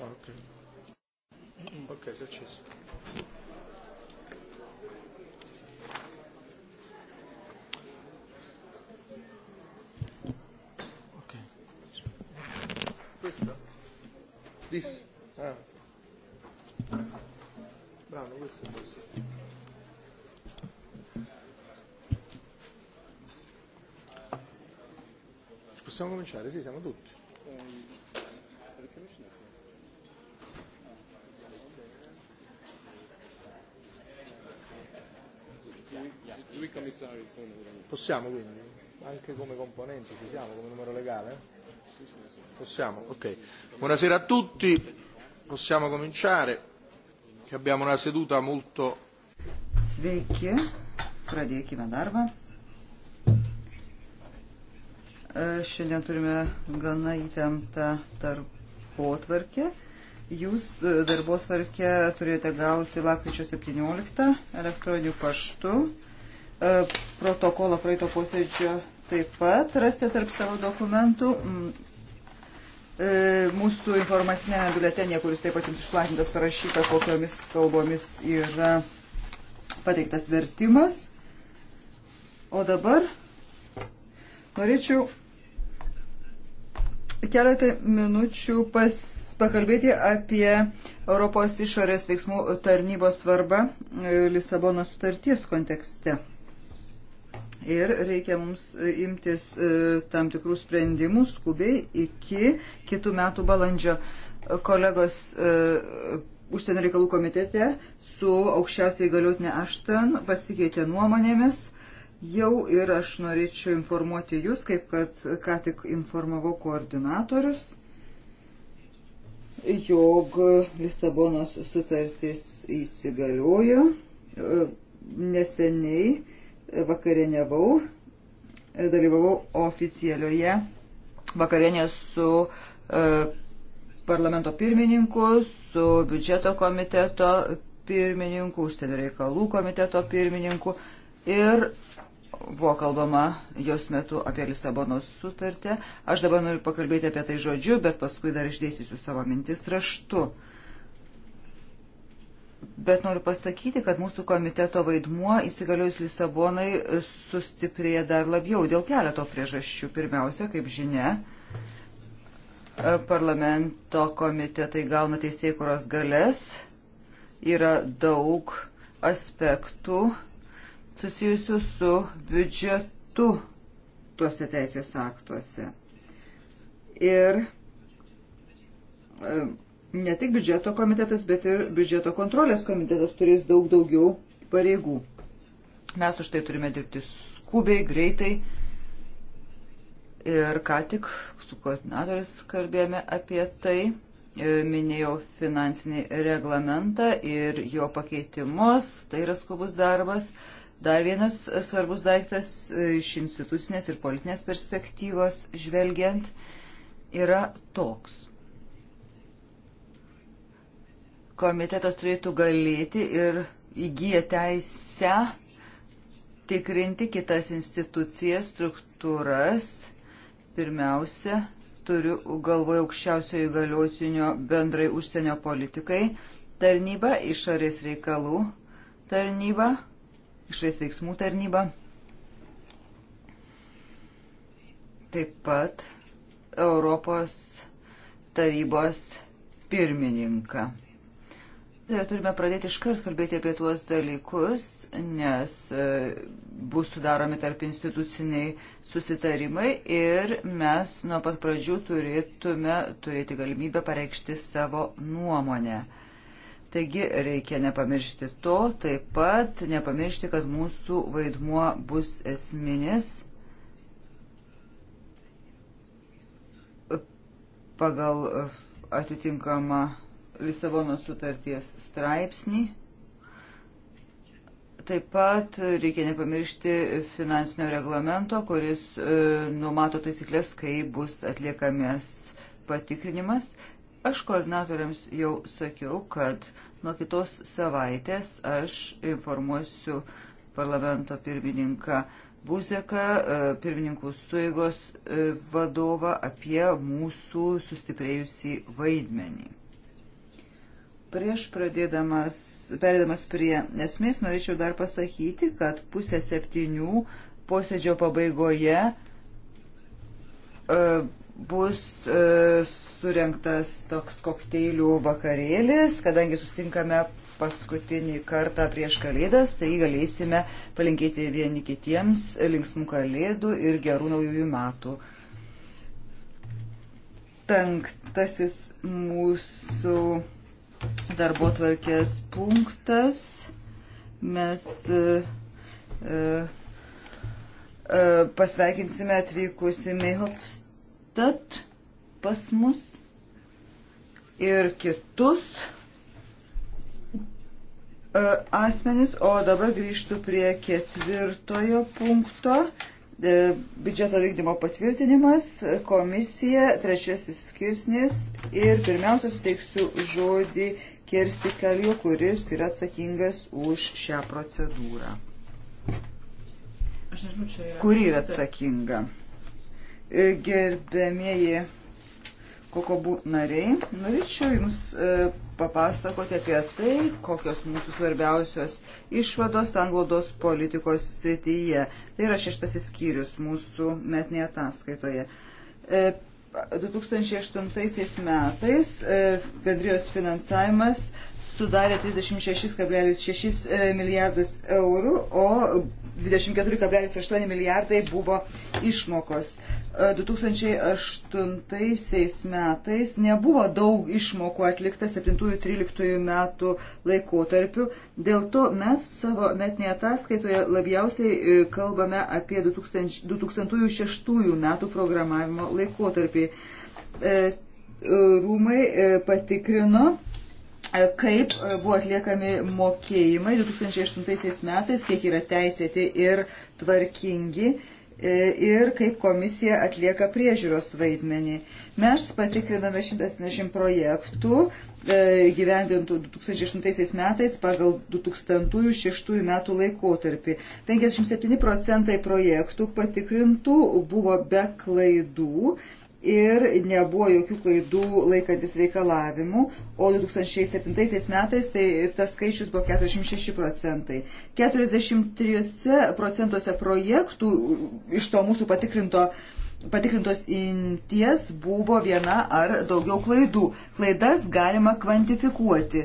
Ok. Ok, zacis. Ok. Questo. This. Ah. Bravo, questo è questo. Possiamo cominciare? Sì, siamo tutti. due commissari sono possiamo quindi anche come componenti ci siamo come numero legale possiamo ok buonasera a tutti possiamo cominciare che abbiamo una seduta molto sveiki pradėkime darbą e, šiandien turime gana įtemptą darbotvarkę Jūs e, darbotvarkę turėjote gauti lapkričio 17 elektroniniu paštu. E, protokolą praeito posėdžio taip pat rasti tarp savo dokumentų. Mm. E, mūsų informacinėme biuletenėje, kuris taip pat jums išplatintas, parašyta, kokiomis kalbomis yra pateiktas vertimas. O dabar norėčiau keletą minučių pas, pakalbėti apie Europos išorės veiksmų tarnybos svarbą e, Lisabono sutarties kontekste ir reikia mums e, imtis e, tam tikrų sprendimų skubiai iki kitų metų balandžio. Kolegos e, užsienio reikalų komitete su aukščiausiai galiotinė Ašten pasikeitė nuomonėmis jau ir aš norėčiau informuoti jūs, kaip kad ką tik informavau koordinatorius, jog Lisabonos sutartis įsigaliojo neseniai vakarieniavau, e, dalyvavau oficialioje vakarienė su e, parlamento pirmininku, su biudžeto komiteto pirmininku, užsienio reikalų komiteto pirmininku ir buvo kalbama jos metu apie Lisabonos sutartę. Aš dabar noriu pakalbėti apie tai žodžiu, bet paskui dar išdėstysiu savo mintis raštu bet noriu pasakyti, kad mūsų komiteto vaidmuo įsigaliojus Lisabonai sustiprėja dar labiau dėl keleto priežasčių. Pirmiausia, kaip žinia, parlamento komitetai gauna teisėkuros galės, yra daug aspektų susijusių su biudžetu tuose teisės aktuose. Ir e, ne tik biudžeto komitetas, bet ir biudžeto kontrolės komitetas turės daug daugiau pareigų. Mes už tai turime dirbti skubiai, greitai. Ir ką tik su koordinatorius kalbėjome apie tai, e, minėjau finansinį reglamentą ir jo pakeitimus, tai yra skubus darbas. Dar vienas svarbus daiktas e, iš institucinės ir politinės perspektyvos žvelgiant yra toks komitetas turėtų galėti ir įgyja teisę tikrinti kitas institucijas, struktūras. Pirmiausia, turiu galvoje aukščiausiojo įgaliotinio bendrai užsienio politikai tarnyba, išorės reikalų tarnyba, išorės veiksmų tarnyba. Taip pat Europos tarybos pirmininką. E, turime pradėti iškart kalbėti apie tuos dalykus, nes e, bus sudaromi tarp instituciniai susitarimai ir mes nuo pat pradžių turėtume turėti galimybę pareikšti savo nuomonę. Taigi reikia nepamiršti to, taip pat nepamiršti, kad mūsų vaidmuo bus esminis pagal e, atitinkamą Lisabono sutarties straipsnį. Taip pat reikia nepamiršti finansinio reglamento, kuris e, numato taisyklės, kaip bus atliekamas patikrinimas. Aš koordinatoriams jau sakiau, kad nuo kitos savaitės aš informuosiu parlamento pirmininką Buzeką, e, pirmininkų suigos e, vadovą apie mūsų sustiprėjusį vaidmenį. Prieš pradėdamas, perėdamas prie esmės, norėčiau dar pasakyti, kad pusę septynių posėdžio pabaigoje e, bus e, surinktas toks kokteilių vakarėlis, kadangi sustinkame paskutinį kartą prieš kalėdas, tai galėsime palinkėti vieni kitiems linksmų kalėdų ir gerų naujųjų metų. Penktasis mūsų darbo tvarkės punktas. Mes uh, uh, pasveikinsime atvykusi Meihofstadt pas mus ir kitus asmenis, o dabar grįžtų prie ketvirtojo punkto E, biudžeto vykdymo patvirtinimas, komisija, trečiasis skirsnis ir pirmiausia suteiksiu žodį Kersti Kalio, kuris yra atsakingas už šią procedūrą. Aš nežinau, čia yra. Kuri yra atsakinga? E, gerbėmieji kokobų nariai, norėčiau Jums e, papasakoti apie tai, kokios mūsų svarbiausios išvados anglodos politikos srityje. Tai yra šeštasis skyrius mūsų metinėje ataskaitoje. 2008 e, metais e, bendrijos finansavimas sudarė 36,6 e, milijardus eurų, o 24,8 milijardai buvo išmokos. 2008 e, metais nebuvo daug išmokų atlikta 7-13 metų laikotarpiu, dėl to mes savo metinėje ataskaitoje labiausiai e, kalbame apie 2000, 2006 metų programavimo laikotarpį. Rūmai patikrino E, kaip e, buvo atliekami mokėjimai 2008 metais, kiek yra teisėti ir tvarkingi e, ir kaip komisija atlieka priežiūros vaidmenį. Mes patikriname 170 projektų gyvendintų 2008 metais pagal 2006 metų laikotarpį. 57 procentai projektų patikrintų buvo be klaidų ir nebuvo jokių klaidų laikantis reikalavimų, o 2007 metais tai tas skaičius buvo 46 procentai. 43 procentuose projektų iš to mūsų patikrinto patikrintos imties buvo viena ar daugiau klaidų. Klaidas galima kvantifikuoti.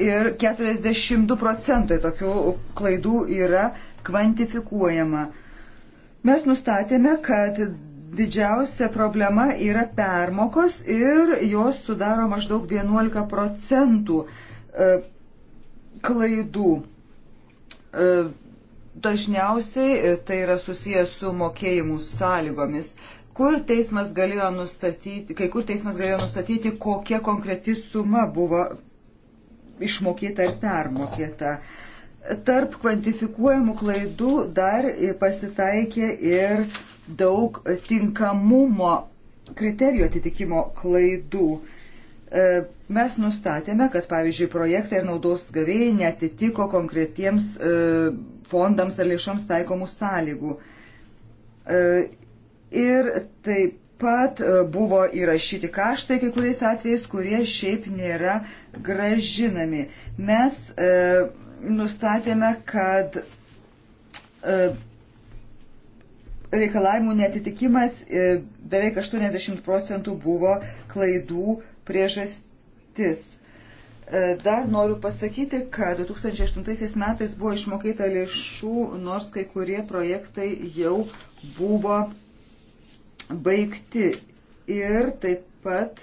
Ir 42 procentai tokių klaidų yra kvantifikuojama. Mes nustatėme, kad Didžiausia problema yra permokos ir jos sudaro maždaug 11 procentų e, klaidų. E, dažniausiai e, tai yra susijęs su mokėjimų sąlygomis. Kur teismas galėjo nustatyti, kai kur teismas galėjo nustatyti, kokia konkreti suma buvo išmokėta ar permokėta. Tarp kvantifikuojamų klaidų dar pasitaikė ir uh, daug tinkamumo kriterijų atitikimo klaidų. E, mes nustatėme, kad pavyzdžiui projektai ir naudos gavėjai netitiko konkretiems e, fondams ar lėšoms taikomų sąlygų. E, ir taip pat buvo įrašyti kaštai kai kuriais atvejais, kurie šiaip nėra gražinami. Mes nustatėme, kad reikalavimų netitikimas e, beveik 80 procentų buvo klaidų priežastis. E, dar noriu pasakyti, kad 2008 metais buvo išmokėta lėšų, nors kai kurie projektai jau buvo baigti. Ir taip pat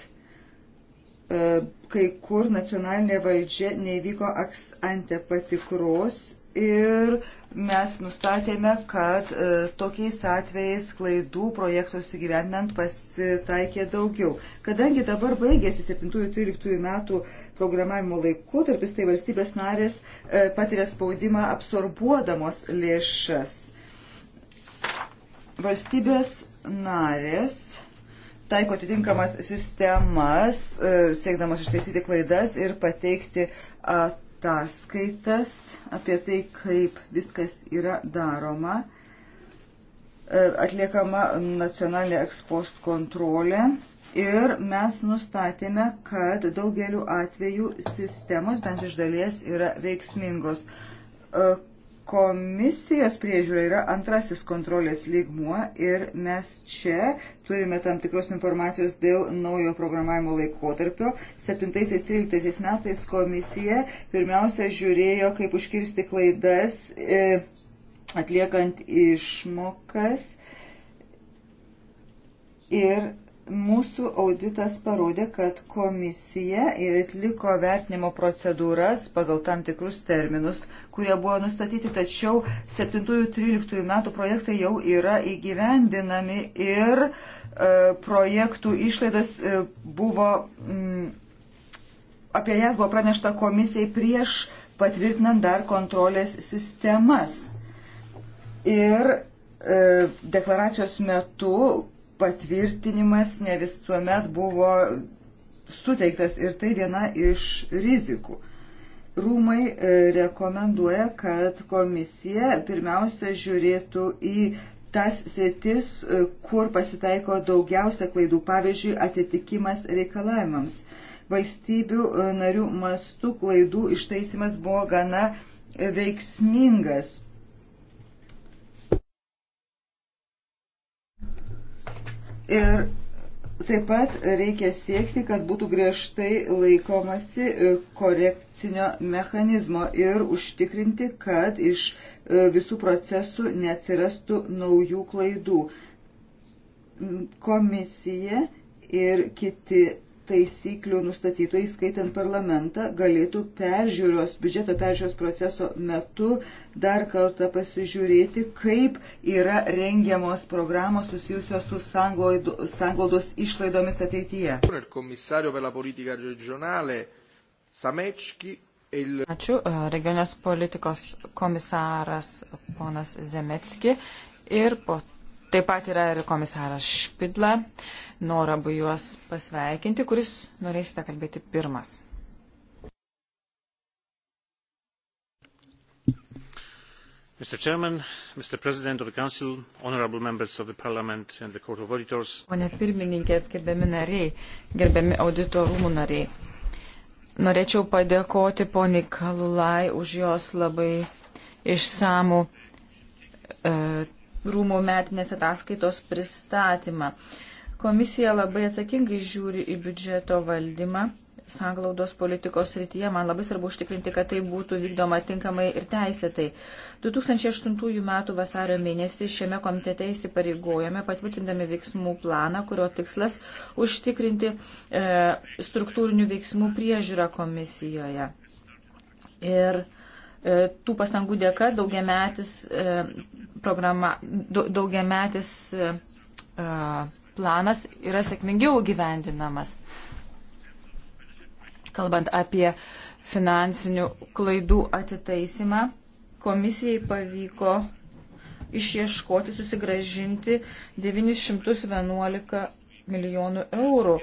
e, kai kur nacionalinė valdžia nevyko aks ante patikros ir mes nustatėme, kad e, tokiais atvejais klaidų projektus įgyvendinant pasitaikė daugiau. Kadangi dabar baigėsi 7-13 metų programavimo laikotarpis, tai valstybės narės e, patiria spaudimą absorbuodamos lėšas. Valstybės narės taiko atitinkamas sistemas, e, siekdamas ištaisyti klaidas ir pateikti ataskaitas ataskaitas apie tai, kaip viskas yra daroma. E, atliekama nacionalinė ekspost kontrolė ir mes nustatėme, kad daugeliu atveju sistemos bent iš dalies yra veiksmingos e, Komisijos priežiūra yra antrasis kontrolės lygmuo ir mes čia turime tam tikros informacijos dėl naujo programavimo laikotarpio. 7-13 metais komisija pirmiausia žiūrėjo, kaip užkirsti klaidas e, atliekant išmokas ir Mūsų auditas parodė, kad komisija atliko vertinimo procedūras pagal tam tikrus terminus, kurie buvo nustatyti, tačiau 7-13 metų projektai jau yra įgyvendinami ir e, projektų išlaidas e, buvo, m, mm, apie jas buvo pranešta komisijai prieš patvirtinant dar kontrolės sistemas. Ir e, deklaracijos metu patvirtinimas ne visuomet buvo suteiktas ir tai viena iš rizikų. Rūmai e, rekomenduoja, kad komisija pirmiausia žiūrėtų į tas sritis, e, kur pasitaiko daugiausia klaidų, pavyzdžiui, atitikimas reikalavimams. Valstybių e, narių mastų klaidų ištaisimas buvo gana veiksmingas Ir taip pat reikia siekti, kad būtų griežtai laikomasi e, korekcinio mechanizmo ir užtikrinti, kad iš e, visų procesų neatsirastų naujų klaidų. Komisija ir kiti taisyklių nustatytojai, skaitant parlamentą, galėtų peržiūros, biudžeto peržiūros proceso metu dar kartą pasižiūrėti, kaip yra rengiamos programos susijusios su sanglaudos išlaidomis ateityje. E Ačiū. E, regionės politikos komisaras ponas Zemetski ir po, taip pat yra ir komisaras Špidla. Uh, norą abu juos pasveikinti, kuris norėsite kalbėti pirmas. Mr. Chairman, Mr. President of the Council, honorable members of the Parliament and the Court of Auditors. Pone pirmininkė, gerbiami nariai, gerbiami audito rūmų nariai. Norėčiau padėkoti poniai Kalulai už jos labai išsamų e, rūmų metinės ataskaitos pristatymą. E, Komisija labai atsakingai žiūri į biudžeto valdymą. Sanglaudos politikos rytyje man labai svarbu užtikrinti, kad tai būtų vykdoma tinkamai ir teisėtai. 2008 m. vasario mėnesį šiame komitete įsipareigojome patvirtindami veiksmų planą, kurio tikslas užtikrinti e, struktūrinių veiksmų priežiūrą komisijoje. Ir e, tų pastangų dėka daugiametis e, programa, daugiametis e, planas yra sėkmingiau gyvendinamas. Kalbant apie finansinių klaidų atitaisimą, komisijai pavyko išieškoti, susigražinti 911 milijonų eurų.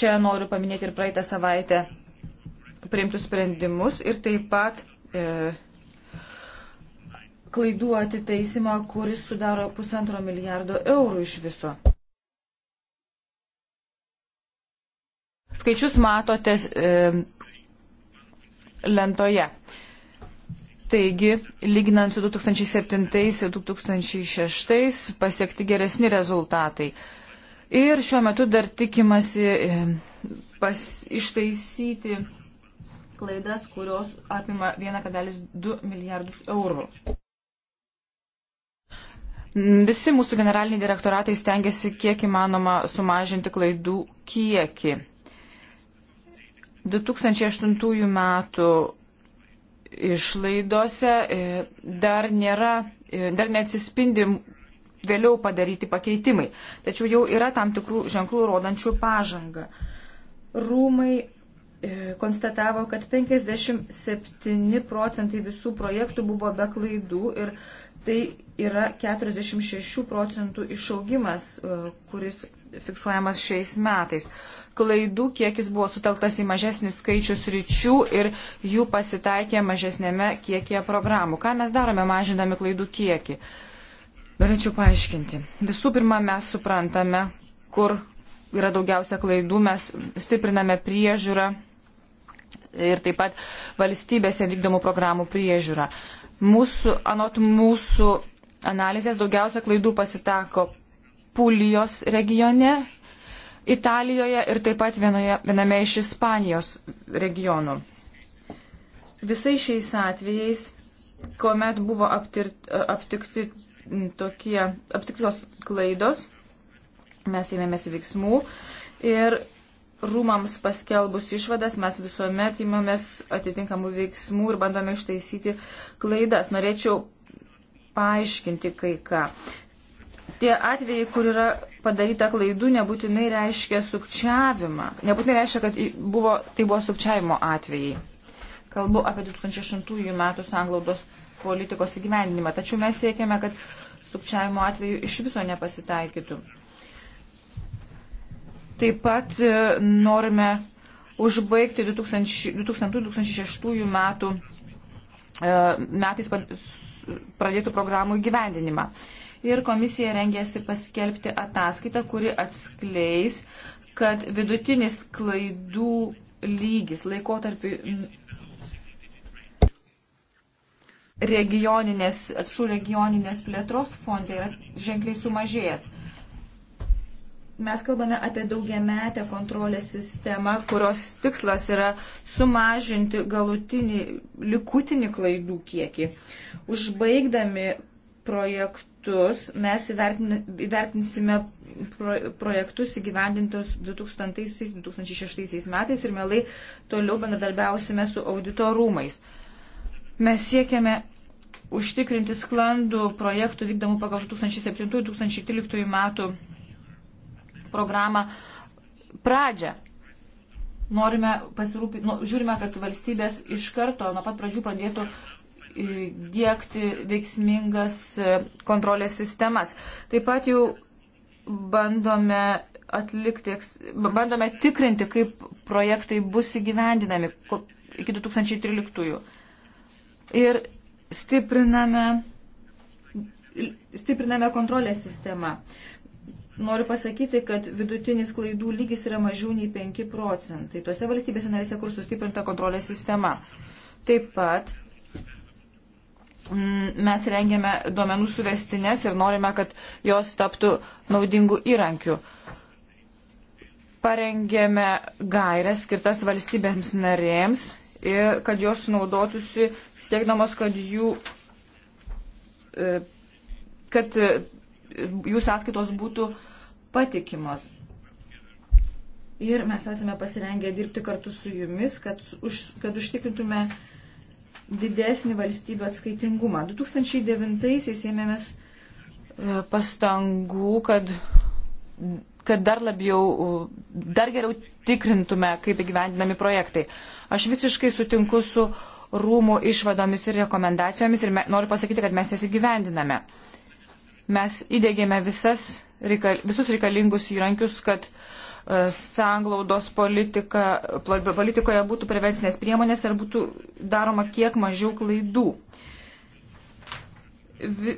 Čia noriu paminėti ir praeitą savaitę priimtus sprendimus ir taip pat e, klaidų atitaisimą, kuris sudaro pusantro milijardo eurų iš viso. Skaičius matote e, lentoje. Taigi, lyginant su 2007 ir 2006 pasiekti geresni rezultatai. Ir šiuo metu dar tikimasi e, pas, ištaisyti klaidas, kurios apima 1,2 milijardus eurų. Visi mūsų generaliniai direktoratai stengiasi kiek įmanoma sumažinti klaidų kiekį. 2008 metų išlaidose e, dar nėra, e, dar neatsispindi vėliau padaryti pakeitimai. Tačiau jau yra tam tikrų ženklų rodančių pažangą. Rūmai e, konstatavo, kad 57 procentai visų projektų buvo be klaidų ir tai yra 46 procentų išaugimas, kuris fiksuojamas šiais metais klaidų kiekis buvo sutelktas į mažesnį skaičių sričių ir jų pasitaikė mažesnėme kiekie programų. Ką mes darome mažindami klaidų kiekį? Norėčiau paaiškinti. Visų pirma, mes suprantame, kur yra daugiausia klaidų, mes stipriname priežiūrą ir taip pat valstybėse vykdomų programų priežiūrą. Mūsų, anot mūsų analizės daugiausia klaidų pasitako Pulijos regione, Italijoje ir taip pat vienoje, viename iš Ispanijos regionų. Visais šiais atvejais, kuomet buvo aptirt, aptikti tokie, aptiktos klaidos, mes ėmėmės veiksmų ir rūmams paskelbus išvadas mes visuomet įmamės atitinkamų veiksmų ir bandome ištaisyti klaidas. Norėčiau paaiškinti kai ką tie atvejai, kur yra padaryta klaidų, nebūtinai reiškia sukčiavimą. Nebūtinai reiškia, kad buvo, tai buvo sukčiavimo atvejai. Kalbu apie 2008 metų sanglaudos politikos įgyvendinimą. Tačiau mes siekiame, kad sukčiavimo atveju iš viso nepasitaikytų. Taip pat e, norime užbaigti 2000-2006 metų e, metais pradėtų programų įgyvendinimą ir komisija rengėsi paskelbti ataskaitą, kuri atskleis, kad vidutinis klaidų lygis laikotarpiu regioninės, atsiprašau, regioninės plėtros fonde yra ženkliai sumažėjęs. Mes kalbame apie daugiametę kontrolės sistemą, kurios tikslas yra sumažinti galutinį, likutinį klaidų kiekį. Užbaigdami projektų metus mes įvertinsime projektus įgyvendintus 2000-2006 metais ir mielai toliau bendradarbiausime su auditorumais. Mes siekiame užtikrinti sklandų projektų vykdomų pagal 2007-2013 metų programą pradžią. Norime pasirūpinti, nu, žiūrime, kad valstybės iš karto nuo pat pradžių pradėtų dėkti veiksmingas e, kontrolės sistemas. Taip pat jau bandome atlikti, bandome tikrinti, kaip projektai bus įgyvendinami iki 2013. Ir stipriname, stipriname kontrolės sistemą. Noriu pasakyti, kad vidutinis klaidų lygis yra mažiau nei 5 procentai. Tuose valstybėse narėse, kur sustiprinta kontrolės sistema. Taip pat Mm, mes rengiame duomenų suvestinės ir norime, kad jos taptų naudingų įrankių. Parengėme gairias skirtas valstybėms narėms, kad jos naudotųsi, siekdamos, kad jų e, kad e, jų sąskaitos būtų patikimos. Ir mes esame pasirengę dirbti kartu su jumis, kad, už, kad užtikrintume uh, didesnį valstybių atskaitingumą. 2009-aisiais ėmėmės e, pastangų, kad, kad dar labiau, e, dar geriau tikrintume, kaip įgyvendinami projektai. Aš visiškai sutinku su rūmų išvadomis ir rekomendacijomis ir noriu pasakyti, kad mes jas įgyvendiname. Mes įdėgėme visas, reikal, visus reikalingus įrankius, kad uh, sanglaudos politika, politikoje būtų prevencinės priemonės ir būtų daroma kiek mažiau klaidų.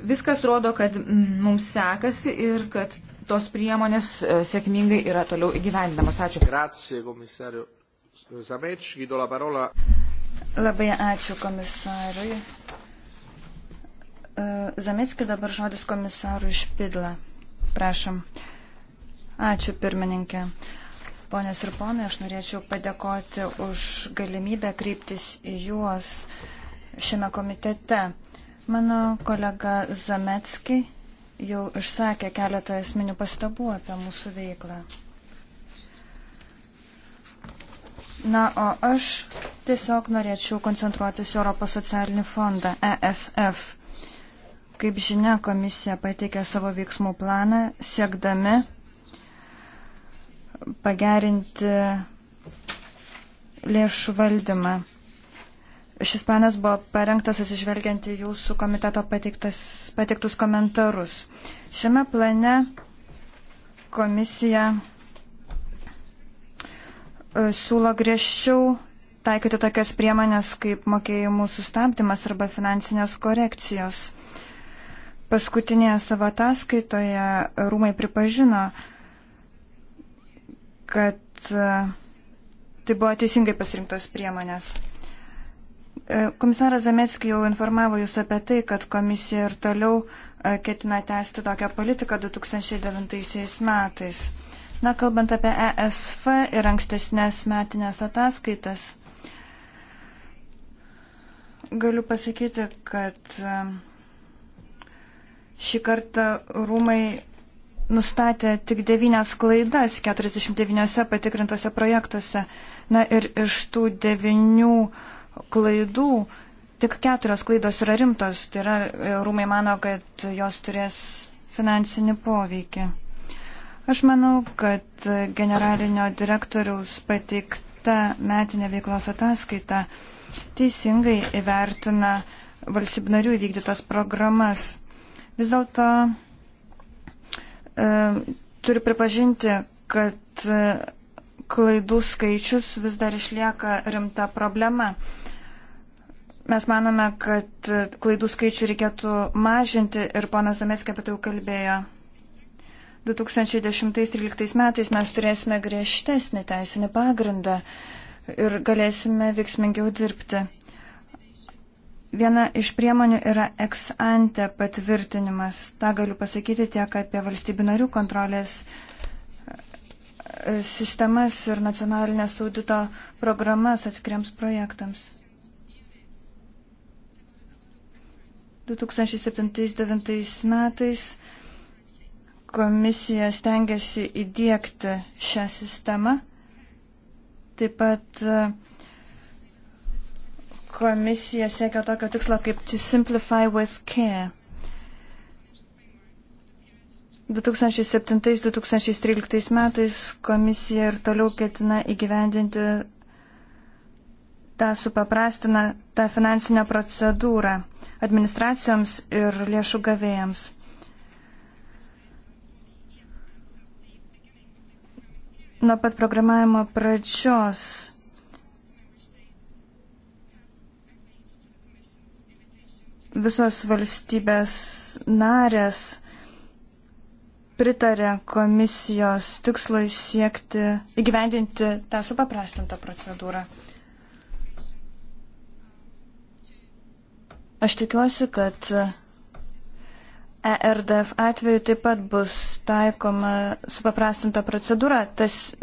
Viskas rodo, kad mums sekasi ir kad tos priemonės e, sėkmingai yra toliau įgyvendinamos. Ačiū. Grazie, komisario Zameč, gydo la parola. Labai ačiū komisarui. E, Zametski dabar žodis komisarui Špidla. Prašom. Ačiū pirmininkė. Ponės ir ponai, aš norėčiau padėkoti už galimybę kreiptis į juos šiame komitete. Mano kolega Zametski jau išsakė keletą esminių pastabų apie mūsų veiklą. Na, o aš tiesiog norėčiau koncentruotis Europos socialinį fondą, ESF. Kaip žinia, komisija pateikė savo veiksmų planą, siekdami pagerinti lėšų valdymą. Šis planas buvo parengtas atsižvelgiant į jūsų komiteto pateiktus komentarus. Šiame plane komisija e, siūlo griežčiau taikyti tokias priemonės kaip mokėjimų sustabdymas arba finansinės korekcijos. Paskutinėje savo ataskaitoje rūmai pripažino, kad e, tai buvo teisingai pasirinktos priemonės. E, komisaras Zametski jau informavo Jūs apie tai, kad komisija ir toliau e, ketina tęsti tokią politiką 2009 metais. Na, kalbant apie ESF ir ankstesnės metinės ataskaitas, galiu pasakyti, kad šį kartą rūmai nustatė tik 9 klaidas 49 patikrintose projektuose. Na ir iš tų 9 klaidų tik 4 klaidos yra rimtos. Tai yra, e, rūmai mano, kad jos turės finansinį poveikį. Aš manau, kad generalinio direktoriaus pateikta metinė veiklos ataskaita teisingai įvertina valstybinarių įvykdytas programas. Vis dėlto Turiu pripažinti, kad e, klaidų skaičius vis dar išlieka rimta problema. Mes manome, kad e, klaidų skaičių reikėtų mažinti ir ponas Zameskė apie tai jau kalbėjo. 2010-2013 metais mes turėsime griežtesnį teisinį pagrindą ir galėsime veiksmingiau dirbti. Viena iš priemonių yra ex ante patvirtinimas. Ta galiu pasakyti tiek apie valstybių narių kontrolės e, sistemas ir nacionalinės audito programas atskiriams projektams. 2007-2009 metais komisija stengiasi įdėkti šią sistemą. Taip pat uh, komisija siekia tokio tikslo kaip to simplify with care. 2007-2013 metais komisija ir toliau ketina įgyvendinti tą supaprastina tą finansinę procedūrą administracijoms ir lėšų gavėjams. Nuo pat programavimo pradžios visos valstybės narės pritarė komisijos tikslui siekti įgyvendinti tą supaprastintą procedūrą. Aš tikiuosi, kad ERDF atveju taip pat bus taikoma supaprastinta procedūra. Tas,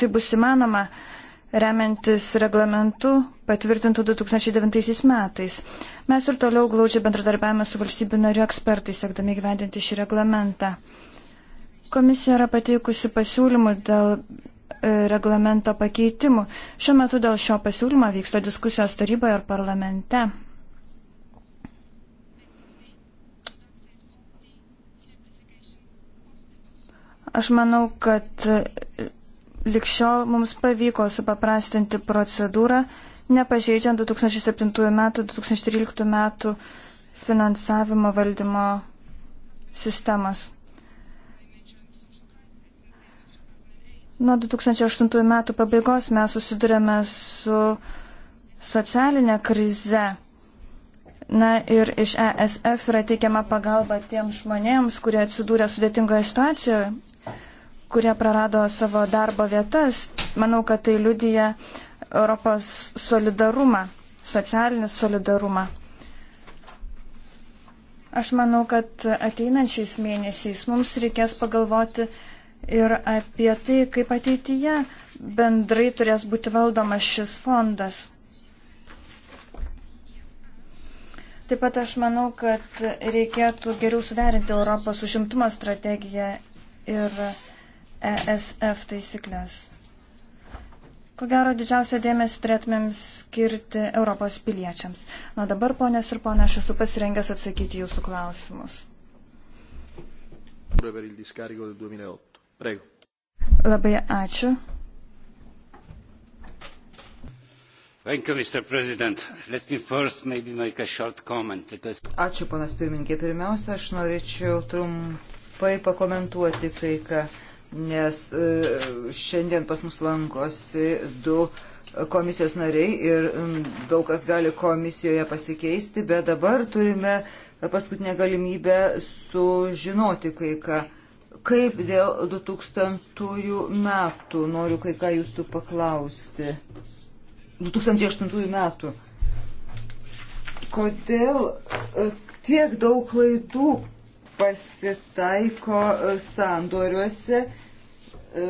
tai bus įmanoma. Uh, remiantis reglamentu patvirtintų 2009 metais. Mes ir toliau glaudžiai bendradarbiavame su valstybių narių ekspertais, siekdami gyvendinti šį reglamentą. Komisija yra pateikusi pasiūlymų dėl e, reglamento pakeitimų. Šiuo metu dėl šio pasiūlymo vyksta diskusijos taryboje ir parlamente. Aš manau, kad likščiol mums pavyko supaprastinti procedūrą, nepažeidžiant 2007 metų, 2013 metų finansavimo valdymo sistemos. Nuo 2008 metų pabaigos mes susidurėme su socialinė krize. Na ir iš ESF yra teikiama pagalba tiems žmonėms, kurie atsidūrė sudėtingoje situacijoje kurie prarado savo darbo vietas. Manau, kad tai liudija Europos solidarumą, socialinį solidarumą. Aš manau, kad ateinančiais mėnesiais mums reikės pagalvoti ir apie tai, kaip ateityje bendrai turės būti valdomas šis fondas. Taip pat aš manau, kad reikėtų geriau suderinti Europos užimtumo strategiją ir ESF taisyklės. Ko gero didžiausia dėmesį turėtumėm skirti Europos piliečiams. Na dabar, ponės ir ponė, aš esu pasirengęs atsakyti jūsų klausimus. Labai ačiū. You, Ačiū, panas pirmininkė. Pirmiausia, aš norėčiau trumpai pakomentuoti kai ką nes e, šiandien pas mus lankosi du komisijos nariai ir daug kas gali komisijoje pasikeisti, bet dabar turime paskutinę galimybę sužinoti kai ką. Kaip dėl 2000 metų, noriu kai ką jūsų paklausti. 2008 metų. Kodėl e, tiek daug klaidų pasitaiko e, sandoriuose E,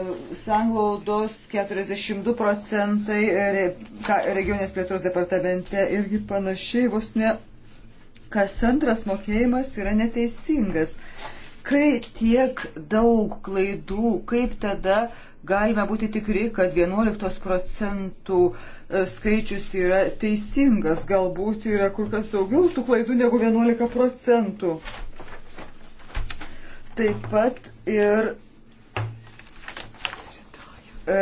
sanglaudos 42 procentai, regionės plėtros departamente irgi panašiai, vos ne kas antras mokėjimas yra neteisingas. Kai tiek daug klaidų, kaip tada galime būti tikri, kad 11 procentų e, skaičius yra teisingas, galbūt yra kur kas daugiau tų klaidų negu 11 procentų. Taip pat ir E,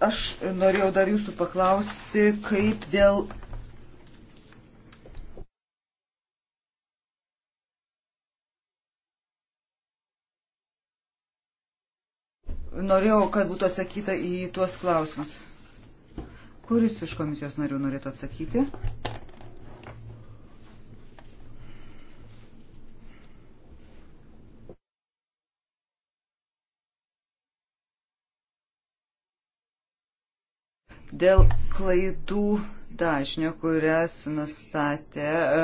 aš norėjau dar jūsų paklausti, kaip dėl norėjau, kad būtų atsakyta į tuos klausimus. Kuris iš komisijos narių norėtų atsakyti? Dėl klaidų dažnio, kurias nustatė e,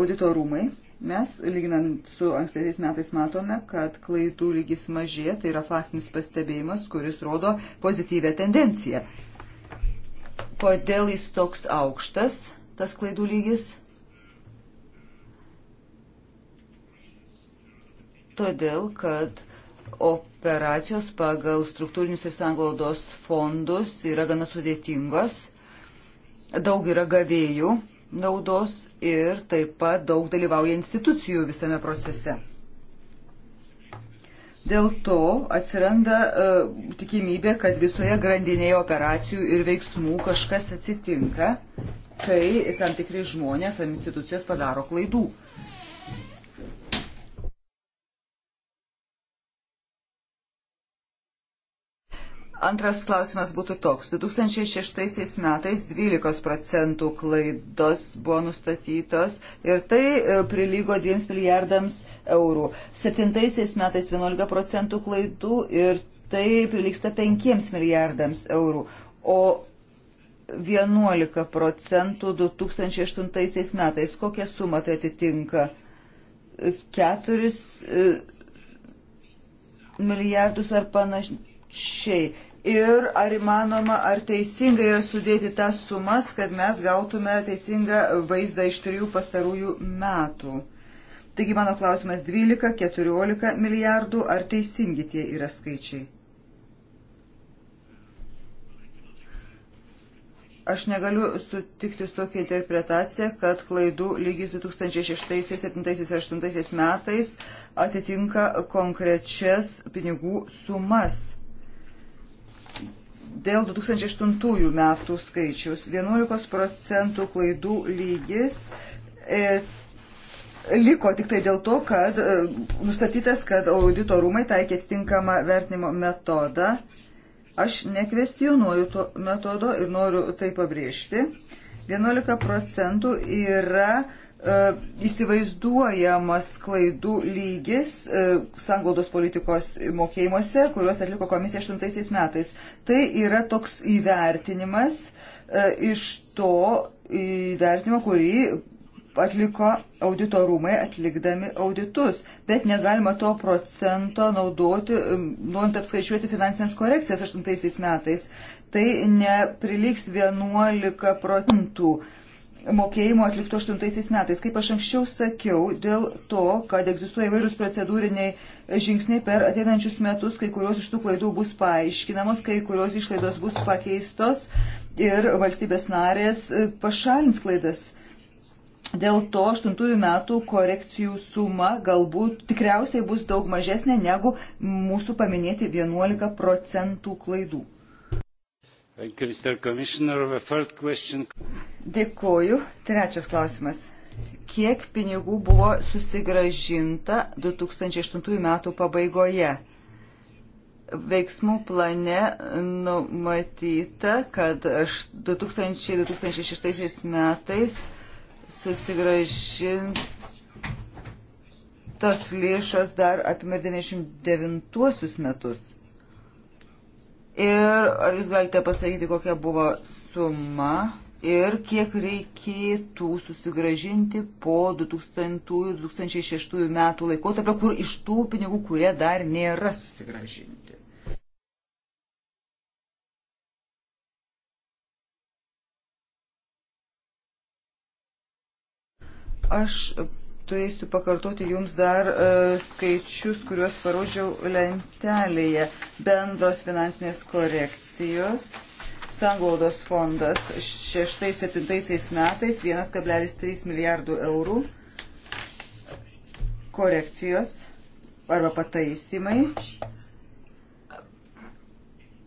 auditorumai, mes, lyginant su ankstesiais metais, matome, kad klaidų lygis mažėja, tai yra faktinis pastebėjimas, kuris rodo pozityvę tendenciją. Kodėl jis toks aukštas, tas klaidų lygis? Todėl, kad uh, operacijos pagal struktūrinius ir sanglaudos fondus yra gana sudėtingos. Daug yra gavėjų naudos ir taip pat daug dalyvauja institucijų visame procese. Dėl to atsiranda uh, tikimybė, kad visoje grandinėje operacijų ir veiksmų kažkas atsitinka, kai tam tikri žmonės ar institucijos padaro klaidų. Uh, Antras klausimas būtų toks. 2006 metais 12 procentų klaidos buvo nustatytos ir tai e, prilygo 2 milijardams eurų. 7 metais 11 procentų klaidų ir tai prilyksta 5 milijardams eurų. O 11 procentų 2008 metais. Kokią sumą tai atitinka? 4 e, milijardus ar panašiai panašiai. Ir ar įmanoma, ar teisingai yra sudėti tas sumas, kad mes gautume teisingą vaizdą iš trijų pastarųjų metų. Taigi mano klausimas 12-14 milijardų, ar teisingi tie yra skaičiai? Aš negaliu sutikti su tokia interpretacija, kad klaidų lygis 2006, 2007 ir 2008 metais atitinka konkrečias pinigų sumas dėl 2008 metų skaičius 11 procentų klaidų lygis e, liko tik tai dėl to, kad e, nustatytas, kad audito rūmai taikė atitinkamą vertinimo metodą. Aš nekvestionuoju to metodo ir noriu tai pabrėžti. 11 procentų yra e, E, įsivaizduojamas klaidų lygis e, sanglaudos politikos mokėjimuose, kuriuos atliko komisija 8 metais. Tai yra toks įvertinimas e, iš to įvertinimo, kurį atliko auditorumai atlikdami auditus, bet negalima to procento naudoti, norint apskaičiuoti finansinės korekcijas 8 metais. Tai nepriliks 11 procentų mokėjimo atliktų 8 metais. Kaip aš anksčiau sakiau, dėl to, kad egzistuoja įvairūs procedūriniai žingsniai per ateinančius metus, kai kurios iš tų klaidų bus paaiškinamos, kai kurios išlaidos bus pakeistos ir valstybės narės pašalins klaidas. Dėl to 8 metų korekcijų suma galbūt tikriausiai bus daug mažesnė negu mūsų paminėti 11 procentų klaidų. Thank you, Mr. Commissioner. The third question. Dėkoju. Trečias klausimas. Kiek pinigų buvo susigražinta 2008 metų pabaigoje? Veiksmų plane numatyta, kad 2000-2006 metais susigražintos lėšos dar apimė 99 metus. Ir ar jūs galite pasakyti, kokia buvo suma? ir kiek reikėtų susigražinti po 2000-2006 metų laikotarpio, kur iš tų pinigų, kurie dar nėra susigražinti. Aš turėsiu pakartoti jums dar e, skaičius, kuriuos parodžiau lentelėje. Bendros finansinės korekcijos – Sanglaudos fondas 6-7 metais 1,3 milijardų eurų korekcijos arba pataisimai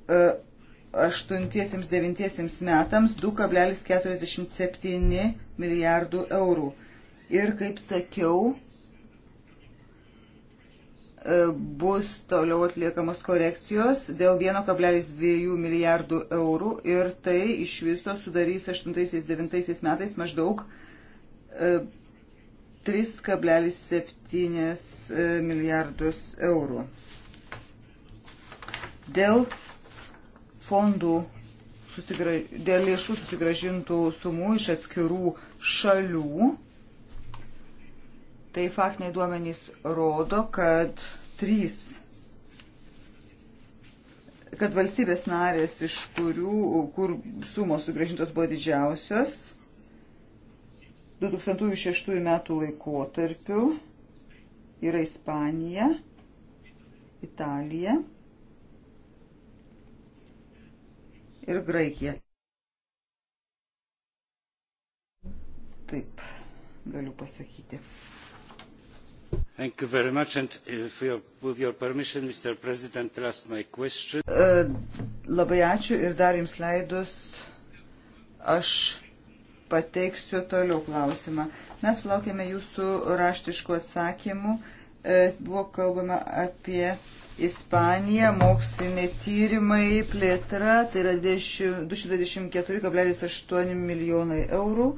8-9 e, metams 2,47 milijardų eurų. Ir kaip sakiau, E, bus toliau atliekamos korekcijos dėl 1,2 milijardų eurų ir tai iš viso sudarys 8-9 metais maždaug 3,7 e, e, milijardus eurų. Dėl fondų, susigra... dėl lėšų susigražintų sumų iš atskirų šalių Tai faktiniai duomenys rodo, kad trys kad valstybės narės, iš kurių, kur sumos sugražintos buvo didžiausios, 2006 metų laikotarpiu yra Ispanija, Italija ir Graikija. Taip, galiu pasakyti. Thank you very much and if uh, your, with your permission, Mr. President, last my question. Uh, labai ačiū ir dar jums leidus aš pateiksiu toliau klausimą. Mes sulaukėme jūsų raštiškų atsakymų. E, buvo kalbama apie Ispaniją, moksliniai tyrimai, plėtra, tai yra 224,8 milijonai eurų,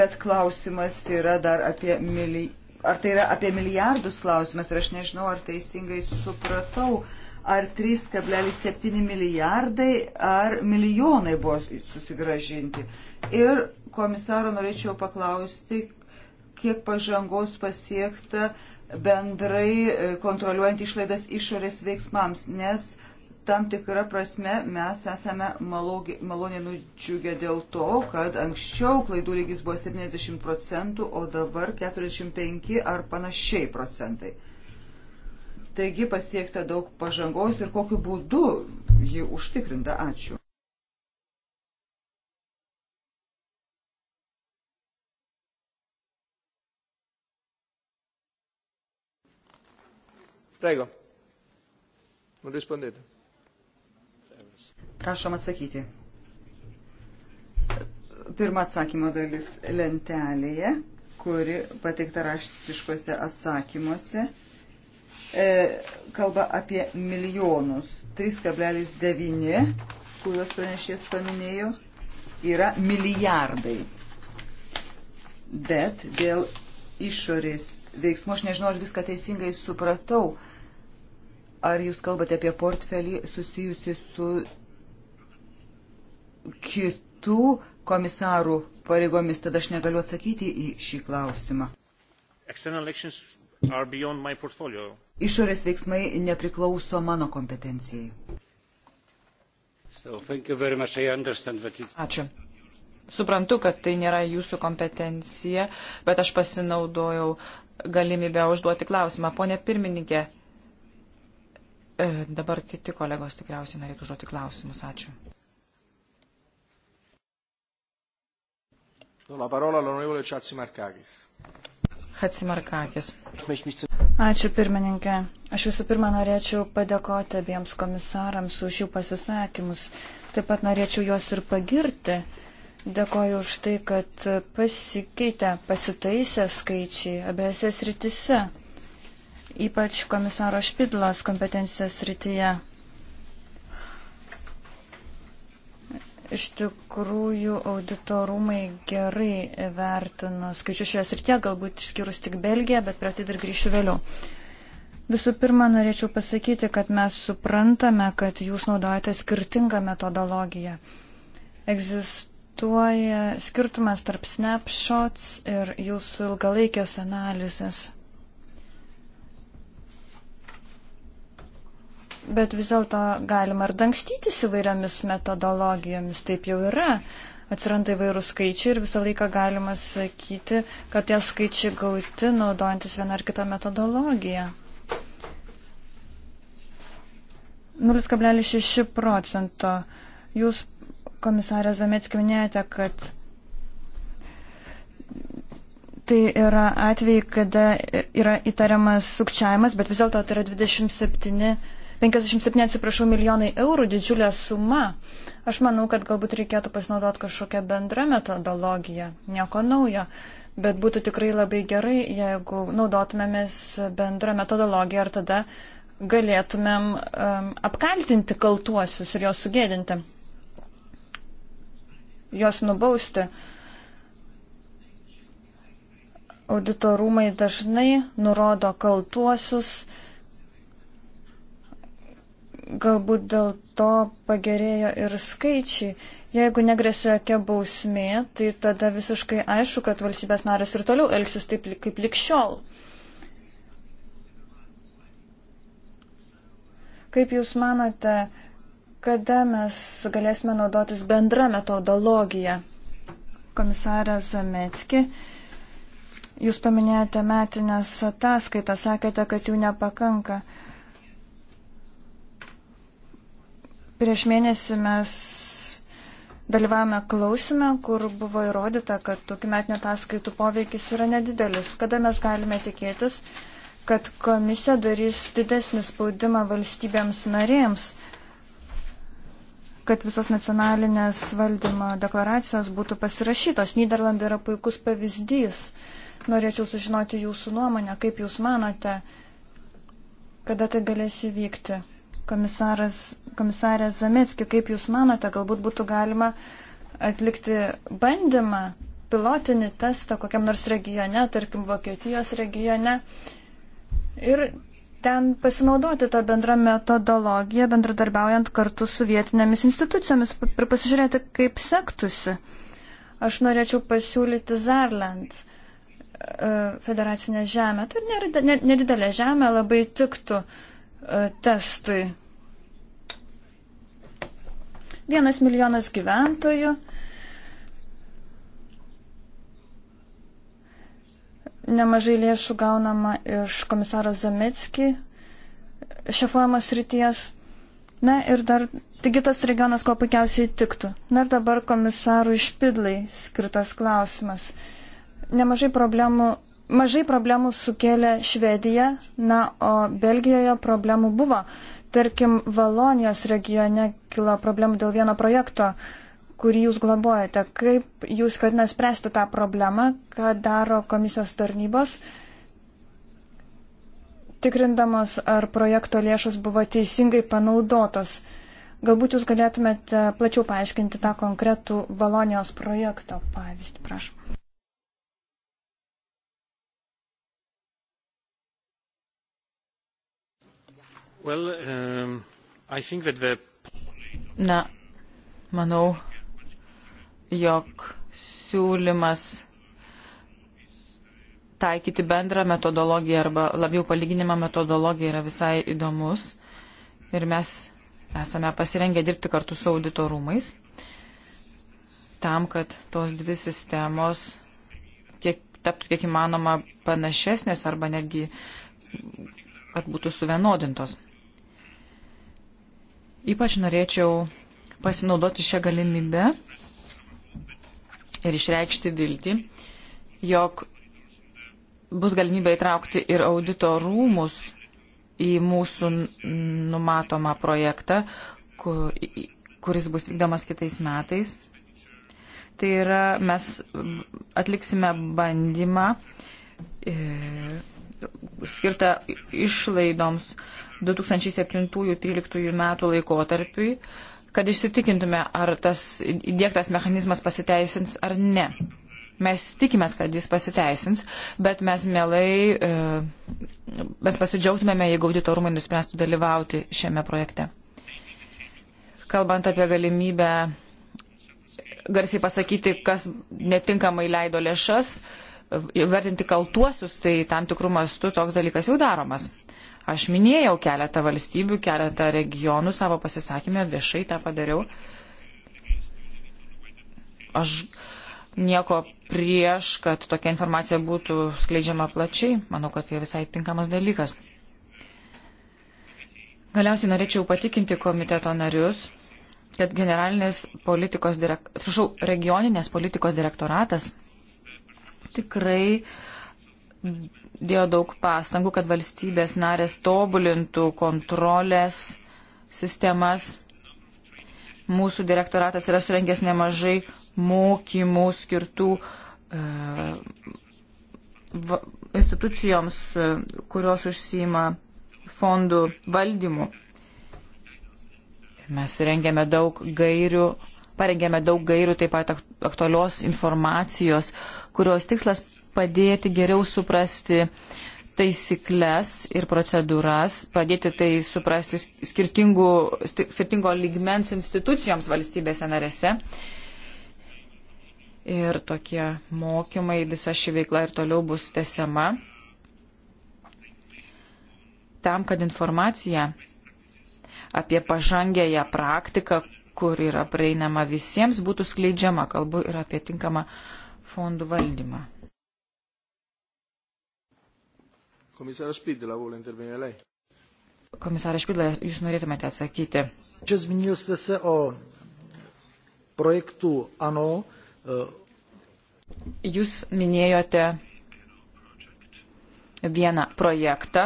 bet klausimas yra dar apie milijoną ar tai yra apie milijardus klausimas ir aš nežinau, ar teisingai supratau, ar 3,7 milijardai ar milijonai buvo susigražinti. Ir komisaro norėčiau paklausti, kiek pažangos pasiekta bendrai kontroliuojant išlaidas išorės veiksmams, nes uh, tam tikrą prasme mes esame maloniai nudžiugę dėl to, kad anksčiau klaidų lygis buvo 70 procentų, o dabar 45 ar panašiai procentai. Taigi pasiekta daug pažangos ir kokiu būdu ji užtikrinta. Ačiū. Prego. Non rispondete. Prašom atsakyti. Pirma atsakymo dalis lentelėje, kuri pateikta raštiškose atsakymuose, e, kalba apie milijonus. 3,9, kuriuos pranešės paminėjo, yra milijardai. Bet dėl išorės veiksmų, aš nežinau, ar viską teisingai supratau, ar jūs kalbate apie portfelį susijusi su kitų komisarų pareigomis, tad aš negaliu atsakyti į šį klausimą. Išorės veiksmai nepriklauso mano kompetencijai. So, Ačiū. Suprantu, kad tai nėra jūsų kompetencija, bet aš pasinaudojau galimybę užduoti klausimą. Pone pirmininkė, e, dabar kiti kolegos tikriausiai norėtų užduoti klausimus. Ačiū. La parola all'onorevole Chatsimarkakis. Hatsimarkakis. Ačiū pirmininkė. Aš visų pirma norėčiau padėkoti abiems komisarams už jų pasisakymus. Taip pat norėčiau juos ir pagirti. Dėkoju už tai, kad pasikeitė, pasitaisė skaičiai abiejose srityse, ypač komisaro Špidlos kompetencijos srityje. Iš tikrųjų, auditorumai gerai vertina skaičius šioje srityje, galbūt išskyrus tik Belgiją, bet prie tai dar grįšiu vėliau. Visų pirma, norėčiau pasakyti, kad mes suprantame, kad jūs naudojate skirtingą metodologiją. Egzistuoja skirtumas tarp snapshots ir jūsų ilgalaikės analizės. bet vis dėlto galima ir dangstytis įvairiomis metodologijomis, taip jau yra. Atsiranda įvairių skaičių ir visą laiką galima sakyti, kad tie skaičiai gauti naudojantis vieną ar kitą metodologiją. 0,6 procento. Jūs, komisarė Zametski, minėjote, kad tai yra atvejai, kada yra įtariamas sukčiavimas, bet vis dėlto tai yra 27 57, atsiprašau, milijonai eurų, didžiulė suma. Aš manau, kad galbūt reikėtų pasinaudoti kažkokią bendrą metodologiją, nieko naujo, bet būtų tikrai labai gerai, jeigu naudotumėmės bendrą metodologiją ir tada galėtumėm um, apkaltinti kaltuosius ir juos sugėdinti, juos nubausti. Auditorumai dažnai nurodo kaltuosius, uh, galbūt dėl to pagerėjo ir skaičiai. Jeigu negresia jokia bausmė, tai tada visiškai aišku, kad valstybės narės ir toliau elgsis taip kaip likščiol. Kaip Jūs manote, kada mes galėsime naudotis bendra metodologija? Komisarė Zametski, Jūs paminėjote metinės ataskaitas, sakėte, kad jų nepakanka. Prieš mėnesį mes dalyvavome klausime, kur buvo įrodyta, kad tokių metinių ataskaitų poveikis yra nedidelis. Kada mes galime tikėtis, kad komisija darys didesnį spaudimą valstybėms narėms, kad visos nacionalinės valdymo deklaracijos būtų pasirašytos. Niderlandai yra puikus pavyzdys. Norėčiau sužinoti jūsų nuomonę, kaip jūs manote, kada tai galės įvykti. Komisaras komisarė Zametski, kaip Jūs manote, galbūt būtų galima atlikti bandymą, pilotinį testą kokiam nors regione, tarkim Vokietijos regione, ir ten pasinaudoti tą bendrą metodologiją, bendradarbiaujant kartu su vietinėmis institucijomis ir pasižiūrėti, kaip sektusi. Aš norėčiau pasiūlyti Zarland e, federacinę žemę. Tai nedidelė žemė labai tiktų e, testui. Vienas milijonas gyventojų. Nemažai lėšų gaunama iš komisaro Zametski šefuojamos ryties. Na ir dar, taigi tas regionas kuo puikiausiai tiktų. Na ir dabar komisarui Špidlai skirtas klausimas. Nemažai problemų, mažai problemų sukėlė Švedija, na, o Belgijoje problemų buvo. Uh, Tarkim, Valonijos regione kilo problemų dėl vieno projekto, kurį jūs globojate. Kaip jūs ketinate spręsti tą problemą, ką daro komisijos tarnybos, tikrindamas, ar projekto lėšos buvo teisingai panaudotos. Galbūt jūs galėtumėte plačiau paaiškinti tą konkretų Valonijos projekto pavyzdį, prašom. Well, um, the... Na, manau, jog siūlymas taikyti bendrą metodologiją arba labiau palyginimą metodologiją yra visai įdomus ir mes esame pasirengę dirbti kartu su audito rūmais tam, kad tos dvi sistemos kiek, taptų kiek įmanoma panašesnės arba netgi, kad būtų suvienodintos. Ypač norėčiau pasinaudoti šią galimybę ir išreikšti viltį, jog bus galimybė įtraukti ir audito rūmus į mūsų numatomą projektą, kuris bus vykdomas kitais metais. Tai yra, mes atliksime bandymą e, skirtą išlaidoms 2007-2013 metų laikotarpiui, kad išsitikintume, ar tas įdėktas mechanizmas pasiteisins ar ne. Mes tikimės, kad jis pasiteisins, bet mes mielai, e, mes pasidžiaugtumėme, jeigu auditorumai nuspręstų dalyvauti šiame projekte. Kalbant apie galimybę garsiai pasakyti, kas netinkamai leido lėšas, vertinti kaltuosius, tai tam tikrų mastų toks dalykas jau daromas. Aš minėjau keletą valstybių, keletą regionų savo pasisakymę, viešai tą padariau. Aš nieko prieš, kad tokia informacija būtų skleidžiama plačiai. Manau, kad tai visai tinkamas dalykas. Galiausiai norėčiau patikinti komiteto narius, kad generalinės politikos, direk... atsiprašau, regioninės politikos direktoratas tikrai dėjo daug pastangų, kad valstybės narės tobulintų kontrolės sistemas. Mūsų direktoratas yra surengęs nemažai mokymų skirtų e, va, institucijoms, e, kurios užsima fondų valdymu. Mes rengėme daug gairių, parengėme daug gairių, taip pat aktualios informacijos, kurios tikslas padėti geriau suprasti taisyklės ir procedūras, padėti tai suprasti skirtingo lygmens institucijoms valstybėse narėse. Ir tokie mokymai, visa ši veikla ir toliau bus tesiama tam, kad informacija apie pažangėją praktiką, kur yra prieinama visiems, būtų skleidžiama. Kalbu ir apie tinkamą fondų valdymą. Komisarė Špidlė, vėl intervenė lei. Komisarė Špidlė, jūs norėtumėte atsakyti. Čia zminėjote se o projektų ANO. E, jūs minėjote vieną projektą.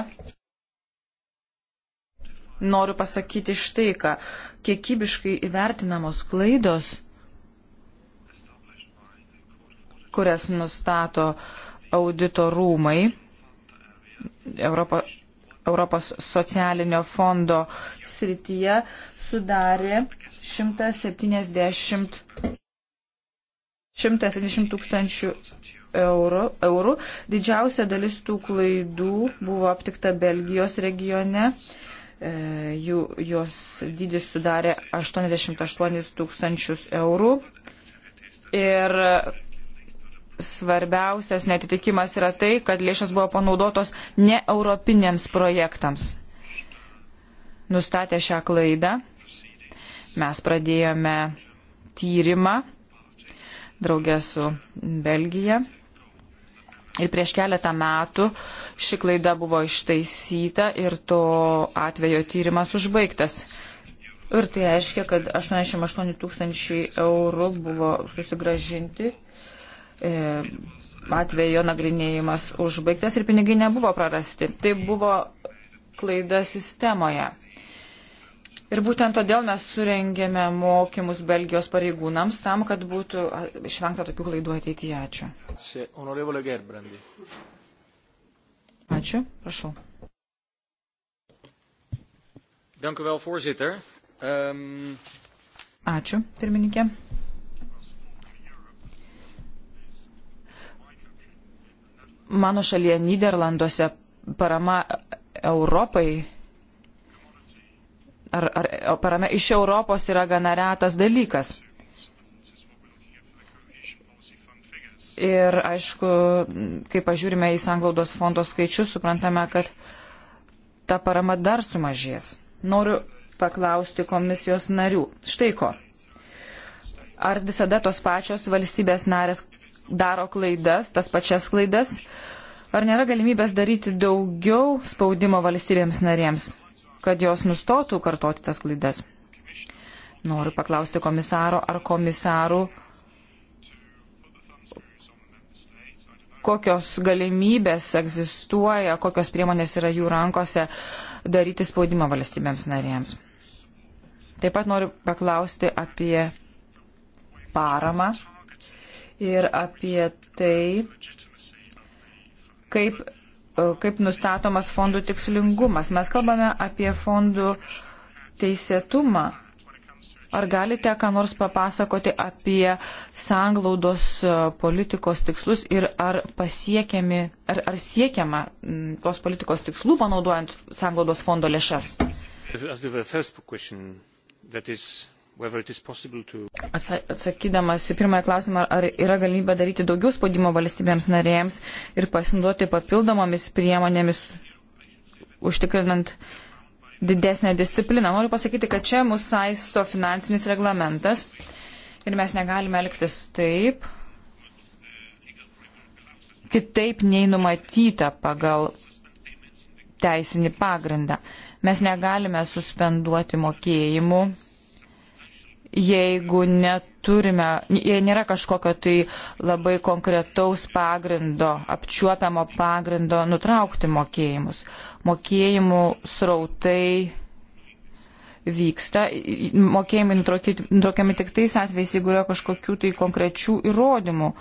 Noriu pasakyti štai ką. Kiekybiškai įvertinamos klaidos, kurias nustato audito rūmai, Europo, Europos socialinio fondo srityje sudarė 170, 170 tūkstančių eurų, eurų. Didžiausia dalis tų klaidų buvo aptikta Belgijos regione. E, jų, jos dydis sudarė 88 tūkstančius eurų. Ir svarbiausias netitikimas yra tai, kad lėšas buvo panaudotos ne europinėms projektams. Nustatę šią klaidą, mes pradėjome tyrimą draugę su Belgija. Ir prieš keletą metų ši klaida buvo ištaisyta ir to atvejo tyrimas užbaigtas. Ir tai reiškia, kad 88 tūkstančiai eurų buvo susigražinti E, atvejo nagrinėjimas užbaigtas ir pinigai nebuvo prarasti. Tai buvo klaida sistemoje. Ir būtent todėl mes surengėme mokymus Belgijos pareigūnams tam, kad būtų išvengta tokių klaidų ateityje. Ačiū. Ačiū, prašau. Dank u wel, voorzitter. Um... Ačiū, pirmininkė. Mano šalyje Niderlanduose parama Europai ar, ar parama iš Europos yra gana retas dalykas. Ir aišku, kai pažiūrime į sanglaudos fondo skaičius, suprantame, kad ta parama dar sumažės. Noriu paklausti komisijos narių. Štai ko. Ar visada tos pačios valstybės narės daro klaidas, tas pačias klaidas. Ar nėra galimybės daryti daugiau spaudimo valstybėms narėms, kad jos nustotų kartoti tas klaidas? Noriu paklausti komisaro, ar komisarų kokios galimybės egzistuoja, kokios priemonės yra jų rankose daryti spaudimą valstybėms narėms. Taip pat noriu paklausti apie paramą ir apie tai, kaip, e, kaip nustatomas fondų tikslingumas. Mes kalbame apie fondų teisėtumą. Ar galite ką nors papasakoti apie sanglaudos e, politikos tikslus ir ar, ar, ar siekiama tos politikos tikslų panaudojant sanglaudos fondo lėšas? As the first question, that is Atsakydamas į pirmąją klausimą, ar yra galimybė daryti daugiau spaudimo valstybėms narėms ir pasinduoti papildomomis priemonėmis, užtikrinant didesnę discipliną. Noriu pasakyti, kad čia mūsų saisto finansinis reglamentas ir mes negalime elgtis taip, kitaip nei numatyta pagal teisinį pagrindą. Mes negalime suspenduoti mokėjimų jeigu neturime, jei nėra kažkokio tai labai konkretaus pagrindo, apčiuopiamo pagrindo nutraukti mokėjimus. Mokėjimų srautai vyksta, mokėjimai nutraukiami tik tais atvejais, jeigu yra kažkokių tai konkrečių įrodymų,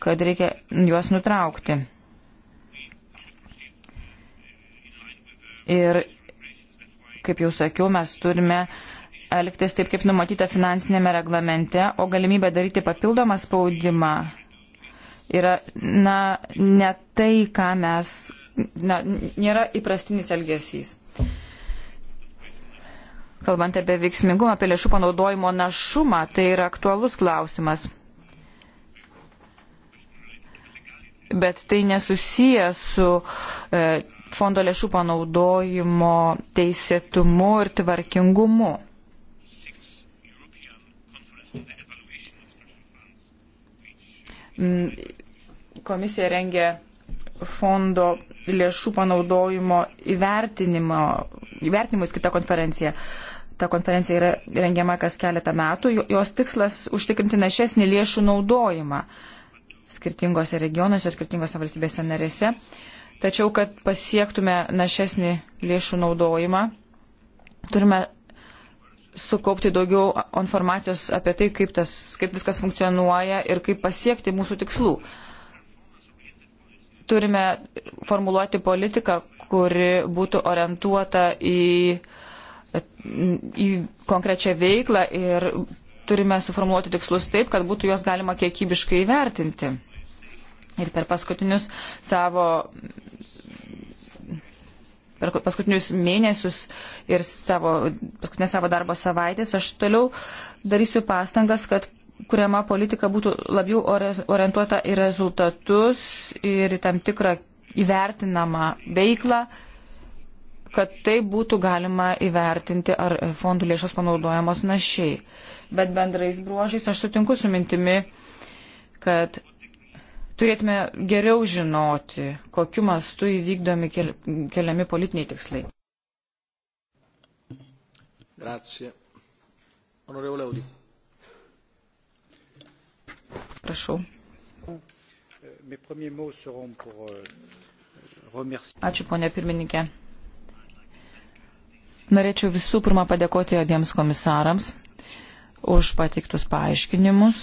kad reikia juos nutraukti. Ir, kaip jau sakiau, mes turime uh, elgtis taip, kaip numatyta finansinėme reglamente, o galimybė daryti papildomą spaudimą yra, na, ne tai, ką mes, na, nėra įprastinis elgesys. Kalbant apie veiksmingumą, apie lėšų panaudojimo našumą, tai yra aktualus klausimas. Bet tai nesusiję su e, fondo lėšų panaudojimo teisėtumu ir tvarkingumu. Mm, komisija rengia fondo lėšų panaudojimo įvertinimo, įvertinimus kitą konferenciją. Ta konferencija yra rengiama kas keletą metų. Jos tikslas užtikrinti našesnį lėšų naudojimą skirtingose regionuose, skirtingose valstybėse narėse. Tačiau, kad pasiektume našesnį lėšų naudojimą, turime sukaupti daugiau informacijos apie tai, kaip, tas, kaip viskas funkcionuoja ir kaip pasiekti mūsų tikslų. Turime formuluoti politiką, kuri būtų orientuota į, į konkrečią veiklą ir turime suformuoluoti tikslus taip, kad būtų juos galima kiekybiškai įvertinti. Ir per paskutinius savo per paskutinius mėnesius ir savo, paskutinę savo darbo savaitės, aš toliau darysiu pastangas, kad kuriama politika būtų labiau orientuota į rezultatus ir į tam tikrą įvertinamą veiklą, kad tai būtų galima įvertinti, ar fondų lėšos panaudojamos našiai. Bet bendrais bruožais aš sutinku su mintimi, kad turėtume geriau žinoti, kokiu mastu įvykdomi kel, keliami politiniai tikslai. Grazie. Onorevole Audi. Prašau. Euh, euh, Ačiū, ponė pirmininkė. Norėčiau visų pirma padėkoti abiems komisarams už pateiktus paaiškinimus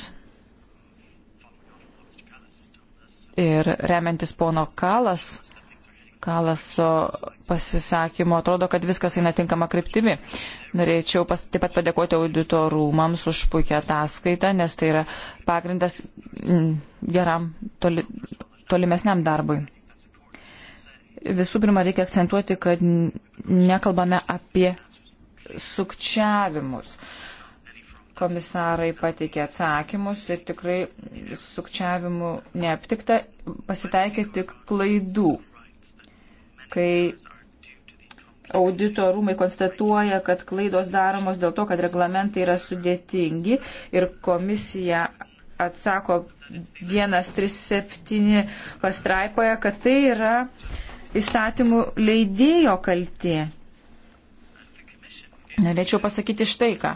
Ir remiantis pono Kalas, Kalaso pasisakymo, atrodo, kad viskas eina tinkama kryptimi. Norėčiau pas, taip pat padėkoti audito rūmams už puikią ataskaitą, nes tai yra pagrindas mm, geram toli, tolimesniam darbui. Visų pirma, reikia akcentuoti, kad nekalbame apie sukčiavimus komisarai pateikė atsakymus ir tikrai sukčiavimų neaptikta, pasitaikė tik klaidų, kai audito rūmai konstatuoja, kad klaidos daromos dėl to, kad reglamentai yra sudėtingi ir komisija atsako 137 pastraipoje, kad tai yra įstatymų leidėjo kaltė. Norėčiau pasakyti štai ką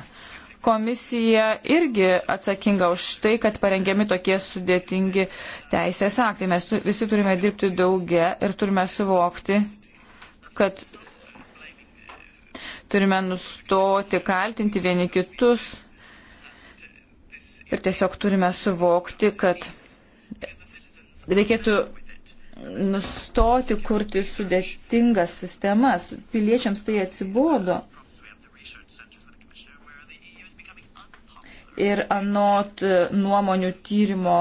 komisija irgi atsakinga už tai, kad parengiami tokie sudėtingi teisės aktai. Mes tu, visi turime dirbti daugia ir turime suvokti, kad turime nustoti kaltinti vieni kitus ir tiesiog turime suvokti, kad reikėtų nustoti kurti sudėtingas sistemas. Piliečiams tai atsibodo. ir anot nuomonių tyrimo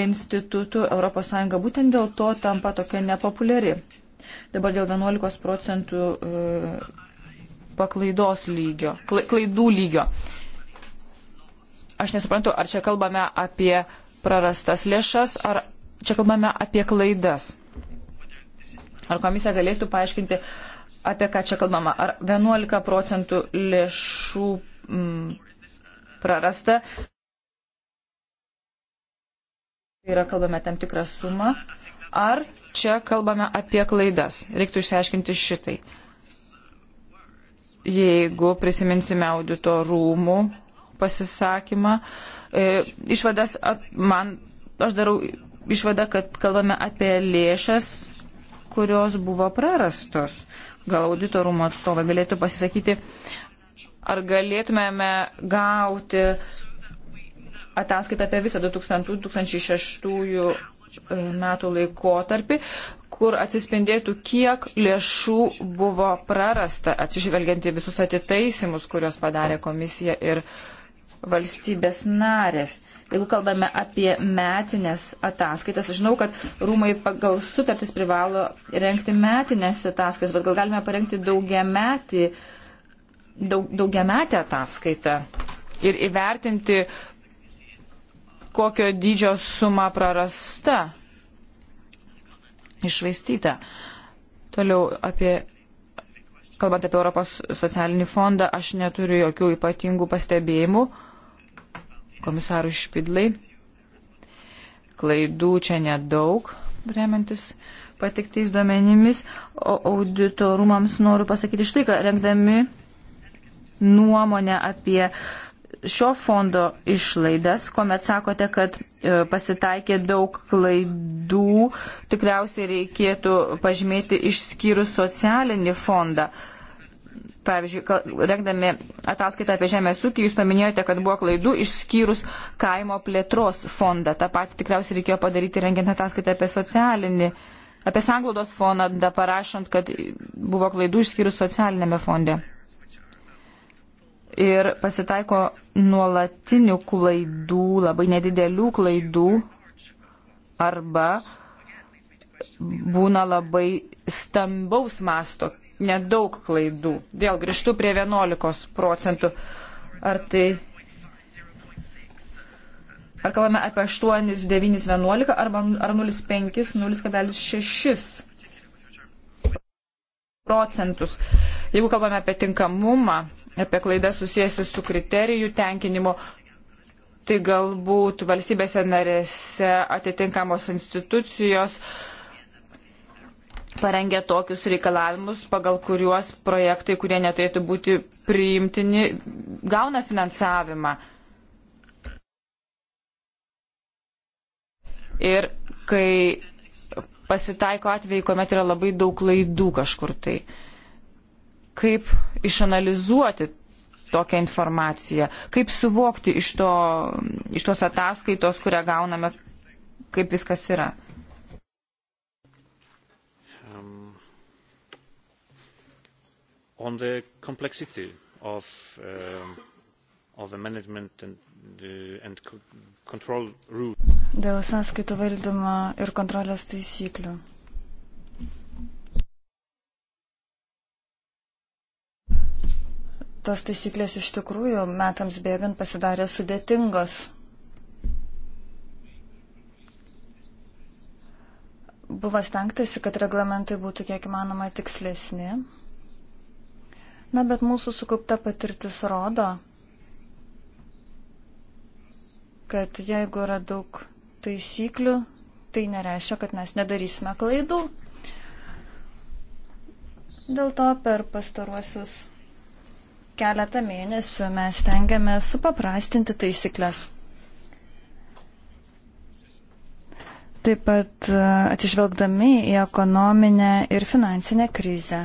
institutų ES būtent dėl to tampa tokia nepopuliari. Dabar dėl 11 procentų e, paklaidos lygio, klaidų lygio. Aš nesuprantu, ar čia kalbame apie prarastas lėšas, ar čia kalbame apie klaidas. Ar komisija galėtų paaiškinti, apie ką čia kalbama? Ar 11 procentų lėšų. Mm, prarasta. Yra kalbame tam tikrą sumą. Ar čia kalbame apie klaidas? Reiktų išsiaiškinti šitai. Jeigu prisiminsime audito rūmų pasisakymą, e, išvadas at, man, aš darau išvadą, kad kalbame apie lėšas, kurios buvo prarastos. Gal auditorumo atstovai galėtų pasisakyti, Ar galėtumėme gauti ataskaitą apie visą 2006 e, metų laikotarpį, kur atsispindėtų, kiek lėšų buvo prarasta, atsižvelgiant į visus atitaisimus, kuriuos padarė komisija ir valstybės narės. Jeigu kalbame apie metinės ataskaitas, žinau, kad rūmai pagal sutartis privalo renkti metinės ataskaitas, bet gal galime parengti daugia metį uh, daug, daugiametę ataskaitą ir įvertinti, kokio dydžio suma prarasta, išvaistyta. Toliau apie kalbant apie Europos socialinį fondą, aš neturiu jokių ypatingų pastebėjimų. Komisarų Špidlai, klaidų čia nedaug, remiantis patiktais duomenimis, o auditorumams noriu pasakyti štai, kad rengdami nuomonę apie šio fondo išlaidas, kuomet sakote, kad e, pasitaikė daug klaidų, tikriausiai reikėtų pažymėti išskyrus socialinį fondą. Pavyzdžiui, rengdami ataskaitą apie žemės ūkį, jūs paminėjote, kad buvo klaidų išskyrus kaimo plėtros fondą. Ta pati tikriausiai reikėjo padaryti rengiant ataskaitą apie socialinį, apie sanglaudos fondą, parašant, kad buvo klaidų išskyrus socialinėme fonde ir pasitaiko nuolatinių klaidų, labai nedidelių klaidų arba būna labai stambaus masto, nedaug klaidų. Vėl grįžtu prie 11 procentų. Ar tai. Ar kalbame apie 8, 9, 11 arba nu, ar 0,5, 0,6 procentus. Jeigu kalbame apie tinkamumą, apie klaidas susijęsius su kriterijų tenkinimu, tai galbūt valstybėse narėse atitinkamos institucijos parengė tokius reikalavimus, pagal kuriuos projektai, kurie neturėtų būti priimtini, gauna finansavimą. Ir kai pasitaiko atvejai, kuomet yra labai daug klaidų kažkur tai. Uh, kaip išanalizuoti tokią informaciją, kaip suvokti iš, to, iš tos ataskaitos, kurią gauname, kaip viskas yra. Um, on the complexity of, um, of the management and, the, uh, and control rules. Dėl sąskaitų valdymo ir kontrolės taisyklių. tos taisyklės iš tikrųjų metams bėgant pasidarė sudėtingos. Buvo stengtasi, kad reglamentai būtų kiek įmanoma tikslesni. Na, bet mūsų sukaupta patirtis rodo, kad jeigu yra daug taisyklių, tai nereiškia, kad mes nedarysime klaidų. Dėl to per pastaruosius keletą mėnesių mes tengiame supaprastinti taisyklės. Taip pat e, atsižvelgdami į ekonominę ir finansinę krizę.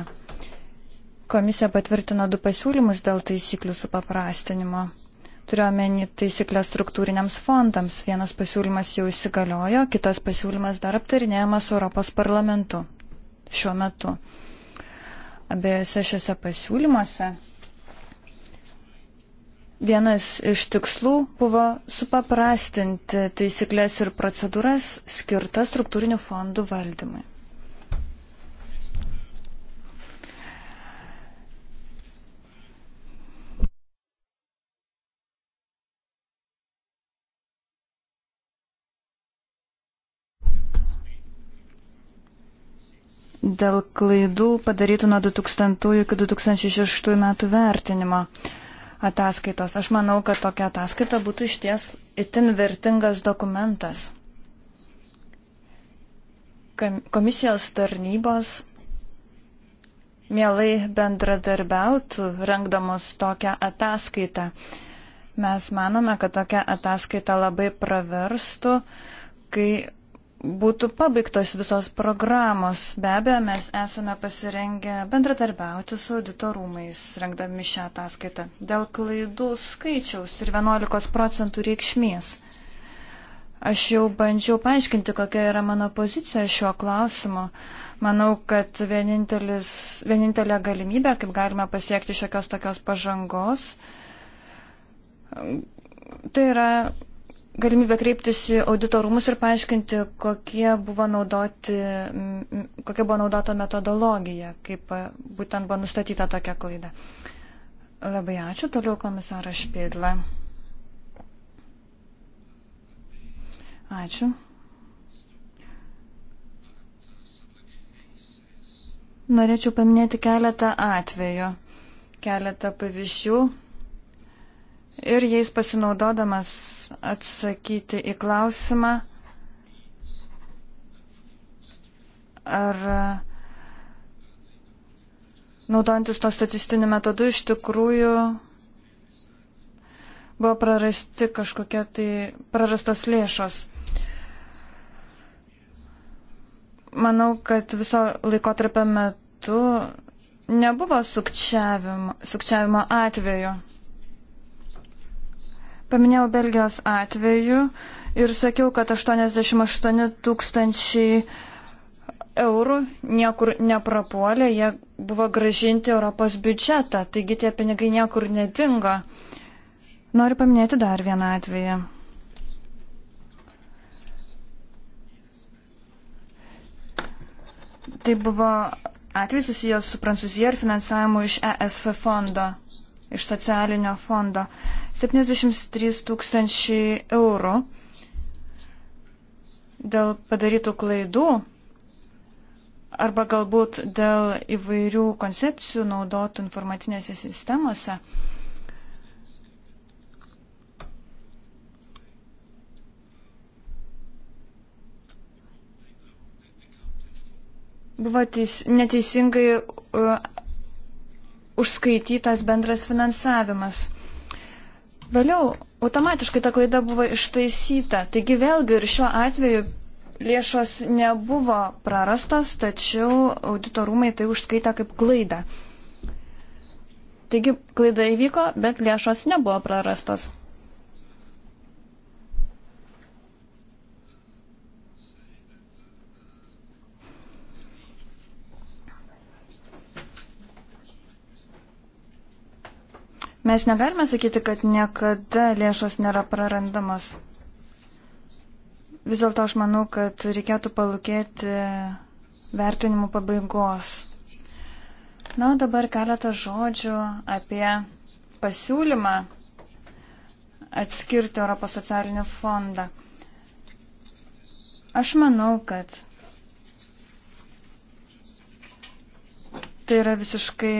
Komisija patvirtino du pasiūlymus dėl taisyklių supaprastinimo. Turiuomenį taisyklę struktūriniams fondams. Vienas pasiūlymas jau įsigaliojo, kitas pasiūlymas dar aptarinėjamas Europos parlamentu šiuo metu. Abiejose šiuose pasiūlymuose Vienas iš tikslų buvo supaprastinti taisyklės ir procedūras skirtas struktūrinių fondų valdymui. Dėl klaidų padarytų nuo 2000 iki 2006 metų vertinimo ataskaitos. Aš manau, kad tokia ataskaita būtų išties itin vertingas dokumentas. Komisijos tarnybos mielai bendradarbiautų, rengdamos tokią ataskaitą. Mes manome, kad tokia ataskaita labai praverstų, kai būtų pabaigtos visos programos. Be abejo, mes esame pasirengę bendradarbiauti su auditorumais, rengdami šią ataskaitą. Dėl klaidų skaičiaus ir 11 procentų reikšmės. Aš jau bandžiau paaiškinti, kokia yra mano pozicija šiuo klausimu. Manau, kad vienintelė galimybė, kaip galime pasiekti šiokios tokios pažangos, tai yra galimybę kreiptis į auditorumus ir paaiškinti, kokie buvo naudoti, kokia buvo naudota metodologija, kaip e, būtent buvo nustatyta tokia klaida. Labai ačiū, toliau komisaras Špėdla. Ačiū. Norėčiau paminėti keletą atvejų, keletą pavyzdžių ir jais pasinaudodamas atsakyti į klausimą, ar naudojantis to statistiniu metodu iš tikrųjų buvo prarasti kažkokie tai prarastos lėšos. Manau, kad viso laikotarpio metu nebuvo sukčiavimo, sukčiavimo atveju. Paminėjau Belgijos atveju ir sakiau, kad 88 tūkstančiai eurų niekur neprapuolė, jie buvo gražinti Europos biudžetą, taigi tie pinigai niekur nedingo. Noriu paminėti dar vieną atvejį. Tai buvo atvejis susijęs su Prancūzija ir finansavimu iš ESF fondo iš socialinio fondo. 73 tūkstančiai eurų dėl padarytų klaidų arba galbūt dėl įvairių koncepcijų naudotų informacinėse sistemose. Buvo teis, neteisingai uh, užskaitytas bendras finansavimas. Vėliau automatiškai ta klaida buvo ištaisyta. Taigi vėlgi ir šiuo atveju lėšos nebuvo prarastos, tačiau auditorumai tai užskaitė kaip klaidą. Taigi klaida įvyko, bet lėšos nebuvo prarastos. Mes negalime sakyti, kad niekada lėšos nėra prarandamos. Vis dėlto aš manau, kad reikėtų palūkėti vertinimų pabaigos. Na, o dabar keletą žodžių apie pasiūlymą atskirti Europos socialinį fondą. Aš manau, kad tai yra visiškai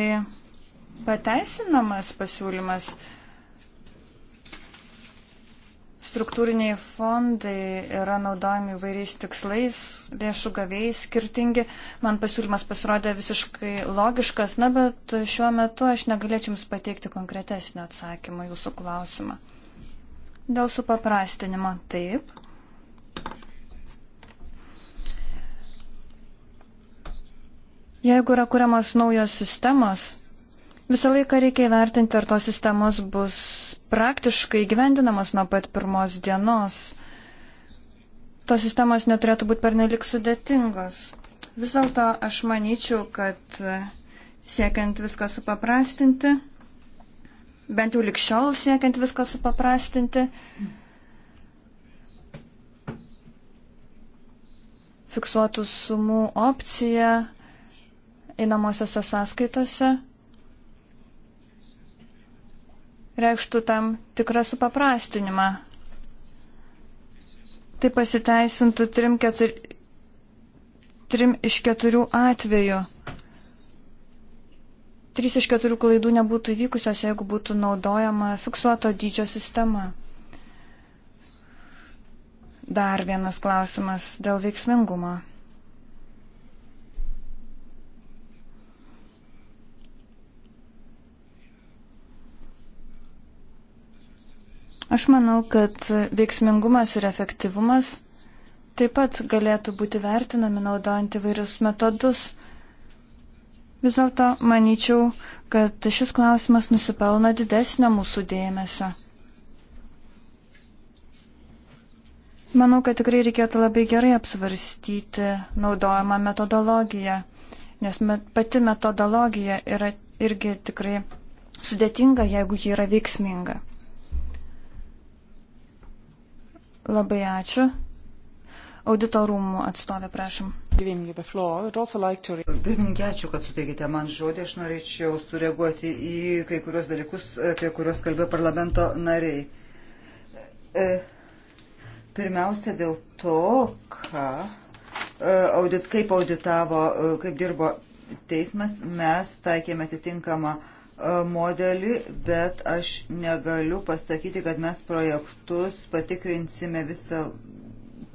pateisinamas pasiūlymas. Struktūriniai fondai yra naudojami vairiais tikslais, lėšų gavėjai skirtingi. Man pasiūlymas pasirodė visiškai logiškas, na, bet šiuo metu aš negalėčiau Jums pateikti konkretesnio atsakymo Jūsų klausimą. Dėl supaprastinimo taip. Jeigu yra kuriamas naujos sistemos, Visą laiką reikia įvertinti, ar tos sistemos bus praktiškai gyvendinamos nuo pat pirmos dienos. Tos sistemos neturėtų būti pernelik sudėtingos. Vis dėlto aš manyčiau, kad siekiant viską supaprastinti, bent jau likščiol siekiant viską supaprastinti, fiksuotų sumų opcija einamosiose sąskaitose reikštų tam tikrą supaprastinimą. Tai pasiteisintų trim, keturi, trim iš keturių atvejų. Trys iš keturių klaidų nebūtų įvykusios, jeigu būtų naudojama fiksuoto dydžio sistema. Dar vienas klausimas dėl veiksmingumo. Aš manau, kad veiksmingumas ir efektyvumas taip pat galėtų būti vertinami naudojant įvairius metodus. Vis dėlto manyčiau, kad šis klausimas nusipelno didesnio mūsų dėmesio. Manau, kad tikrai reikėtų labai gerai apsvarstyti naudojamą metodologiją, nes pati metodologija yra irgi tikrai sudėtinga, jeigu ji yra veiksminga. Labai ačiū. Auditorumų atstovė, prašom. Pirmininkė, ačiū, kad suteikite man žodį. Aš norėčiau sureaguoti į kai kurios dalykus, apie kuriuos kalbėjo parlamento nariai. E, pirmiausia, dėl to, ką e, audit, kaip auditavo, e, kaip dirbo teismas, mes taikėme atitinkamą uh, E, modelį, bet aš negaliu pasakyti, kad mes projektus patikrinsime visą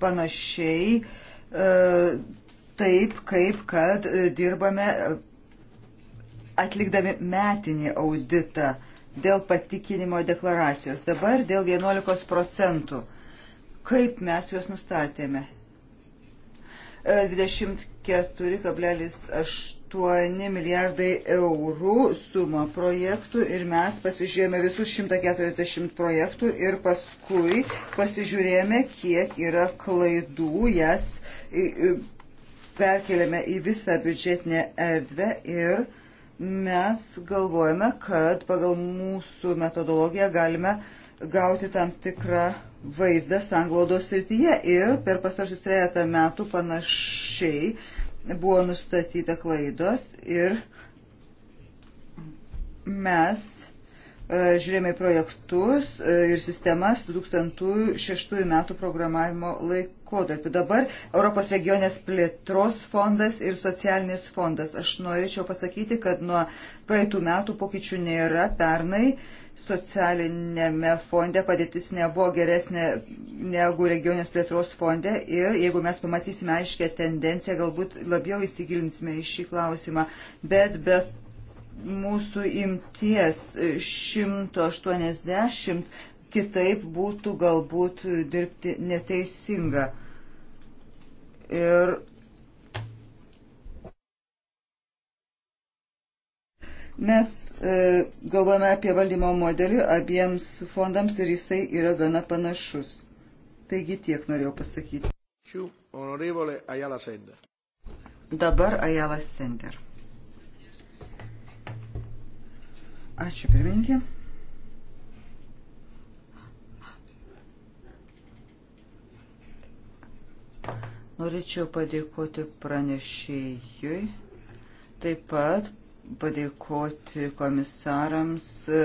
panašiai e, taip, kaip kad e, dirbame atlikdami metinį auditą dėl patikinimo deklaracijos. Dabar dėl 11 procentų. Kaip mes juos nustatėme? 24,8 8 milijardai eurų suma projektų ir mes pasižiūrėjome visus 140 projektų ir paskui pasižiūrėjome, kiek yra klaidų, jas perkeliame į visą biudžetinę erdvę ir mes galvojame, kad pagal mūsų metodologiją galime gauti tam tikrą vaizdą sanglaudos srityje ir per pastaršius trejata metų panašiai buvo nustatyta klaidos ir mes e, žiūrėjome projektus e, ir sistemas 2006 metų programavimo laikotarpį. Dabar Europos regionės plėtros fondas ir socialinis fondas. Aš norėčiau pasakyti, kad nuo praeitų metų pokyčių nėra. Pernai uh, socialinėme fonde padėtis nebuvo geresnė negu regionės plėtros fonde ir jeigu mes pamatysime aiškę tendenciją, galbūt labiau įsigilinsime į šį klausimą. Bet be mūsų imties 180 kitaip būtų galbūt dirbti neteisinga. Ir Mes e, galvojame apie valdymo modelį abiems fondams ir jisai yra gana panašus. Taigi tiek norėjau pasakyti. Dabar Ajala Sender. Ačiū pirmininkė. Norėčiau padėkoti pranešėjui, taip pat padėkoti komisarams e,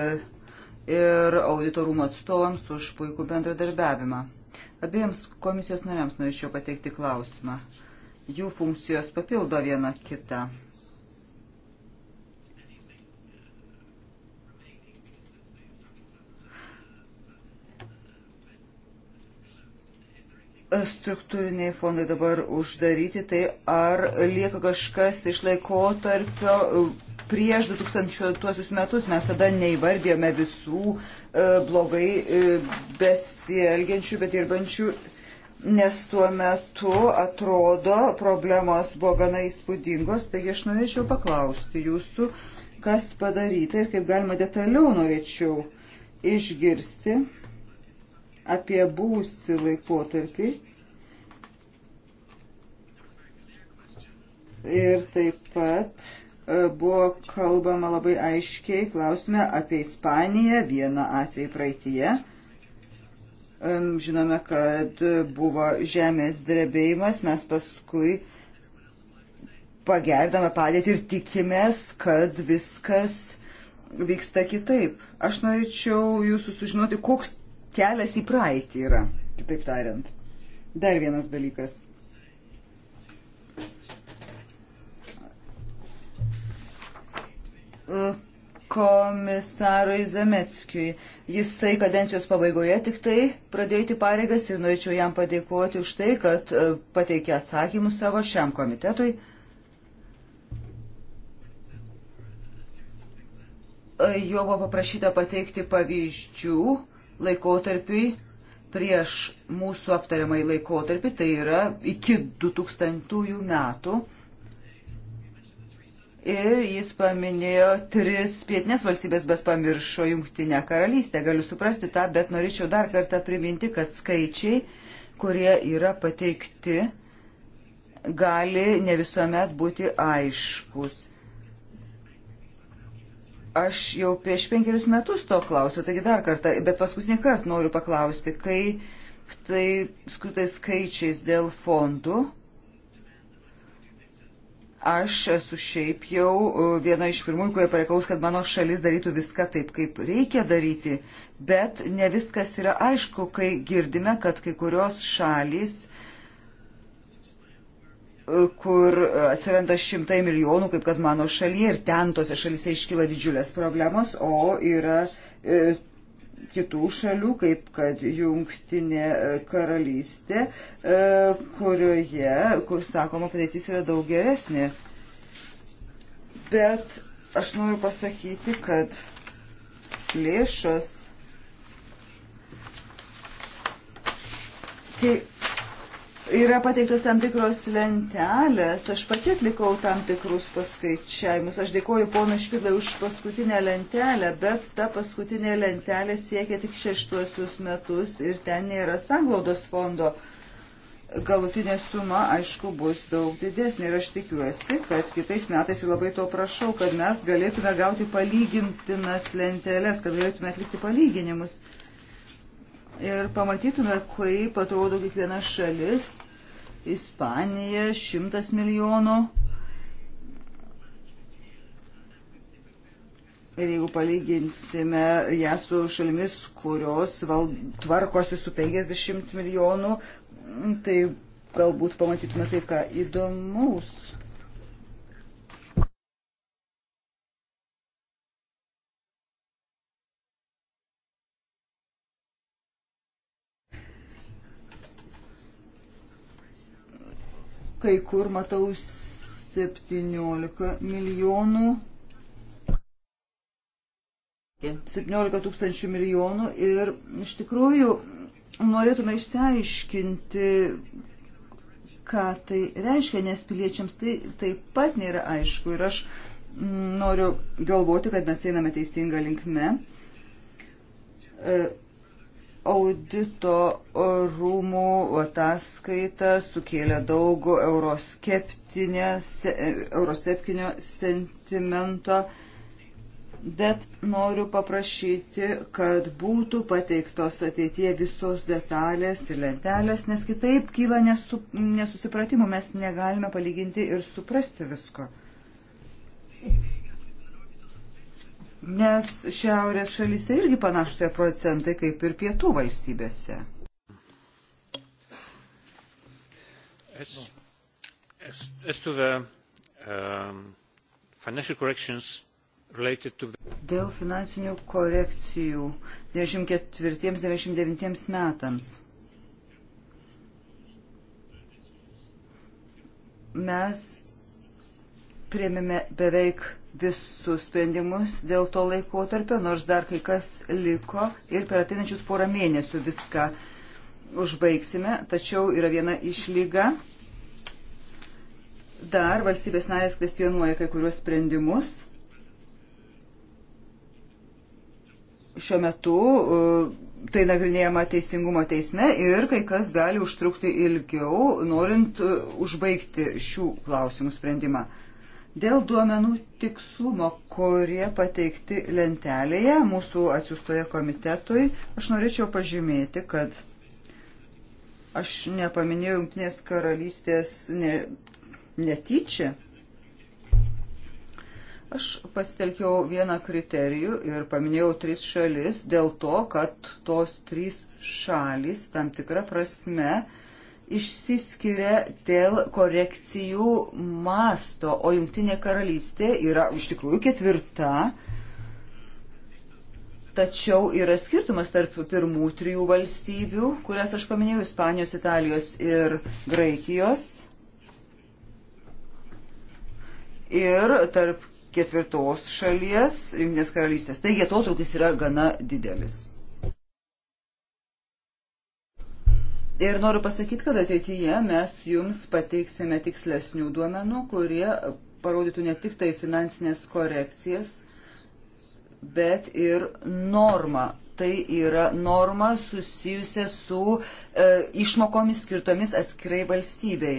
ir auditorumo atstovams už puikų bendradarbiavimą. Abiems komisijos nariams norėčiau pateikti klausimą. Jų funkcijos papildo vieną kitą. struktūriniai fondai dabar uždaryti, tai ar lieka kažkas iš laikotarpio prieš 2000 metus mes tada neįvardėjome visų e, blogai e, besielgiančių, bet dirbančių, nes tuo metu atrodo problemos buvo gana įspūdingos, taigi aš norėčiau paklausti jūsų, kas padaryta ir kaip galima detaliau norėčiau išgirsti apie būsį laikotarpį. Ir taip pat buvo kalbama labai aiškiai, klausime apie Ispaniją, vieną atvejį praeitie. Žinome, kad buvo žemės drebėjimas, mes paskui pagerdame padėtį ir tikimės, kad viskas vyksta kitaip. Aš norėčiau jūsų sužinoti, koks kelias į praeitį yra, kitaip tariant. Dar vienas dalykas. komisarui Zemetskijui. Jisai kadencijos pabaigoje tik tai pradėjo įti pareigas ir norėčiau jam padėkoti už tai, kad e, pateikė atsakymus savo šiam komitetui. E, jo buvo paprašyta pateikti pavyzdžių laikotarpiui prieš mūsų aptariamai laikotarpį, tai yra iki 2000 metų ir jis paminėjo tris pietinės valstybės, bet pamiršo jungtinę karalystę. Galiu suprasti tą, bet norėčiau dar kartą priminti, kad skaičiai, kurie yra pateikti, gali ne visuomet būti aiškus. Aš jau prieš penkerius metus to klausiu, taigi dar kartą, bet paskutinį kartą noriu paklausti, kai tai skaičiais dėl fondų Aš esu šiaip jau e, viena iš pirmųjų, kurie pareikalaus, kad mano šalis darytų viską taip, kaip reikia daryti, bet ne viskas yra aišku, kai girdime, kad kai kurios šalis e, kur atsiranda šimtai milijonų, kaip kad mano šalyje, ir ten tose šalise iškyla didžiulės problemos, o yra e, kitų šalių, kaip kad jungtinė karalystė, e, kurioje, kur sakoma, padėtis yra daug geresnė. Bet aš noriu pasakyti, kad lėšos, kai Yra pateiktos tam tikros lentelės, aš pati atlikau tam tikrus paskaičiavimus. Aš dėkoju ponui Špidlai už paskutinę lentelę, bet ta paskutinė lentelė siekia tik šeštuosius metus ir ten nėra sanglaudos fondo. Galutinė suma, aišku, bus daug didesnė ir aš tikiuosi, kad kitais metais ir labai to prašau, kad mes galėtume gauti palygintinas lentelės, kad galėtume atlikti palyginimus ir pamatytume, kaip atrodo kiekviena šalis. Ispanija 100 milijonų. Ir jeigu palyginsime ją su šalimis, kurios val, tvarkosi su 50 milijonų, tai galbūt pamatytume kai ką įdomaus. kai kur matau 17 milijonų. 17 tūkstančių milijonų ir iš tikrųjų norėtume išsiaiškinti, ką tai reiškia, nes piliečiams tai taip pat nėra aišku ir aš noriu galvoti, kad mes einame teisingą linkme. E, Audito rūmų ataskaita sukėlė daug euroskeptinio sentimento bet noriu paprašyti, kad būtų pateiktos ateitie visos detalės ir lentelės, nes kitaip kyla nesu, nesusipratimų, mes negalime palyginti ir suprasti visko nes šiaurės šalyse irgi panašus tie procentai kaip ir pietų valstybėse. As, as, as to the, um, financial corrections related to the... Dėl finansinių korekcijų 94-99 metams. Mes priėmėme beveik visus sprendimus dėl to laiko tarpio, nors dar kai kas liko ir per ateinančius porą mėnesių viską užbaigsime, tačiau yra viena išlyga. Dar valstybės narės kvestionuoja kai kuriuos sprendimus. Šiuo metu uh, tai nagrinėjama teisingumo teisme ir kai kas gali užtrukti ilgiau, norint uh, užbaigti šių klausimų sprendimą. Dėl duomenų tikslumo, kurie pateikti lentelėje mūsų atsiustoje komitetui, aš norėčiau pažymėti, kad aš nepaminėjau Junktinės karalystės ne, netyčia. Aš pasitelkiau vieną kriterijų ir paminėjau tris šalis dėl to, kad tos trys šalis tam tikrą prasme išsiskiria dėl korekcijų masto, o Junktinė karalystė yra iš tikrųjų ketvirta. Tačiau yra skirtumas tarp pirmų trijų valstybių, kurias aš paminėjau - Ispanijos, Italijos ir Graikijos. Ir tarp ketvirtos šalies - Junktinės karalystės. Taigi atotrukis yra gana didelis. Ir noriu pasakyti, kad ateityje mes jums pateiksime tikslesnių duomenų, kurie parodytų ne tik tai finansinės korekcijas, bet ir normą. Tai yra norma susijusia su e, išmokomis skirtomis atskirai valstybei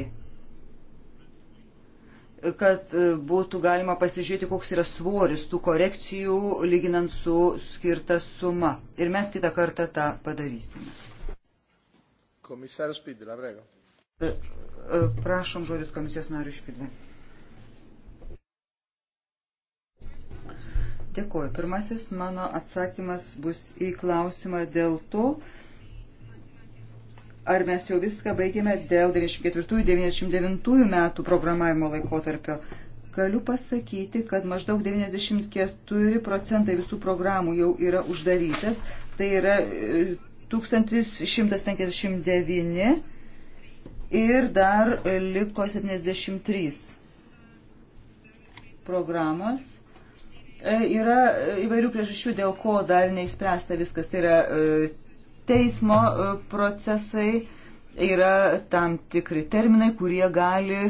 kad e, būtų galima pasižiūrėti, koks yra svoris tų korekcijų lyginant su skirta suma. Ir mes kitą kartą tą padarysime. Komisarus Pidila, prego. Prašom žodis komisijos nariu Špidlė. Dėkuoju. Pirmasis mano atsakymas bus į klausimą dėl to, ar mes jau viską baigėme dėl 94-99 metų programavimo laikotarpio. Galiu pasakyti, kad maždaug 94 procentai visų programų jau yra uždarytas. Tai yra e, 1159 ir dar liko 73 programos. E, yra įvairių priežasčių, dėl ko dar neįspręsta viskas. Tai yra e, teismo e, procesai, yra tam tikri terminai, kurie gali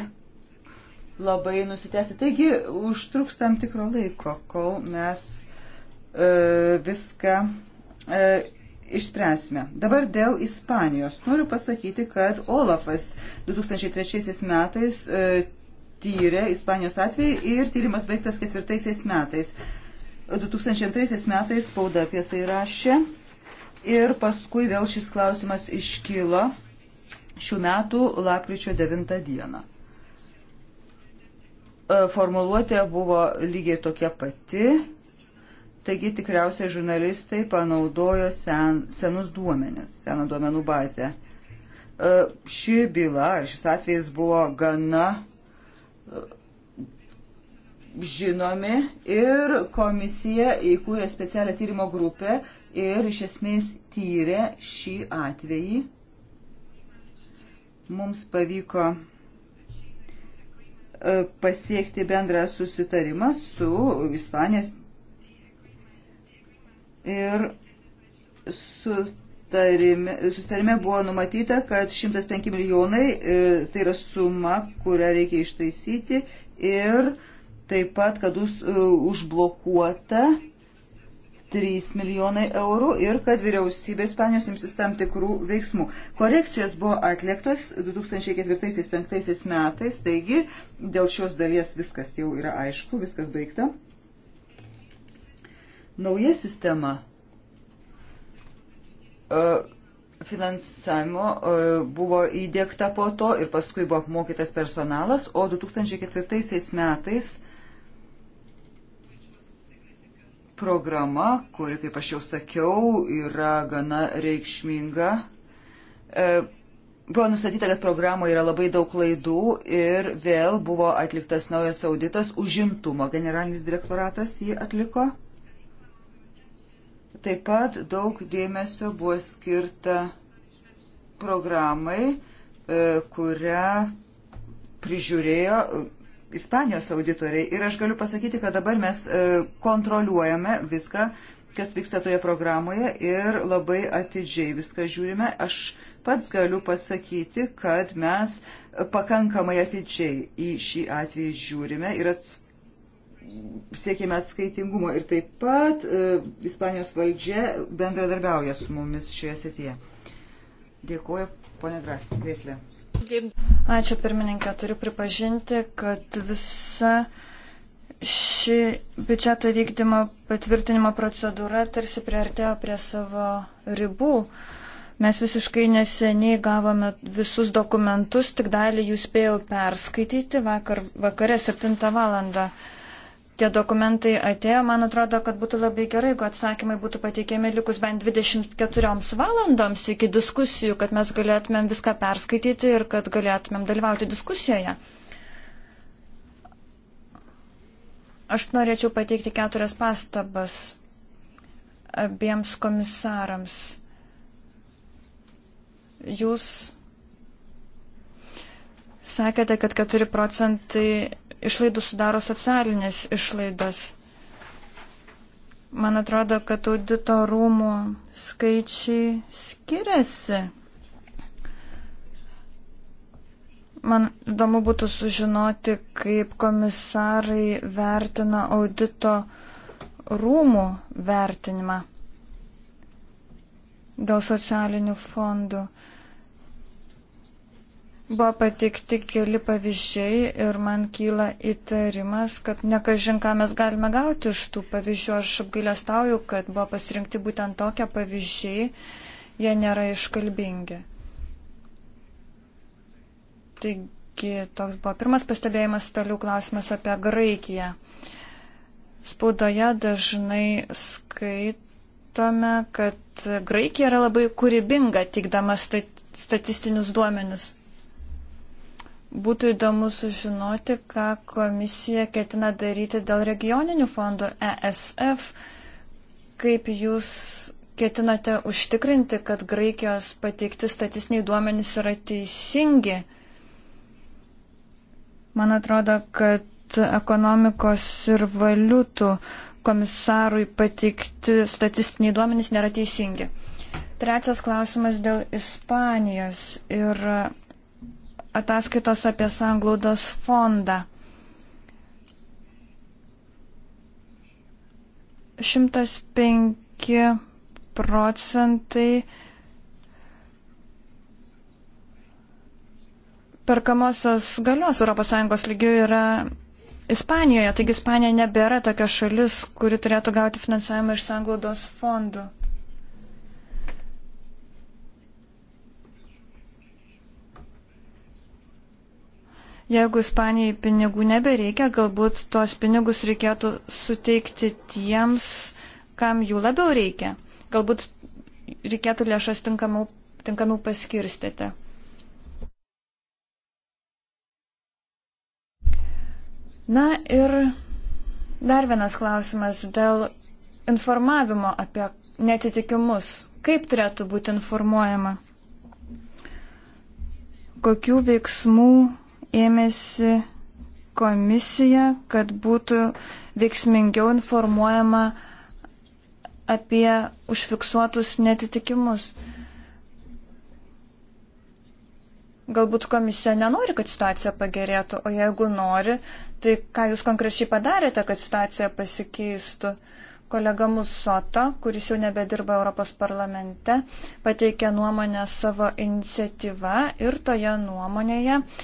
labai nusitęsti. Taigi užtruks tam tikro laiko, kol mes viską išspręsime. Dabar dėl Ispanijos. Noriu pasakyti, kad Olafas 2003 metais e, tyrė Ispanijos atvejį ir tyrimas baigtas ketvirtaisiais metais. 2002 metais spauda apie tai rašė ir paskui vėl šis klausimas iškylo šių metų lapkričio 9 dieną. E, formuluotė buvo lygiai tokia pati Taigi tikriausiai žurnalistai panaudojo sen, senus duomenis, seną duomenų bazę. E, ši byla ar šis atvejis buvo gana e, žinomi ir komisija įkūrė specialią tyrimo grupę ir iš esmės tyrė šį atvejį. Mums pavyko e, pasiekti bendrą susitarimą su Ispanija, ir sutarime, sutarime buvo numatyta, kad 105 milijonai e, tai yra suma, kurią reikia ištaisyti ir taip pat, kad bus e, užblokuota 3 milijonai eurų ir kad vyriausybė Ispanijos imsis tam tikrų veiksmų. Korekcijos buvo atliktos 2004-2005 metais, taigi dėl šios dalies viskas jau yra aišku, viskas baigta. Nauja sistema e, finansavimo e, buvo įdėkta po to ir paskui buvo apmokytas personalas, o 2004 metais programa, kuri, kaip aš jau sakiau, yra gana reikšminga. E, buvo nustatyta, kad programoje yra labai daug klaidų ir vėl buvo atliktas naujas auditas, užimtumo generalinis direktoratas jį atliko. Taip pat daug dėmesio buvo skirta programai, e, kurią prižiūrėjo e, Ispanijos auditoriai. Ir aš galiu pasakyti, kad dabar mes e, kontroliuojame viską, kas vyksta toje programoje ir labai atidžiai viską žiūrime. Aš pats galiu pasakyti, kad mes pakankamai atidžiai į šį atvejį žiūrime ir atskirime siekime atskaitingumo ir taip pat e, Ispanijos valdžia bendradarbiauja su mumis šioje srityje. Dėkuoju, ponė Greslė. Ačiū pirmininkė, turiu pripažinti, kad visa ši biudžeto vykdymo patvirtinimo procedūra tarsi priartėjo prie savo ribų. Mes visiškai neseniai gavome visus dokumentus, tik dalį jų spėjau perskaityti vakar, vakare 7 valandą tie dokumentai atėjo, man atrodo, kad būtų labai gerai, jeigu atsakymai būtų pateikiami likus bent 24 valandoms iki diskusijų, kad mes galėtumėm viską perskaityti ir kad galėtumėm dalyvauti diskusijoje. Aš norėčiau pateikti keturias pastabas abiems komisarams. Jūs sakėte, kad 4 procentai išlaidų sudaro socialinės išlaidos. Man atrodo, kad audito rūmų skaičiai skiriasi. Man įdomu būtų sužinoti, kaip komisarai vertina audito rūmų vertinimą dėl socialinių fondų. Uh, Buvo patikti keli pavyzdžiai ir man kyla įtarimas, kad nekažin ką mes galime gauti iš tų pavyzdžių. Aš apgailestauju, kad buvo pasirinkti būtent tokie pavyzdžiai, jie nėra iškalbingi. Taigi toks buvo pirmas pastebėjimas, toliau klausimas apie Graikiją. Spaudoje dažnai skaitome, kad Graikija yra labai kūrybinga, teikdama statistinius duomenis Būtų įdomu sužinoti, ką komisija ketina daryti dėl regioninių fondų ESF, kaip jūs ketinate užtikrinti, kad Graikijos pateikti statistiniai duomenys yra teisingi. Man atrodo, kad ekonomikos ir valiutų komisarui pateikti statistiniai duomenys nėra teisingi. Trečias klausimas dėl Ispanijos ir ataskaitos apie sanglaudos fondą. 105 procentai perkamosios galios ES lygių yra Ispanijoje, taigi Ispanija nebėra tokia šalis, kuri turėtų gauti finansavimą iš sanglaudos fondų. Jeigu Ispanijai pinigų nebereikia, galbūt tuos pinigus reikėtų suteikti tiems, kam jų labiau reikia. Galbūt reikėtų lėšas tinkamiau, tinkamiau paskirstyti. Na ir dar vienas klausimas dėl informavimo apie netitikimus. Kaip turėtų būti informuojama? Kokių veiksmų ėmėsi komisija, kad būtų veiksmingiau informuojama apie užfiksuotus netitikimus. Galbūt komisija nenori, kad situacija pagerėtų, o jeigu nori, tai ką jūs konkrečiai padarėte, kad situacija pasikeistų? Kolega Musota, kuris jau nebedirba Europos parlamente, pateikė nuomonę savo iniciatyvą ir toje nuomonėje uh,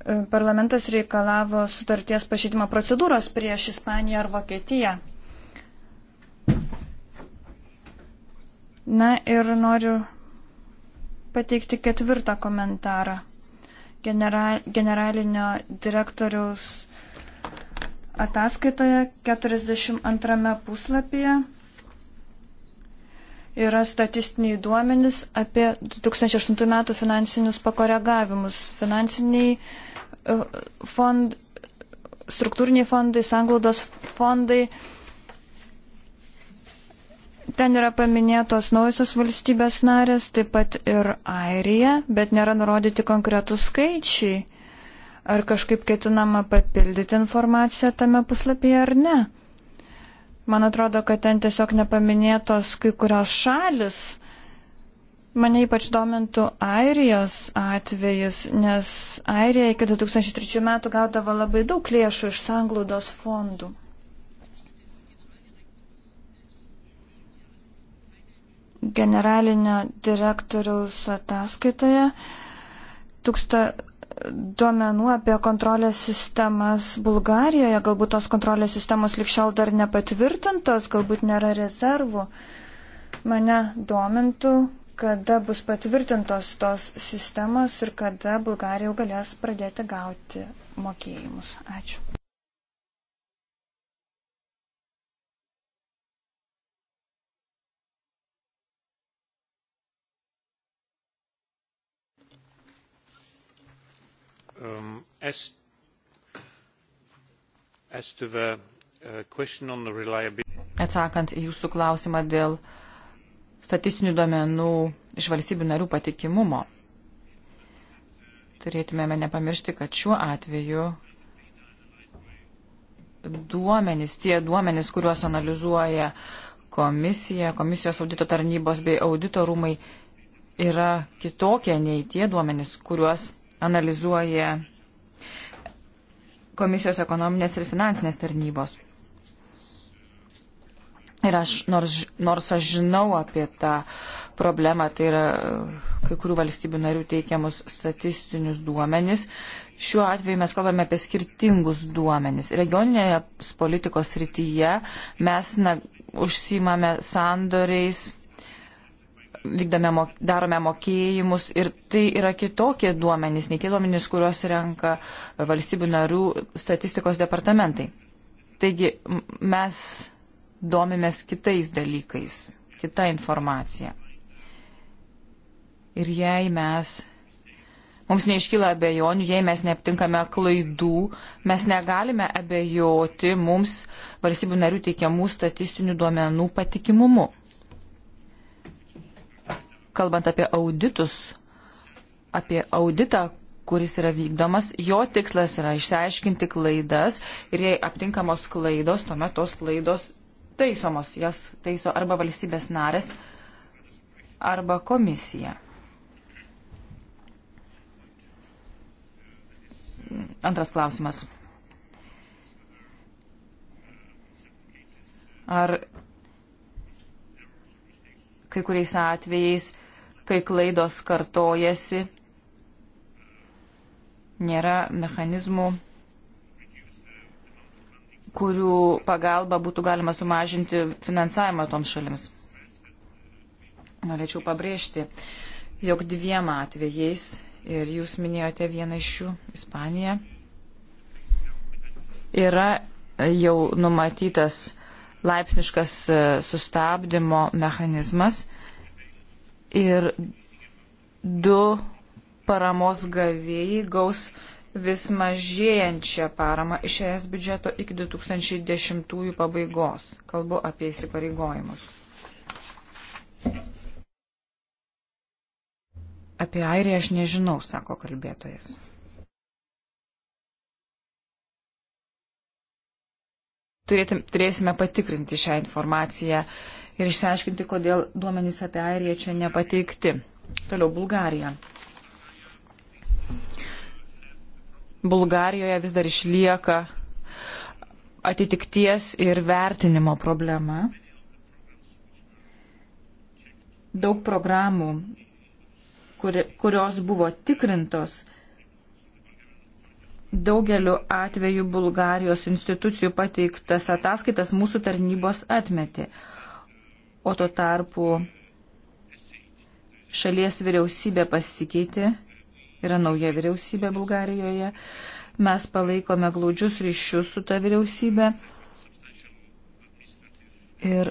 E, parlamentas reikalavo sutarties pažydimo procedūros prieš Ispaniją ar Vokietiją. Na ir noriu pateikti ketvirtą komentarą. General, generalinio direktoriaus ataskaitoje 42 puslapyje yra statistiniai duomenys apie 2008 metų finansinius pakoregavimus. Finansiniai e, fond, struktūriniai fondai, sanglaudos fondai. Ten yra paminėtos naujusios valstybės narės, taip pat ir Airija, bet nėra nurodyti konkretus skaičiai. Ar kažkaip ketinama papildyti informaciją tame puslapyje ar ne? Man atrodo, kad ten tiesiog nepaminėtos kai kurios šalis. Mane ypač domintų Airijos atvejis, nes Airija iki 2003 metų gaudavo labai daug lėšų iš sanglaudos fondų. Generalinio direktoriaus ataskaitoje tūksta, duomenų apie kontrolės sistemas Bulgarijoje, galbūt tos kontrolės sistemos likščiau dar nepatvirtintos, galbūt nėra rezervų. Mane domintų, kada bus patvirtintos tos sistemos ir kada Bulgarija jau galės pradėti gauti mokėjimus. Ačiū. Um, as, as to the uh, question on the reliability. Atsakant jūsų klausimą dėl statistinių duomenų iš valstybių narių patikimumo, turėtumėme nepamiršti, kad šiuo atveju duomenys, tie duomenys, kuriuos analizuoja komisija, komisijos audito tarnybos bei audito rūmai, yra kitokie nei tie duomenys, kuriuos analizuoja komisijos ekonominės ir finansinės tarnybos. Ir aš, nors, nors aš žinau apie tą problemą, tai yra kai kurių valstybių narių teikiamus statistinius duomenis, šiuo atveju mes kalbame apie skirtingus duomenis. Regioninėje politikos rytyje mes na, užsimame sandoriais vykdome, darome mokėjimus ir tai yra kitokie duomenys, nei tie duomenys, kuriuos renka valstybių narių statistikos departamentai. Taigi mes domimės kitais dalykais, kita informacija. Ir jei mes, mums neiškyla abejonių, jei mes neaptinkame klaidų, mes negalime abejoti mums valstybių narių teikiamų statistinių duomenų patikimumu kalbant apie auditus, apie auditą, kuris yra vykdomas, jo tikslas yra išsiaiškinti klaidas ir jei aptinkamos klaidos, tuomet tos klaidos taisomos, jas taiso arba valstybės narės, arba komisija. Antras klausimas. Ar kai kuriais atvejais kai klaidos kartojasi, nėra mechanizmų, kurių pagalba būtų galima sumažinti finansavimą toms šalims. Norėčiau pabrėžti, jog dviem atvejais, ir jūs minėjote vieną iš jų, Ispaniją, yra jau numatytas laipsniškas e, sustabdymo mechanizmas – ir du paramos gavėjai gaus vis mažėjančią paramą iš ES biudžeto iki 2010 pabaigos. Kalbu apie įsipareigojimus. Apie Airiją aš nežinau, sako kalbėtojas. Turėtum, turėsime patikrinti šią informaciją ir išsiaiškinti, kodėl duomenys apie Airiją čia nepateikti. Toliau Bulgarija. Bulgarijoje vis dar išlieka atitikties ir vertinimo problema. Daug programų, kur, kurios buvo tikrintos, daugeliu atveju Bulgarijos institucijų pateiktas ataskaitas mūsų tarnybos atmetė o tuo tarpu šalies vyriausybė pasikeitė, yra nauja vyriausybė Bulgarijoje, mes palaikome glaudžius ryšius su ta vyriausybė ir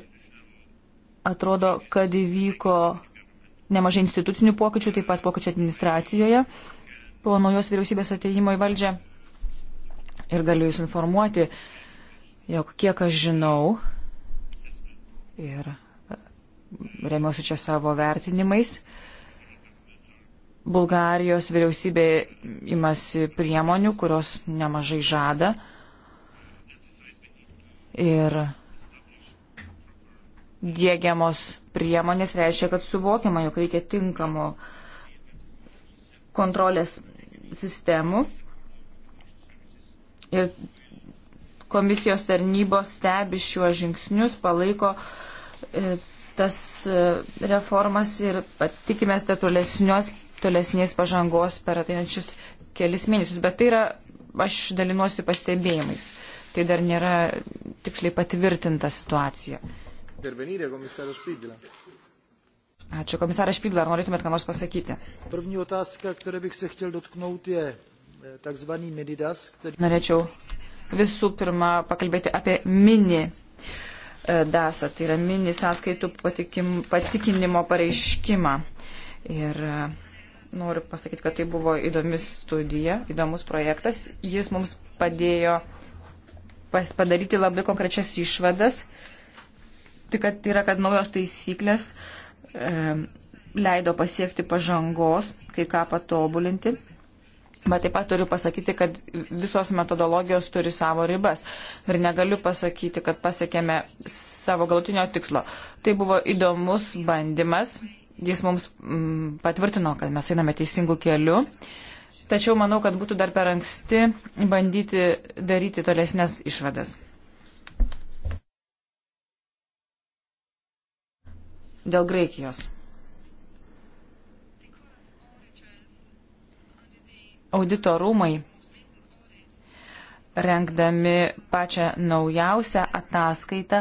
atrodo, kad įvyko nemažai institucinių pokyčių, taip pat pokyčių administracijoje po naujos vyriausybės ateimo į valdžią. Ir galiu Jūs informuoti, jog kiek aš žinau ir remiuosi čia savo vertinimais. Bulgarijos vyriausybė imasi priemonių, kurios nemažai žada. Ir dėgiamos priemonės reiškia, kad suvokiama, jog reikia tinkamo kontrolės sistemų. Ir komisijos tarnybos stebi šiuos žingsnius, palaiko e, tas e, reformas ir tikimės tolesnės pažangos per ateinančius kelis mėnesius. Bet tai yra, aš dalinuosi pastebėjimais. Tai dar nėra tiksliai patvirtinta situacija. Ačiū, komisaras Špidla, ar norėtumėt ką nors pasakyti? První otázka, které bych se chtěl dotknout, je e, takzvaný minidas. Který... Norėčiau visų pirma pakalbėti apie mini E, DASA, tai yra mini sąskaitų patikim, patikinimo pareiškimą. Ir e, noriu pasakyti, kad tai buvo įdomi studija, įdomus projektas. Jis mums padėjo pas, padaryti labai konkrečias išvadas. Tai kad, tai yra, kad naujos taisyklės e, leido pasiekti pažangos, kai ką patobulinti. Bet taip pat turiu pasakyti, kad visos metodologijos turi savo ribas ir negaliu pasakyti, kad pasiekėme savo galutinio tikslo. Tai buvo įdomus bandymas, jis mums mm, patvirtino, kad mes einame teisingų kelių, tačiau manau, kad būtų dar per anksti bandyti daryti tolesnės išvadas. Dėl Graikijos. audito rūmai rengdami pačią naujausią ataskaitą,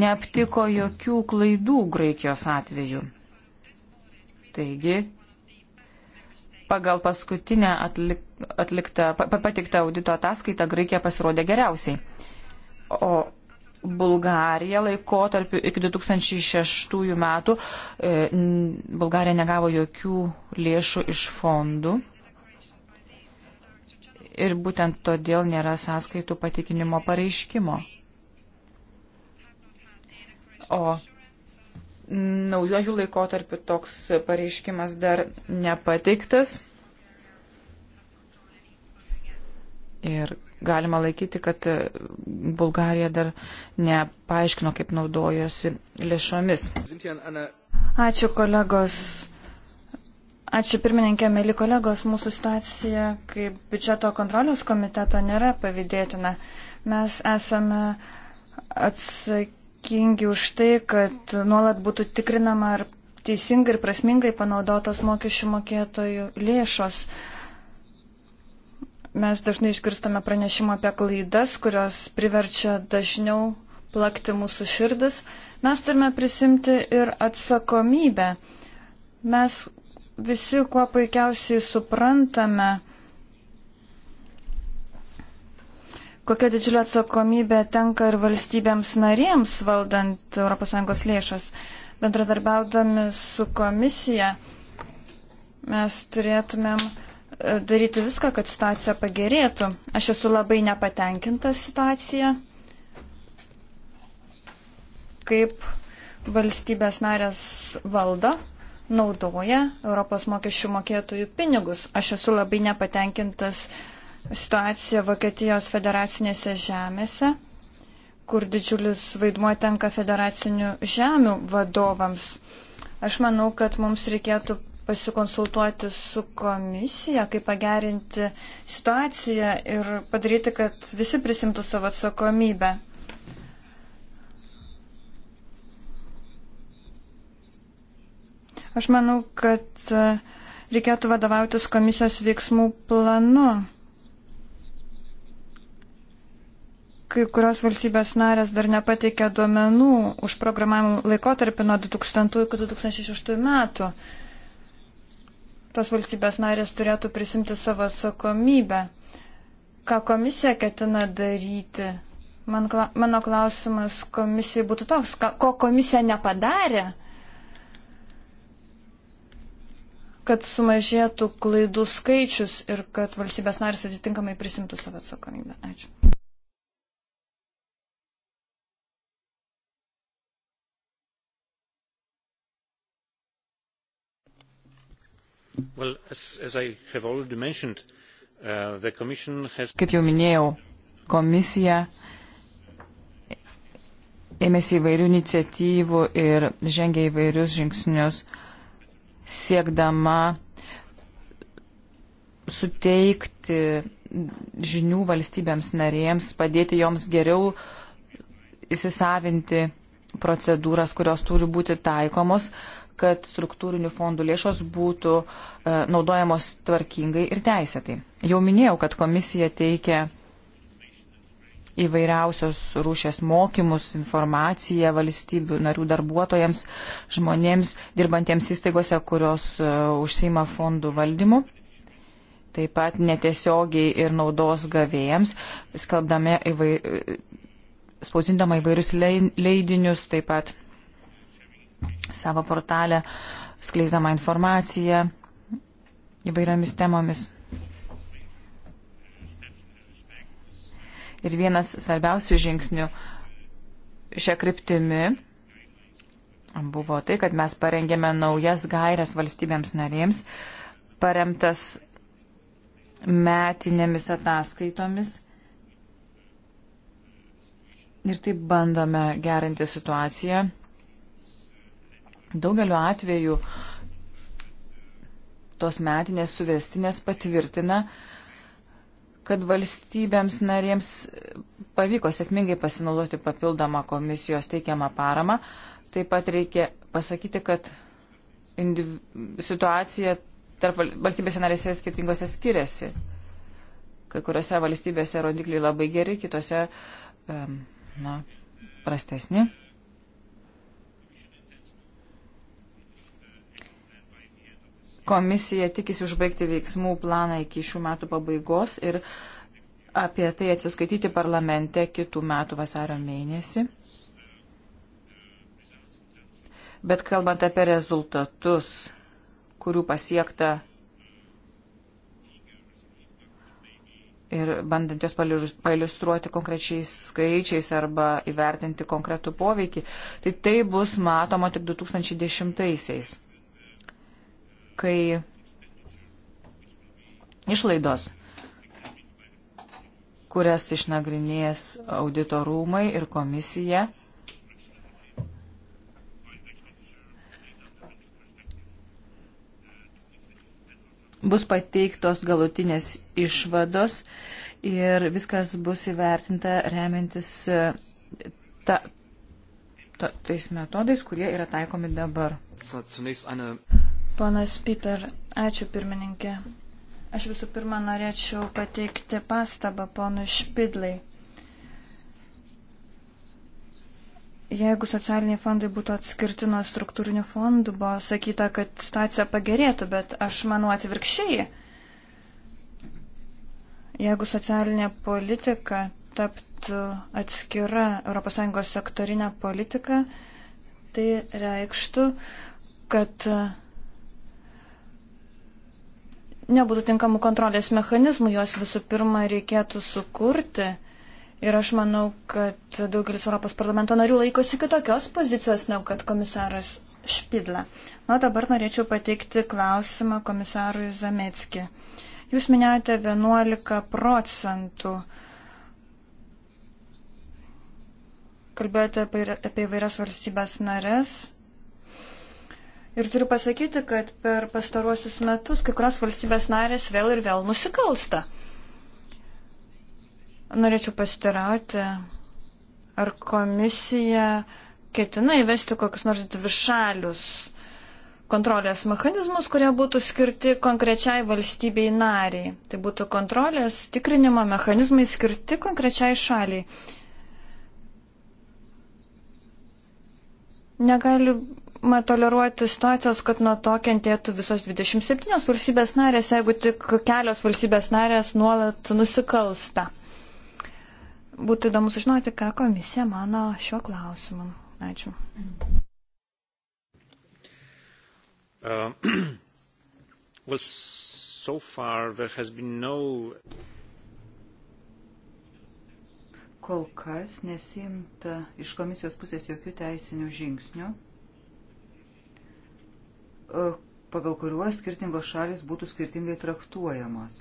neaptiko jokių klaidų Graikijos atveju. Taigi, pagal paskutinę atlik, atliktą, patiktą audito ataskaitą, Graikija pasirodė geriausiai. O Bulgarija laikotarpiu iki 2006 metų, e, Bulgarija negavo jokių lėšų iš fondų ir būtent todėl nėra sąskaitų patikinimo pareiškimo. O naujojų laikotarpių toks pareiškimas dar nepateiktas. Ir galima laikyti, kad Bulgarija dar nepaaiškino, kaip naudojosi lėšomis. Ačiū kolegos. Ačiū pirmininkė, mėly kolegos, mūsų situacija kaip biudžeto kontrolės komiteto nėra pavydėtina. Mes esame atsakingi už tai, kad nuolat būtų tikrinama, ar teisingai ir prasmingai panaudotos mokesčių mokėtojų lėšos. Mes dažnai išgirstame pranešimą apie klaidas, kurios priverčia dažniau plakti mūsų širdis. Mes turime prisimti ir atsakomybę. Mes visi kuo puikiausiai suprantame, kokia didžiulė atsakomybė tenka ir valstybėms narėms valdant ES lėšas. Bendradarbiaudami su komisija mes turėtumėm e, daryti viską, kad situacija pagerėtų. Aš esu labai nepatenkinta situacija, kaip valstybės narės valdo naudoja Europos mokesčių mokėtojų pinigus. Aš esu labai nepatenkintas situacija Vokietijos federacinėse žemėse, kur didžiulis vaidmuo tenka federacinių žemių vadovams. Aš manau, kad mums reikėtų pasikonsultuoti su komisija, kaip pagerinti situaciją ir padaryti, kad visi prisimtų savo atsakomybę. Aš manau, kad e, reikėtų vadovautis komisijos veiksmų planu. Kai kurios valstybės narės dar nepateikė duomenų už programavimo laikotarpį nuo 2000 iki 2006 metų. Tas valstybės narės turėtų prisimti savo atsakomybę. Ką komisija ketina daryti? Man, mano klausimas komisijai būtų toks, ko komisija nepadarė, kad sumažėtų klaidų skaičius ir kad valstybės narės atitinkamai prisimtų savo atsakomybę. Ačiū. Well, as, as uh, has... Kaip jau minėjau, komisija ėmėsi įvairių iniciatyvų ir žengė įvairius žingsnius uh, siekdama suteikti žinių valstybėms narėms, padėti joms geriau įsisavinti procedūras, kurios turi būti taikomos, kad struktūrinių fondų lėšos būtų e, naudojamos tvarkingai ir teisėtai. Jau minėjau, kad komisija teikia įvairiausios rūšės mokymus, informaciją valstybių narių darbuotojams, žmonėms, dirbantiems įstaigose, kurios e, užsima fondų valdymu. Taip pat netiesiogiai ir naudos gavėjams, skalbdami įvair... E, spausindama įvairius leidinius, taip pat savo portalę, skleisdama informaciją įvairiomis temomis. Ir vienas svarbiausių žingsnių šią kryptimį buvo tai, kad mes parengėme naujas gairias valstybėms narėms, paremtas metinėmis ataskaitomis. Ir taip bandome gerinti situaciją. Daugeliu atveju tos metinės suvestinės patvirtina, uh, kad valstybėms narėms pavyko sėkmingai pasinaudoti papildomą komisijos teikiamą paramą. Taip pat reikia pasakyti, kad indiv... situacija tarp valstybėse narėse skirtingose skiriasi. Kai kuriuose valstybėse rodikliai labai geri, kitose um, na, prastesni. Komisija tikisi užbaigti veiksmų planą iki šių metų pabaigos ir apie tai atsiskaityti parlamente kitų metų vasario mėnesį. Bet kalbant apie rezultatus, kurių pasiekta ir bandant jos pailustruoti konkrečiais skaičiais arba įvertinti konkretų poveikį, tai tai bus matoma tik 2010-aisiais kai išlaidos, kurias išnagrinės audito rūmai ir komisija, bus pateiktos galutinės išvados ir viskas bus įvertinta remiantis e, ta, ta, tais metodais, kurie yra taikomi dabar. Ponas Piper, ačiū pirmininkė. Aš visų pirma norėčiau pateikti pastabą ponui Špidlai. Jeigu socialiniai fondai būtų atskirti nuo struktūrinių fondų, buvo sakyta, kad situacija pagerėtų, bet aš manau atvirkščiai. Jeigu socialinė politika taptų atskira ES sektorinė politika, tai reikštų, kad nebūtų tinkamų kontrolės mechanizmų, juos visų pirma reikėtų sukurti. Ir aš manau, kad daugelis Europos parlamento narių laikosi kitokios pozicijos, negu kad komisaras Špidla. Na, dabar norėčiau pateikti klausimą komisarui Zametski. Jūs minėjote 11 procentų. Kalbėjote apie įvairias valstybės narės. Ir turiu pasakyti, kad per pastaruosius metus kai kurios valstybės narės vėl ir vėl nusikalsta. Norėčiau pasitirauti, ar komisija ketina įvesti kokius nors dvišalius kontrolės mechanizmus, kurie būtų skirti konkrečiai valstybei nariai. Tai būtų kontrolės tikrinimo mechanizmai skirti konkrečiai šaliai. Negali Negalima toleruoti situacijos, kad nuo to kentėtų visos 27 valstybės narės, jeigu tik kelios valstybės narės nuolat nusikalsta. Būtų įdomu sužinoti, ką komisija mano šiuo klausimu. Ačiū. Uh, well, so far there has been no kol kas nesimta iš komisijos pusės jokių teisinių žingsnių E, pagal kuriuos skirtingos šalis būtų skirtingai traktuojamos.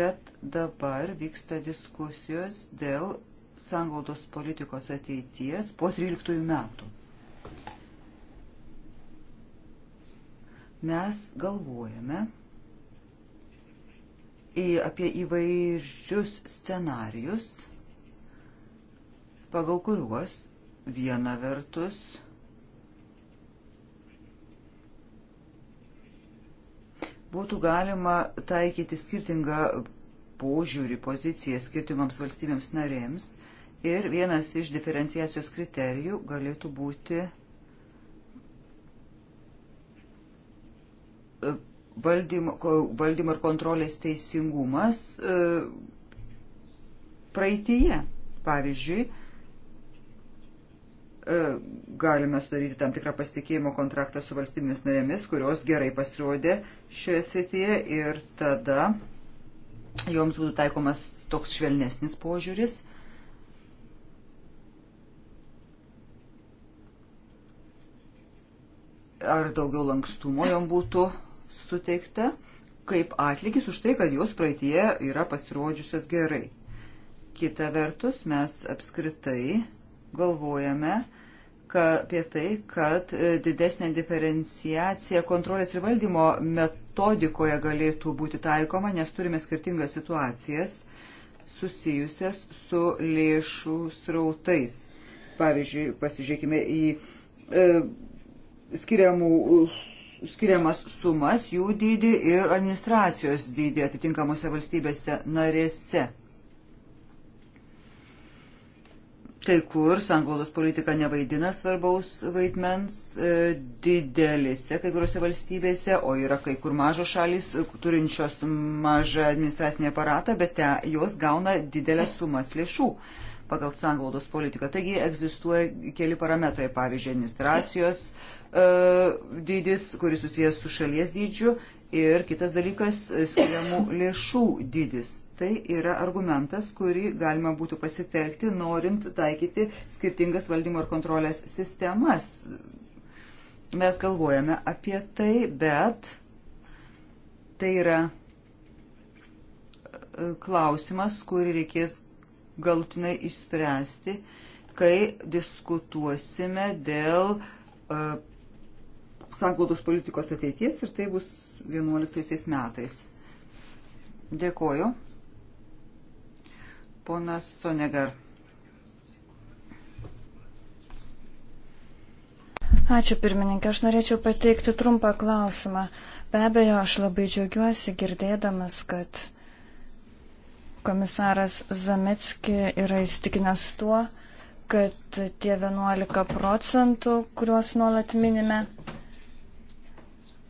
Bet dabar vyksta diskusijos dėl sanglaudos politikos ateities po 13 metų. Mes galvojame apie įvairius scenarius, pagal kuriuos viena vertus būtų galima taikyti skirtingą požiūrį, poziciją skirtingoms valstybėms narėms ir vienas iš diferenciacijos kriterijų galėtų būti e, valdymo, valdymo ir kontrolės teisingumas e, praeitįje. Pavyzdžiui, E, galime sudaryti tam tikrą pasitikėjimo kontraktą su valstybėmis narėmis, kurios gerai pasirodė šioje srityje ir tada joms būtų taikomas toks švelnesnis požiūris. Ar daugiau lankstumo jom būtų suteikta, kaip atlygis už tai, kad jos praeitie yra pasirodžiusios gerai. Kita vertus, mes apskritai galvojame, apie tai, kad e, didesnė diferenciacija kontrolės ir valdymo metodikoje galėtų būti taikoma, nes turime skirtingas situacijas susijusias su lėšų srautais. Pavyzdžiui, pasižiūrėkime į e, skiriamų, skiriamas sumas, jų dydį ir administracijos dydį atitinkamose valstybėse narėse. Kai kur sanglaudos politika nevaidina svarbaus vaidmens e, didelėse kai kuriuose valstybėse, o yra kai kur mažos šalis turinčios mažą administracinį aparatą, bet te, jos gauna didelės sumas lėšų pagal sanglaudos politiką. Taigi egzistuoja keli parametrai, pavyzdžiui, administracijos e, dydis, kuris susijęs su šalies dydžiu ir kitas dalykas e, skiriamų lėšų dydis tai yra argumentas, kurį galima būtų pasitelkti, norint taikyti skirtingas valdymo ir kontrolės sistemas. Mes galvojame apie tai, bet tai yra e, klausimas, kurį reikės galutinai išspręsti, kai diskutuosime dėl uh, sanglaudos politikos ateities ir tai bus 11 metais. Dėkoju. Ponas Sonegar. Ačiū pirmininkė, aš norėčiau pateikti trumpą klausimą. Be abejo, aš labai džiaugiuosi girdėdamas, kad komisaras Zametski yra įstikinęs tuo, kad tie 11 procentų, kuriuos nuolat minime,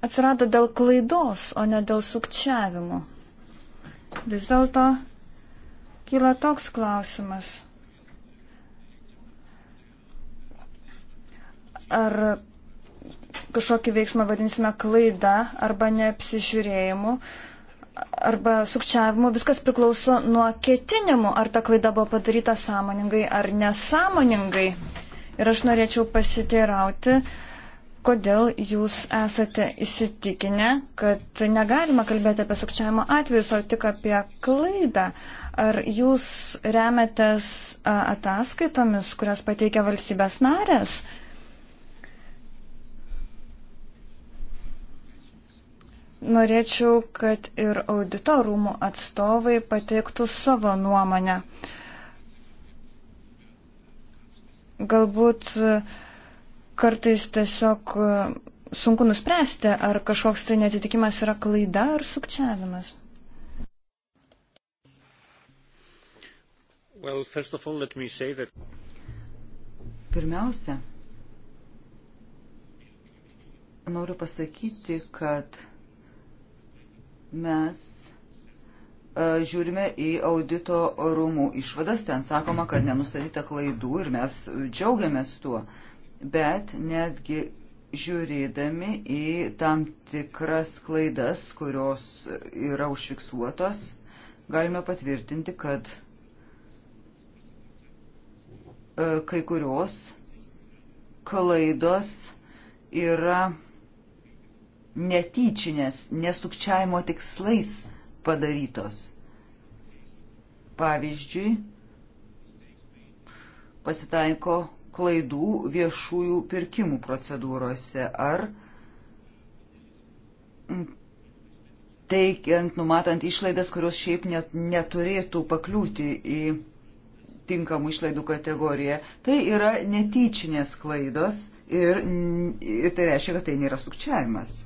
atsirado dėl klaidos, o ne dėl sukčiavimų. Vis dėlto kyla toks klausimas. Ar kažkokį veiksmą vadinsime klaida arba neapsižiūrėjimu arba sukčiavimu, viskas priklauso nuo ketinimų, ar ta klaida buvo padaryta sąmoningai ar nesąmoningai. Ir aš norėčiau pasiteirauti, uh, kodėl jūs esate įsitikinę, kad negalima kalbėti apie sukčiavimo atvejus, o tik apie klaidą. Ar jūs remiatės ataskaitomis, kurias pateikia valstybės narės? Norėčiau, kad ir auditorumų atstovai pateiktų savo nuomonę. Galbūt uh, kartais tiesiog e, sunku nuspręsti, ar kažkoks tai netitikimas yra klaida ar sukčiavimas. Well, all, that... Pirmiausia, noriu pasakyti, kad mes e, žiūrime į audito rūmų išvadas, ten sakoma, kad nenustatyta klaidų ir mes džiaugiamės tuo. Uh, bet netgi žiūrėdami į tam tikras klaidas, kurios yra užfiksuotos, galime patvirtinti, kad e, kai kurios klaidos yra netyčinės, nesukčiavimo tikslais padarytos. Pavyzdžiui, pasitaiko klaidų viešųjų pirkimų procedūrose ar teikiant, numatant išlaidas, kurios šiaip net, neturėtų pakliūti į tinkamų išlaidų kategoriją. Tai yra netyčinės klaidos ir, ir tai reiškia, kad tai nėra sukčiavimas.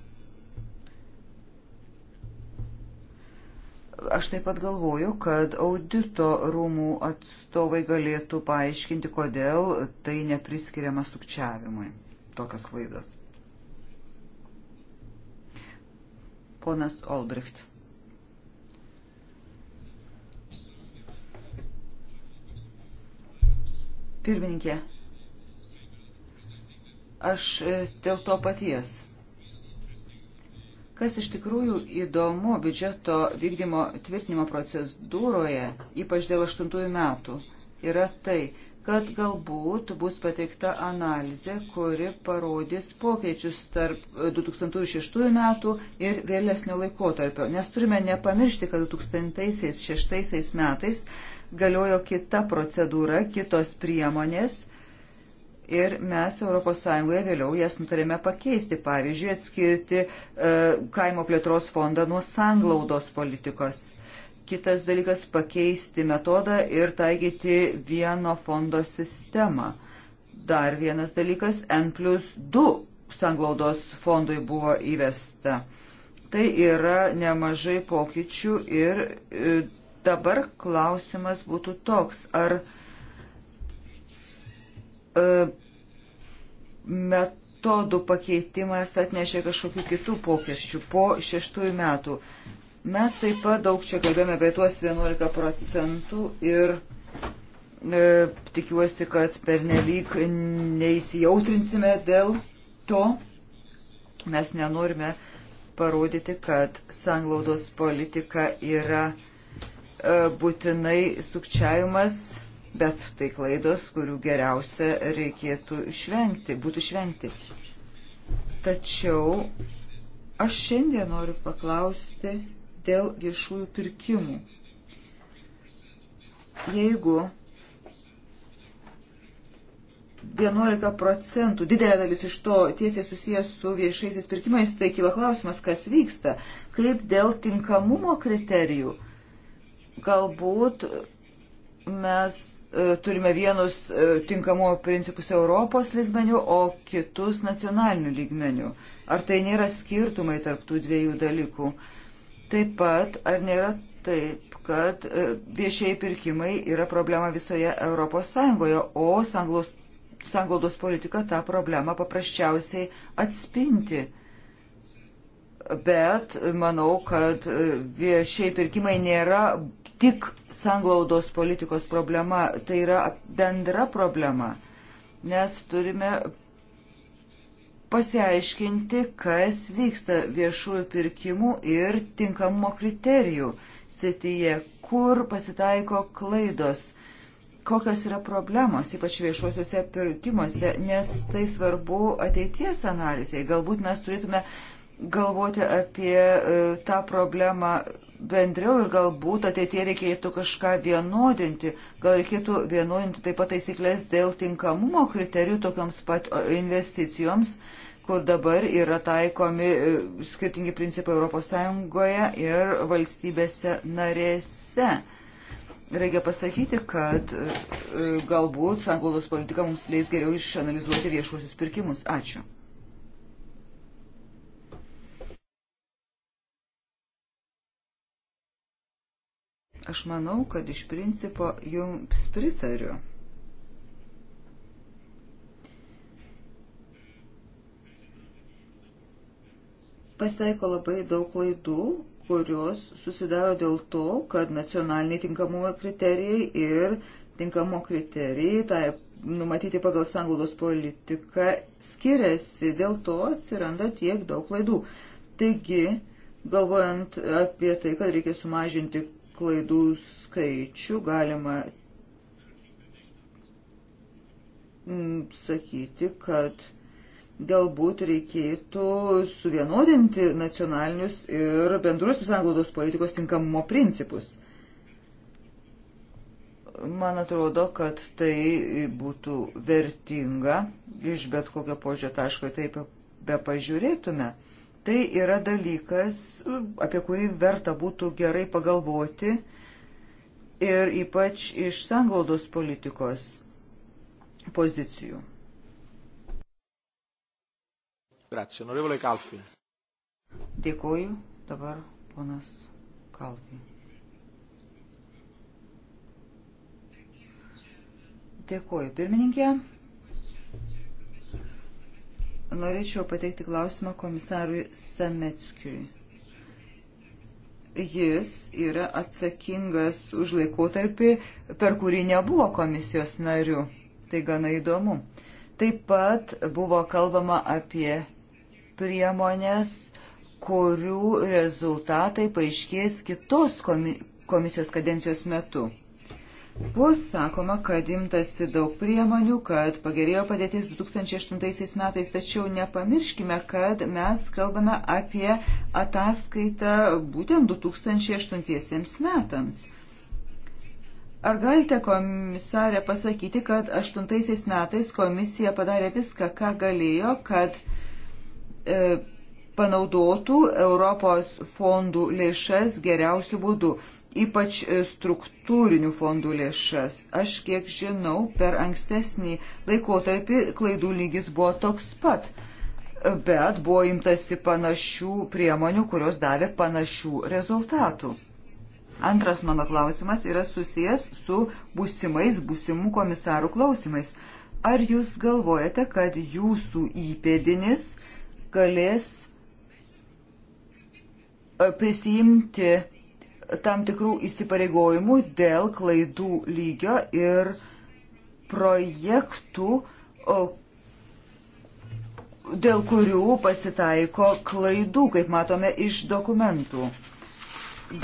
Aš taip pat galvoju, kad audito rūmų atstovai galėtų paaiškinti, kodėl tai nepriskiriama sukčiavimui tokios klaidos. Ponas Olbricht. Pirmininkė, aš dėl to paties Kas iš tikrųjų įdomu biudžeto vykdymo tvirtinimo procedūroje, ypač dėl aštuntųjų metų, yra tai, kad galbūt bus pateikta analizė, kuri parodys pokyčius tarp 2006 metų ir vėlesnio laikotarpio. Nes turime nepamiršti, kad 2006 metais galiojo kita procedūra, kitos priemonės ir mes ES vėliau jas nutarėme pakeisti, pavyzdžiui, atskirti e, kaimo plėtros fondą nuo sanglaudos politikos. Kitas dalykas - pakeisti metodą ir taikyti vieno fondo sistemą. Dar vienas dalykas - N plus 2 sanglaudos fondui buvo įvesta. Tai yra nemažai pokyčių ir e, dabar klausimas būtų toks, ar e, metodų pakeitimas atnešė kažkokių kitų pokyčių po šeštųjų metų. Mes taip pat daug čia kalbėjome apie tuos 11 procentų ir e, tikiuosi, kad pernelyg neįsijautrinsime dėl to. Mes nenorime parodyti, kad sanglaudos politika yra e, būtinai sukčiavimas bet tai klaidos, kurių geriausia reikėtų išvengti, būtų išvengti. Tačiau aš šiandien noriu paklausti dėl viešųjų pirkimų. Jeigu 11 procentų, didelė dalis iš to tiesiai susijęs su viešaisiais pirkimais, tai kyla klausimas, kas vyksta, kaip dėl tinkamumo kriterijų. Galbūt mes E, turime vienus e, tinkamumo principus Europos lygmenių, o kitus nacionalinių lygmenių. Ar tai nėra skirtumai tarptų dviejų dalykų? Taip pat, ar nėra taip, kad e, viešieji pirkimai yra problema visoje Europos Sąjungoje, o sanglaudos politika tą problemą paprasčiausiai atspinti? bet manau, kad viešiai pirkimai nėra tik sanglaudos politikos problema, tai yra bendra problema, nes turime pasiaiškinti, kas vyksta viešųjų pirkimų ir tinkamumo kriterijų sityje, kur pasitaiko klaidos, kokios yra problemos, ypač viešuosiuose pirkimuose, nes tai svarbu ateities analizai. Galbūt mes turėtume uh, galvoti apie e, tą problemą bendriau ir galbūt ateitie reikėtų kažką vienodinti. Gal reikėtų vienodinti taip pat taisyklės dėl tinkamumo kriterijų tokioms pat investicijoms, kur dabar yra taikomi e, skirtingi principai ES ir valstybėse narėse. Reikia pasakyti, kad e, galbūt sanglaudos politika mums leis geriau išanalizuoti viešuosius pirkimus. Ačiū. Aš manau, kad iš principo jums pritariu. Pasitaiko labai daug klaidų, kurios susidaro dėl to, kad nacionaliniai tinkamumo kriterijai ir tinkamo kriterijai, tai numatyti pagal sanglaudos politiką, skiriasi, dėl to atsiranda tiek daug klaidų. Taigi, galvojant apie tai, kad reikia sumažinti klaidų skaičių galima mm, sakyti, kad galbūt reikėtų suvienodinti nacionalinius ir bendruosius anglodos politikos tinkamumo principus. Man atrodo, kad tai būtų vertinga iš bet kokio požiūrio taško, taip be pažiūrėtume. Tai yra dalykas, apie kurį verta būtų gerai pagalvoti ir ypač iš sanglaudos politikos pozicijų. Grazie, norevole Kalfi. Dėkoju, dabar ponas Kalfi. Dėkoju, pirmininkė. Norėčiau pateikti klausimą komisarui Sametskiui. Jis yra atsakingas už laikotarpį, per kurį nebuvo komisijos narių. Tai gana įdomu. Taip pat buvo kalbama apie priemonės, kurių rezultatai paaiškės kitos komisijos kadencijos metu bus sakoma, kad imtasi daug priemonių, kad pagerėjo padėtis 2008 metais, tačiau nepamirškime, kad mes kalbame apie ataskaitą būtent 2008 metams. Ar galite, komisarė, pasakyti, kad 2008 metais komisija padarė viską, ką galėjo, kad e, panaudotų Europos fondų lėšas geriausių būdų? ypač e, struktūrinių fondų lėšas. Aš kiek žinau, per ankstesnį laikotarpį klaidų lygis buvo toks pat, e, bet buvo imtasi panašių priemonių, kurios davė panašių rezultatų. Antras mano klausimas yra susijęs su būsimais būsimų komisarų klausimais. Ar jūs galvojate, kad jūsų įpėdinis galės e, prisijimti tam tikrų įsipareigojimų dėl klaidų lygio ir projektų, dėl kurių pasitaiko klaidų, kaip matome iš dokumentų.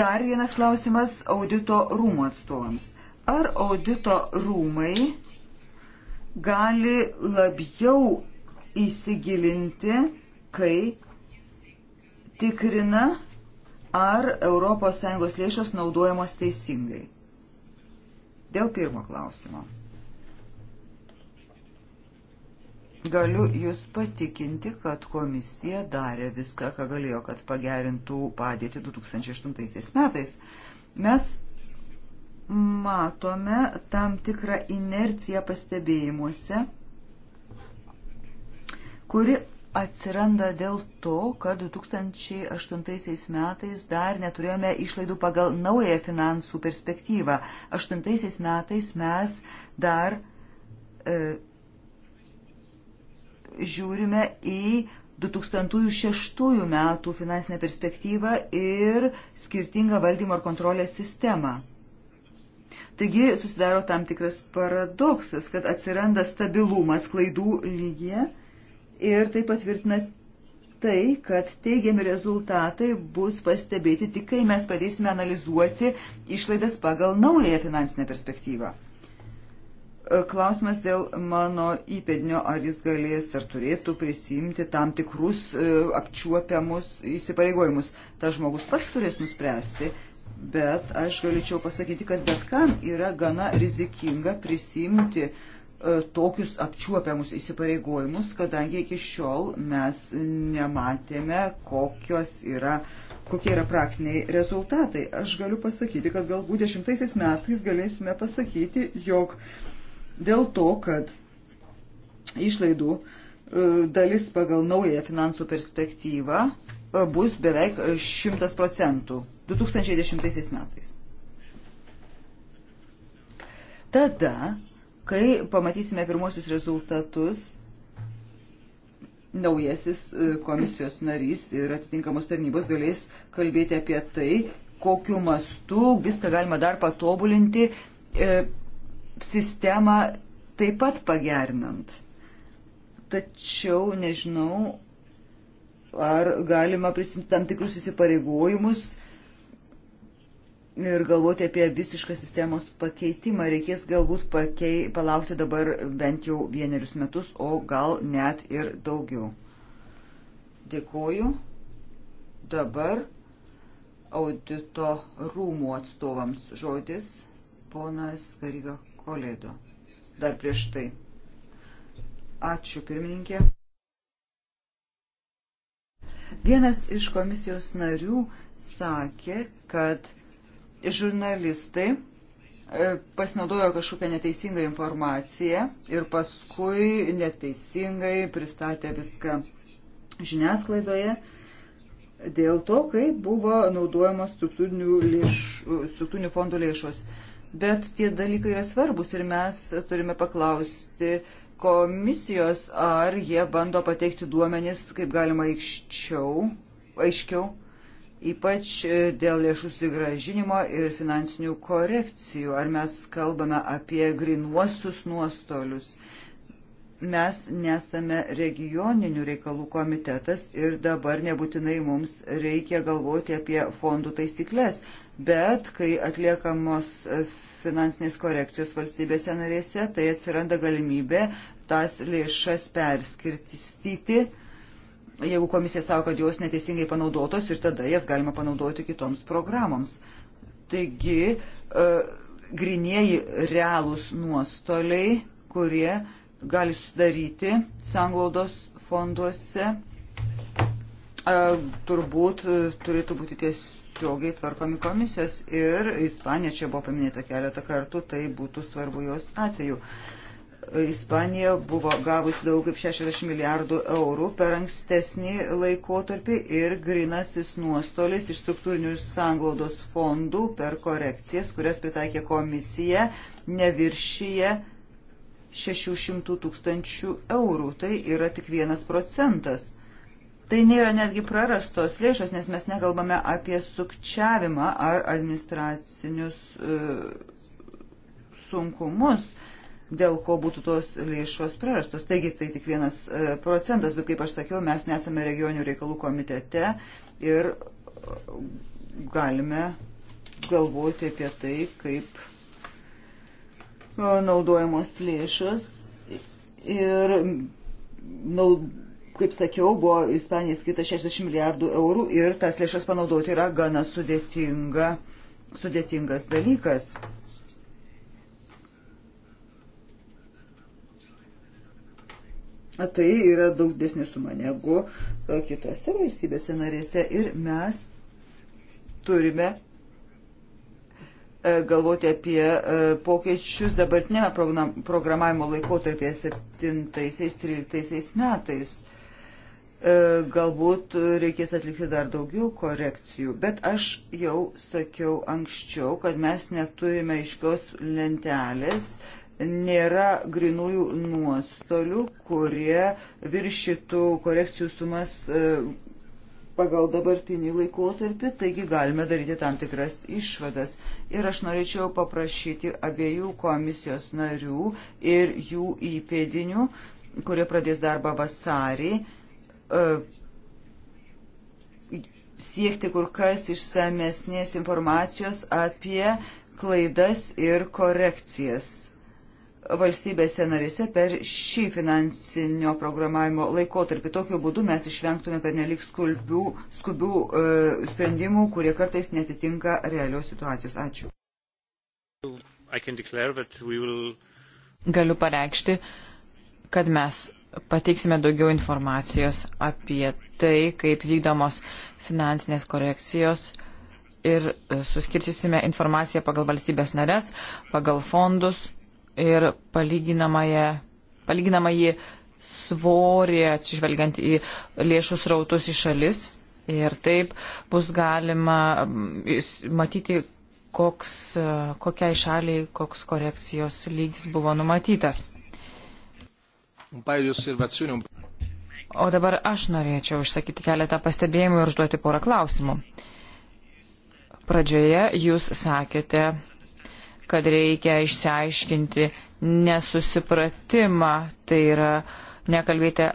Dar vienas klausimas audito rūmų atstovams. Ar audito rūmai gali labiau įsigilinti, kai tikrina ar ES lėšos naudojamos teisingai. Dėl pirmo klausimo. Galiu Jūs patikinti, kad komisija darė viską, ką galėjo, kad pagerintų padėtį 2008 metais. Mes matome tam tikrą inerciją pastebėjimuose, kuri atsiranda dėl to, kad 2008 metais dar neturėjome išlaidų pagal naują finansų perspektyvą. 2008 metais mes dar e, žiūrime į 2006 metų finansinę perspektyvą ir skirtingą valdymo ir kontrolės sistemą. Taigi susidaro tam tikras paradoksas, kad atsiranda stabilumas klaidų lygyje ir tai patvirtina tai, kad teigiami rezultatai bus pastebėti tik kai mes pradėsime analizuoti išlaidas pagal naująją finansinę perspektyvą. E, klausimas dėl mano įpėdinio, ar jis galės ar turėtų prisimti tam tikrus e, apčiuopiamus įsipareigojimus. Ta žmogus pats turės nuspręsti, bet aš galėčiau pasakyti, kad bet kam yra gana rizikinga prisimti uh, E, tokius apčiuopiamus įsipareigojimus, kadangi iki šiol mes nematėme, kokios yra, kokie yra praktiniai rezultatai. Aš galiu pasakyti, kad galbūt dešimtaisiais metais galėsime pasakyti, jog dėl to, kad išlaidų e, dalis pagal naują finansų perspektyvą e, bus beveik 100 procentų 2010 metais. Tada Kai pamatysime pirmosius rezultatus, naujasis e, komisijos narys ir atitinkamos tarnybos galės kalbėti apie tai, kokiu mastu viską galima dar patobulinti, e, sistemą taip pat pagernant. Tačiau nežinau, ar galima prisimti tam tikrus įsipareigojimus ir galvoti apie visišką sistemos pakeitimą. Reikės galbūt pakei, palaukti dabar bent jau vienerius metus, o gal net ir daugiau. Dėkoju. Dabar audito rūmų atstovams žodis ponas Kariga Koleido. Dar prieš tai. Ačiū pirmininkė. Vienas iš komisijos narių sakė, kad žurnalistai e, pasinaudojo kažkokią neteisingą informaciją ir paskui neteisingai pristatė viską žiniasklaidoje dėl to, kaip buvo naudojamos struktūrinių, lėš, struktūrinių fondų lėšos. Bet tie dalykai yra svarbus ir mes turime paklausti komisijos, ar jie bando pateikti duomenis kaip galima aikščiau, aiškiau ypač e, dėl lėšų sugražinimo ir finansinių korekcijų. Ar mes kalbame apie grinuosius nuostolius? Mes nesame regioninių reikalų komitetas ir dabar nebūtinai mums reikia galvoti apie fondų taisyklės, bet kai atliekamos e, finansinės korekcijos valstybėse narėse, tai atsiranda galimybė tas lėšas perskirtistyti jeigu komisija sako, kad jos neteisingai panaudotos ir tada jas galima panaudoti kitoms programoms. Taigi, e, grinieji realūs nuostoliai, kurie gali sudaryti sanglaudos fonduose, e, turbūt e, turėtų būti tiesiogiai tvarkomi komisijos ir Ispanija čia buvo paminėta keletą kartų, tai būtų svarbu jos atveju. Ispanija buvo gavusi daug kaip 60 milijardų eurų per ankstesnį laikotarpį ir grinasis nuostolis iš struktūrinių sanglaudos fondų per korekcijas, kurias pritaikė komisija, neviršyje 600 tūkstančių eurų. Tai yra tik vienas procentas. Tai nėra netgi prarastos lėšos, nes mes nekalbame apie sukčiavimą ar administracinius e, sunkumus. E, dėl ko būtų tos lėšos prarastos. Taigi tai tik vienas e, procentas, bet kaip aš sakiau, mes nesame regionių reikalų komitete ir e, galime galvoti apie tai, kaip e, naudojamos lėšos. Ir, kaip sakiau, buvo Ispanijai skirta 60 milijardų eurų ir tas lėšas panaudoti yra gana sudėtinga, sudėtingas dalykas. Tai yra daug desnė suma negu e, kitose valstybėse narėse ir mes turime e, galvoti apie e, pokyčius dabartinėme programavimo laikotarpėje 7-13 metais galbūt reikės atlikti dar daugiau korekcijų, bet aš jau sakiau anksčiau, kad mes neturime iškios lentelės nėra grinųjų nuostolių, kurie viršytų korekcijų sumas e, pagal dabartinį laikotarpį, taigi galime daryti tam tikras išvadas. Ir aš norėčiau paprašyti abiejų komisijos narių ir jų įpėdinių, kurie pradės darbą vasarį, e, siekti kur kas išsamesnės informacijos apie klaidas ir korekcijas valstybėse narėse per šį finansinio programavimo laikotarpį. Tokiu būdu mes išvengtume pernelik skubių, skubių e, sprendimų, kurie kartais netitinka realios situacijos. Ačiū. Will... Galiu pareikšti, kad mes pateiksime daugiau informacijos apie tai, kaip vykdomos finansinės korekcijos ir e, suskirtysime informaciją pagal valstybės narės, pagal fondus ir palyginamąjį svorį atsižvelgiant į lėšų srautus į šalis. Ir taip bus galima matyti, koks, e, kokiai šaliai, koks korekcijos lygis buvo numatytas. O dabar aš norėčiau išsakyti keletą pastebėjimų ir užduoti porą klausimų. Pradžioje jūs sakėte, kad reikia išsiaiškinti nesusipratimą, tai yra nekalbėti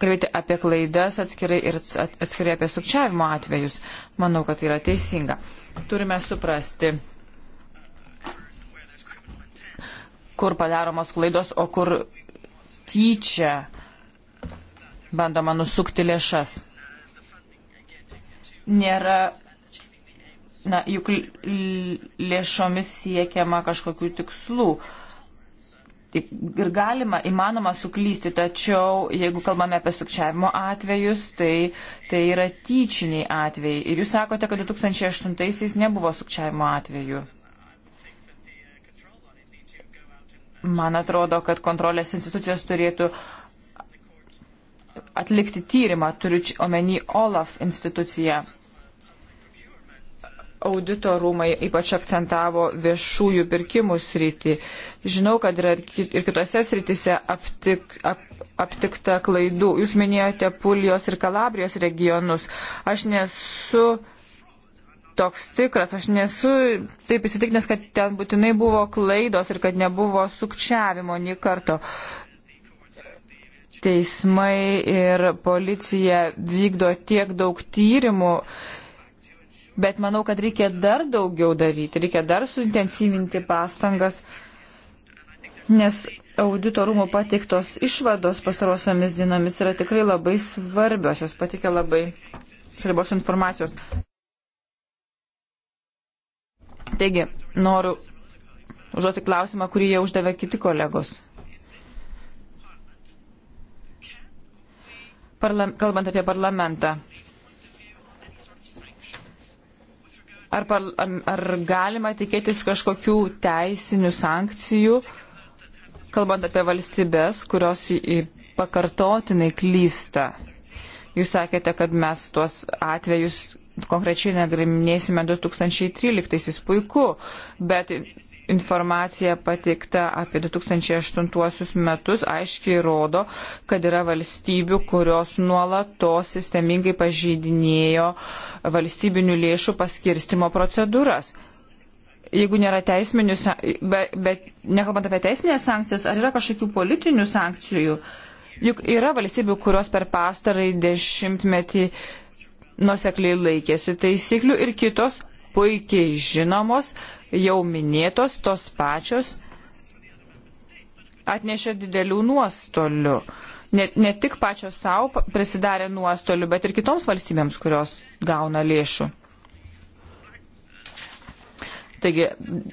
kalbėti apie klaidas atskirai ir atskirai apie sukčiavimo atvejus. Manau, kad tai yra teisinga. Turime suprasti, kur padaromos klaidos, o kur tyčia bandoma nusukti lėšas. Nėra na, juk lėšomis siekiama kažkokių tikslų. Ir galima, įmanoma suklysti, tačiau jeigu kalbame apie sukčiavimo atvejus, tai, tai yra tyčiniai atvejai. Ir jūs sakote, kad 2008-aisiais nebuvo sukčiavimo atvejų. Man atrodo, kad kontrolės institucijos turėtų atlikti tyrimą, turiu omeny OLAF instituciją audito rūmai ypač akcentavo viešųjų pirkimų sritį. Žinau, kad yra ir kitose sritise aptik, ap, aptikta klaidų. Jūs minėjote Pulijos ir Kalabrijos regionus. Aš nesu toks tikras, aš nesu taip įsitikinęs, kad ten būtinai buvo klaidos ir kad nebuvo sukčiavimo nei karto. Teismai ir policija vykdo tiek daug tyrimų bet manau, kad reikia dar daugiau daryti, reikia dar suintensyvinti pastangas, nes auditorumų pateiktos išvados pastarosiomis dienomis yra tikrai labai svarbios, jos patikė labai svarbios informacijos. Taigi, noriu užduoti klausimą, kurį jie uždavė kiti kolegos. Parla kalbant apie parlamentą, Ar, par, ar galima tikėtis kažkokių teisinių sankcijų, kalbant apie valstybės, kurios pakartotinai klysta? Jūs sakėte, kad mes tuos atvejus konkrečiai nagrinėsime 2013-aisiais puiku, bet informacija pateikta apie 2008 metus aiškiai rodo, kad yra valstybių, kurios nuolatos sistemingai pažydinėjo valstybinių lėšų paskirstimo procedūras. Jeigu nėra teisminių, bet, bet nekalbant apie teisminės sankcijas, ar yra kažkokių politinių sankcijų? Juk yra valstybių, kurios per pastarąjį dešimtmetį nusekliai laikėsi taisyklių ir kitos, puikiai žinomos, jau minėtos, tos pačios atnešė didelių nuostolių. Ne, ne tik pačios savo prisidarė nuostolių, bet ir kitoms valstybėms, kurios gauna lėšų. Taigi,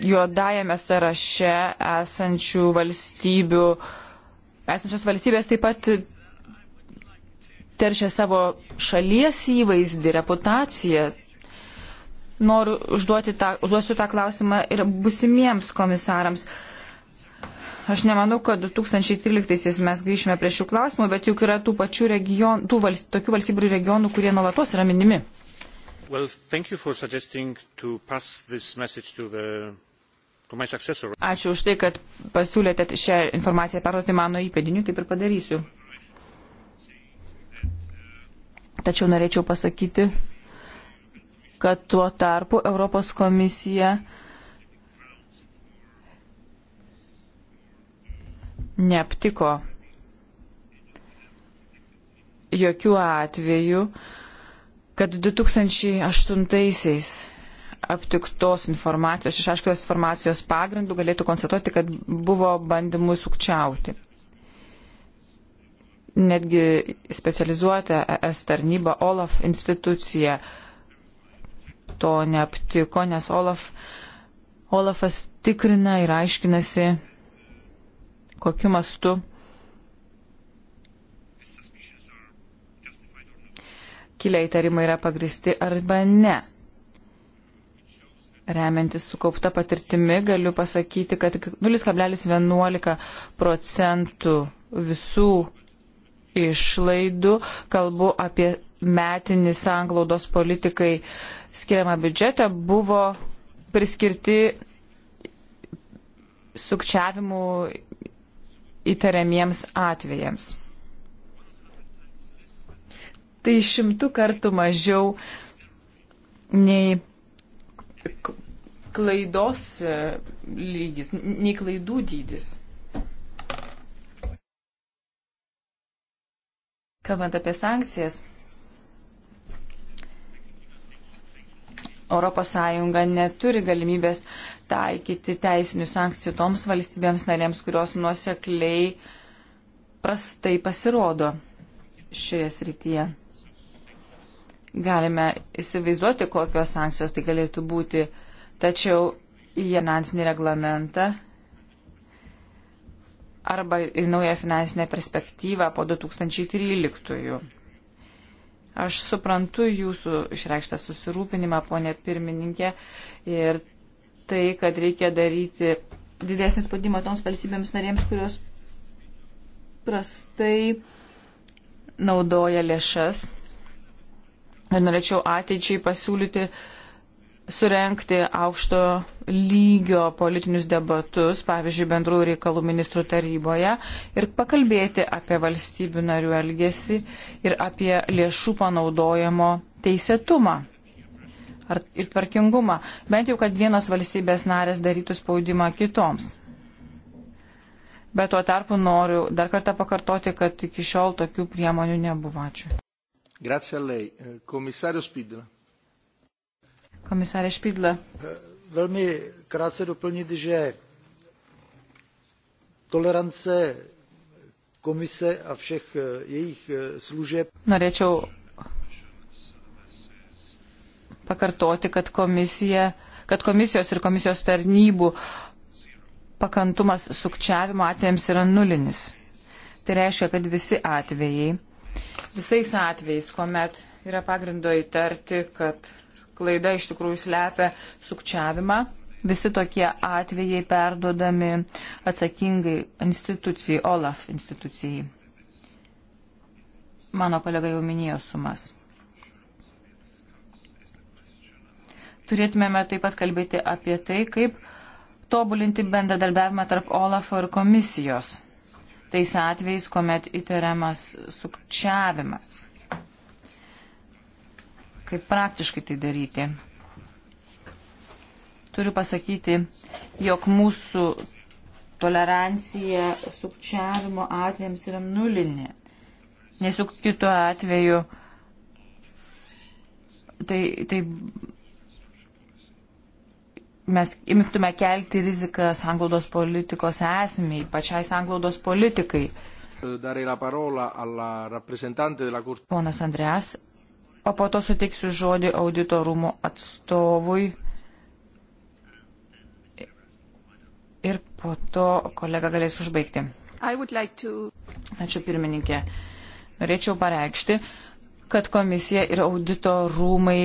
juodajame sąraše esančių valstybių, esančios valstybės taip pat teršia savo šalies įvaizdį, reputaciją, noriu užduoti tą, užduosiu tą klausimą ir busimiems komisarams. Aš nemanau, kad 2013 mes grįšime prie šių klausimų, bet juk yra tų pačių region, tų vals, tokių valstybių regionų, kurie nuolatos yra minimi. Well, to to the, to Ačiū už tai, kad pasiūlėte šią informaciją perduoti mano įpėdiniu, taip ir padarysiu. Tačiau norėčiau pasakyti, kad tuo tarpu Europos komisija neaptiko jokių atvejų, kad 2008-aisiais aptiktos informacijos, išaiškios informacijos pagrindų galėtų konstatuoti, kad buvo bandymų sukčiauti. Netgi specializuota ES tarnyba OLAF institucija to neaptiko, nes Olaf, Olafas tikrina ir aiškinasi, kokiu mastu kilę įtarimai yra pagristi arba ne. Remiantis sukaupta patirtimi, galiu pasakyti, kad 0,11 procentų visų išlaidų kalbu apie metinį sanglaudos politikai skiriamą biudžetą buvo priskirti sukčiavimų įtariamiems atvejams. Tai šimtų kartų mažiau nei klaidos e, lygis, nei klaidų dydis. Kalbant apie sankcijas, ES neturi galimybės taikyti teisinių sankcijų toms valstybėms narėms, kurios nuosekliai prastai pasirodo šioje srityje. Galime įsivaizduoti, kokios sankcijos tai galėtų būti, tačiau į finansinį reglamentą arba į naują finansinę perspektyvą po 2013. -ųjų Aš suprantu jūsų išreikštą susirūpinimą, ponė pirmininkė, ir tai, kad reikia daryti didesnį spaudimą toms valstybėms narėms, kurios prastai naudoja lėšas. Ir norėčiau ateičiai pasiūlyti uh, surenkti aukšto lygio politinius debatus, pavyzdžiui, bendrų reikalų ministrų taryboje ir pakalbėti apie valstybių narių elgesį ir apie lėšų panaudojimo teisėtumą ar, ir tvarkingumą, bent jau, kad vienos valstybės narės darytų spaudimą kitoms. Bet tuo tarpu noriu dar kartą pakartoti, kad iki šiol tokių priemonių nebuvo. Ačiū. Grazie a lei. Komisario eh, Spidla komisarė Špidla. Velmi krátce doplnit, že tolerance komise a všech eh, jejich eh, služeb. Norėčiau pakartoti, kad, komisija, kad komisijos ir komisijos tarnybų pakantumas sukčiavimo atvejams yra nulinis. Tai reiškia, kad visi atvejai, visais atvejais, kuomet yra pagrindo įtarti, kad klaida iš tikrųjų slepia sukčiavimą. Visi tokie atvejai perdodami atsakingai institucijai, OLAF institucijai. Mano kolega jau minėjo sumas. Turėtumėme taip pat kalbėti apie tai, kaip tobulinti bendradarbiavimą tarp OLAFO ir komisijos. Tais atvejais, kuomet įtariamas sukčiavimas kaip praktiškai tai daryti. Turiu pasakyti, jog mūsų tolerancija sukčiavimo atvejams yra nulinė. Nes juk kitu atveju tai, tai mes imtume kelti riziką sanglaudos politikos esmiai, pačiai sanglaudos politikai. Ponas Andrės o po to suteiksiu žodį auditorumo atstovui. Ir po to kolega galės užbaigti. Like to... Ačiū pirmininkė. Norėčiau pareikšti, kad komisija ir auditorumai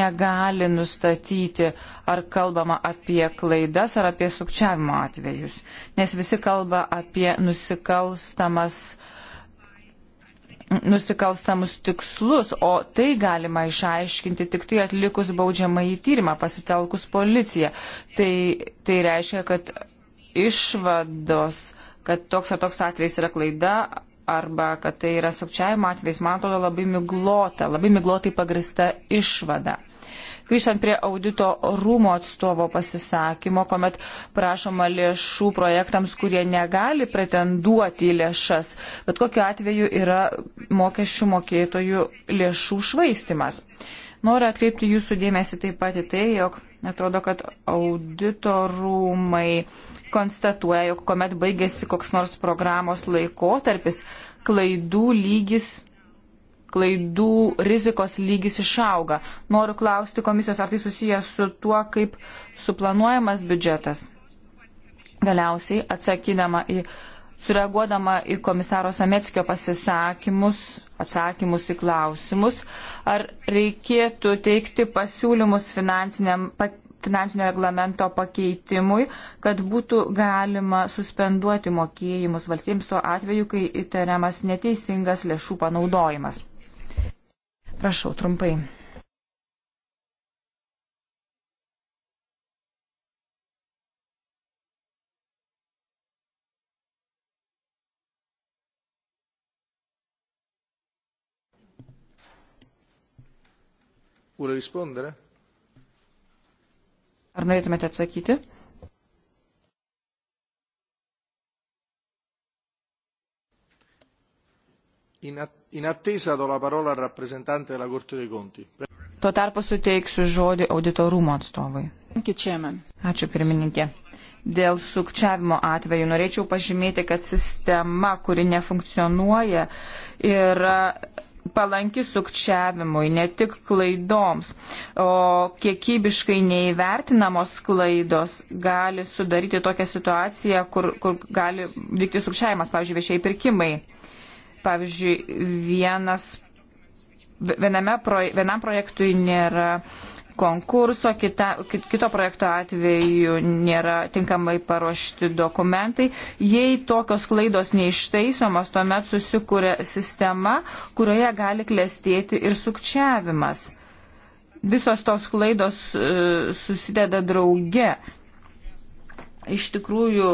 negali nustatyti, ar kalbama apie klaidas, ar apie sukčiavimo atvejus. Nes visi kalba apie nusikalstamas uh, nusikalstamus tikslus, o tai galima išaiškinti tik tai atlikus baudžiamąjį tyrimą, pasitelkus policiją. Tai, tai reiškia, kad išvados, kad toks ar toks atvejs yra klaida arba kad tai yra sukčiavimo atvejs, man atrodo labai miglota, labai miglotai pagrista išvada. Uh, Grįžtant prie audito rūmo atstovo pasisakymo, kuomet prašoma lėšų projektams, kurie negali pretenduoti į lėšas, bet kokiu atveju yra mokesčių mokėtojų lėšų švaistimas. Noriu atkreipti jūsų dėmesį taip pat į tai, jog atrodo, kad auditorumai konstatuoja, jog kuomet baigėsi koks nors programos laikotarpis, klaidų lygis klaidų rizikos lygis išauga. Noriu klausti komisijos, ar tai susijęs su tuo, kaip suplanuojamas biudžetas. Galiausiai, atsakydama į, sureaguodama į komisaro Sametskio pasisakymus, atsakymus į klausimus, ar reikėtų teikti pasiūlymus finansiniam finansinio reglamento pakeitimui, kad būtų galima suspenduoti mokėjimus valstybėms tuo atveju, kai įtariamas neteisingas lėšų panaudojimas. Prašau trumpai. Vuole rispondere? Ar norėtumėte atsakyti? In, in attesa do la parola al rappresentante della Corte dei Conti. Tuo tarpu suteiksiu žodį auditorumo atstovui. Ačiū pirmininkė. Dėl sukčiavimo atveju norėčiau pažymėti, kad sistema, kuri nefunkcionuoja, yra palanki sukčiavimui, ne tik klaidoms, o kiekybiškai neįvertinamos klaidos gali sudaryti tokią situaciją, kur, kur gali vykti sukčiavimas, pavyzdžiui, viešiai pirkimai. Pavyzdžiui, vienas, proje, vienam projektui nėra konkurso, kita, kito projekto atveju nėra tinkamai paruošti dokumentai. Jei tokios klaidos neištaisomos, tuomet susikūrė sistema, kurioje gali klestėti ir sukčiavimas. Visos tos klaidos e, susideda drauge. Iš tikrųjų,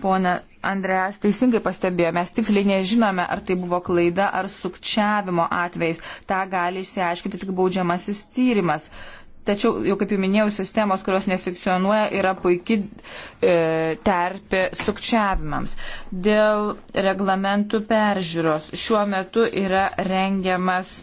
Pone Andreas teisingai pastebėjo, mes tiksliai nežinome, ar tai buvo klaida ar sukčiavimo atvejais. Ta gali išsiaiškinti tik baudžiamasis tyrimas. Tačiau, jau kaip jau minėjau, sistemos, kurios nefikcionuoja, yra puikiai e, terpė sukčiavimams. Dėl reglamentų peržiūros šiuo metu yra rengiamas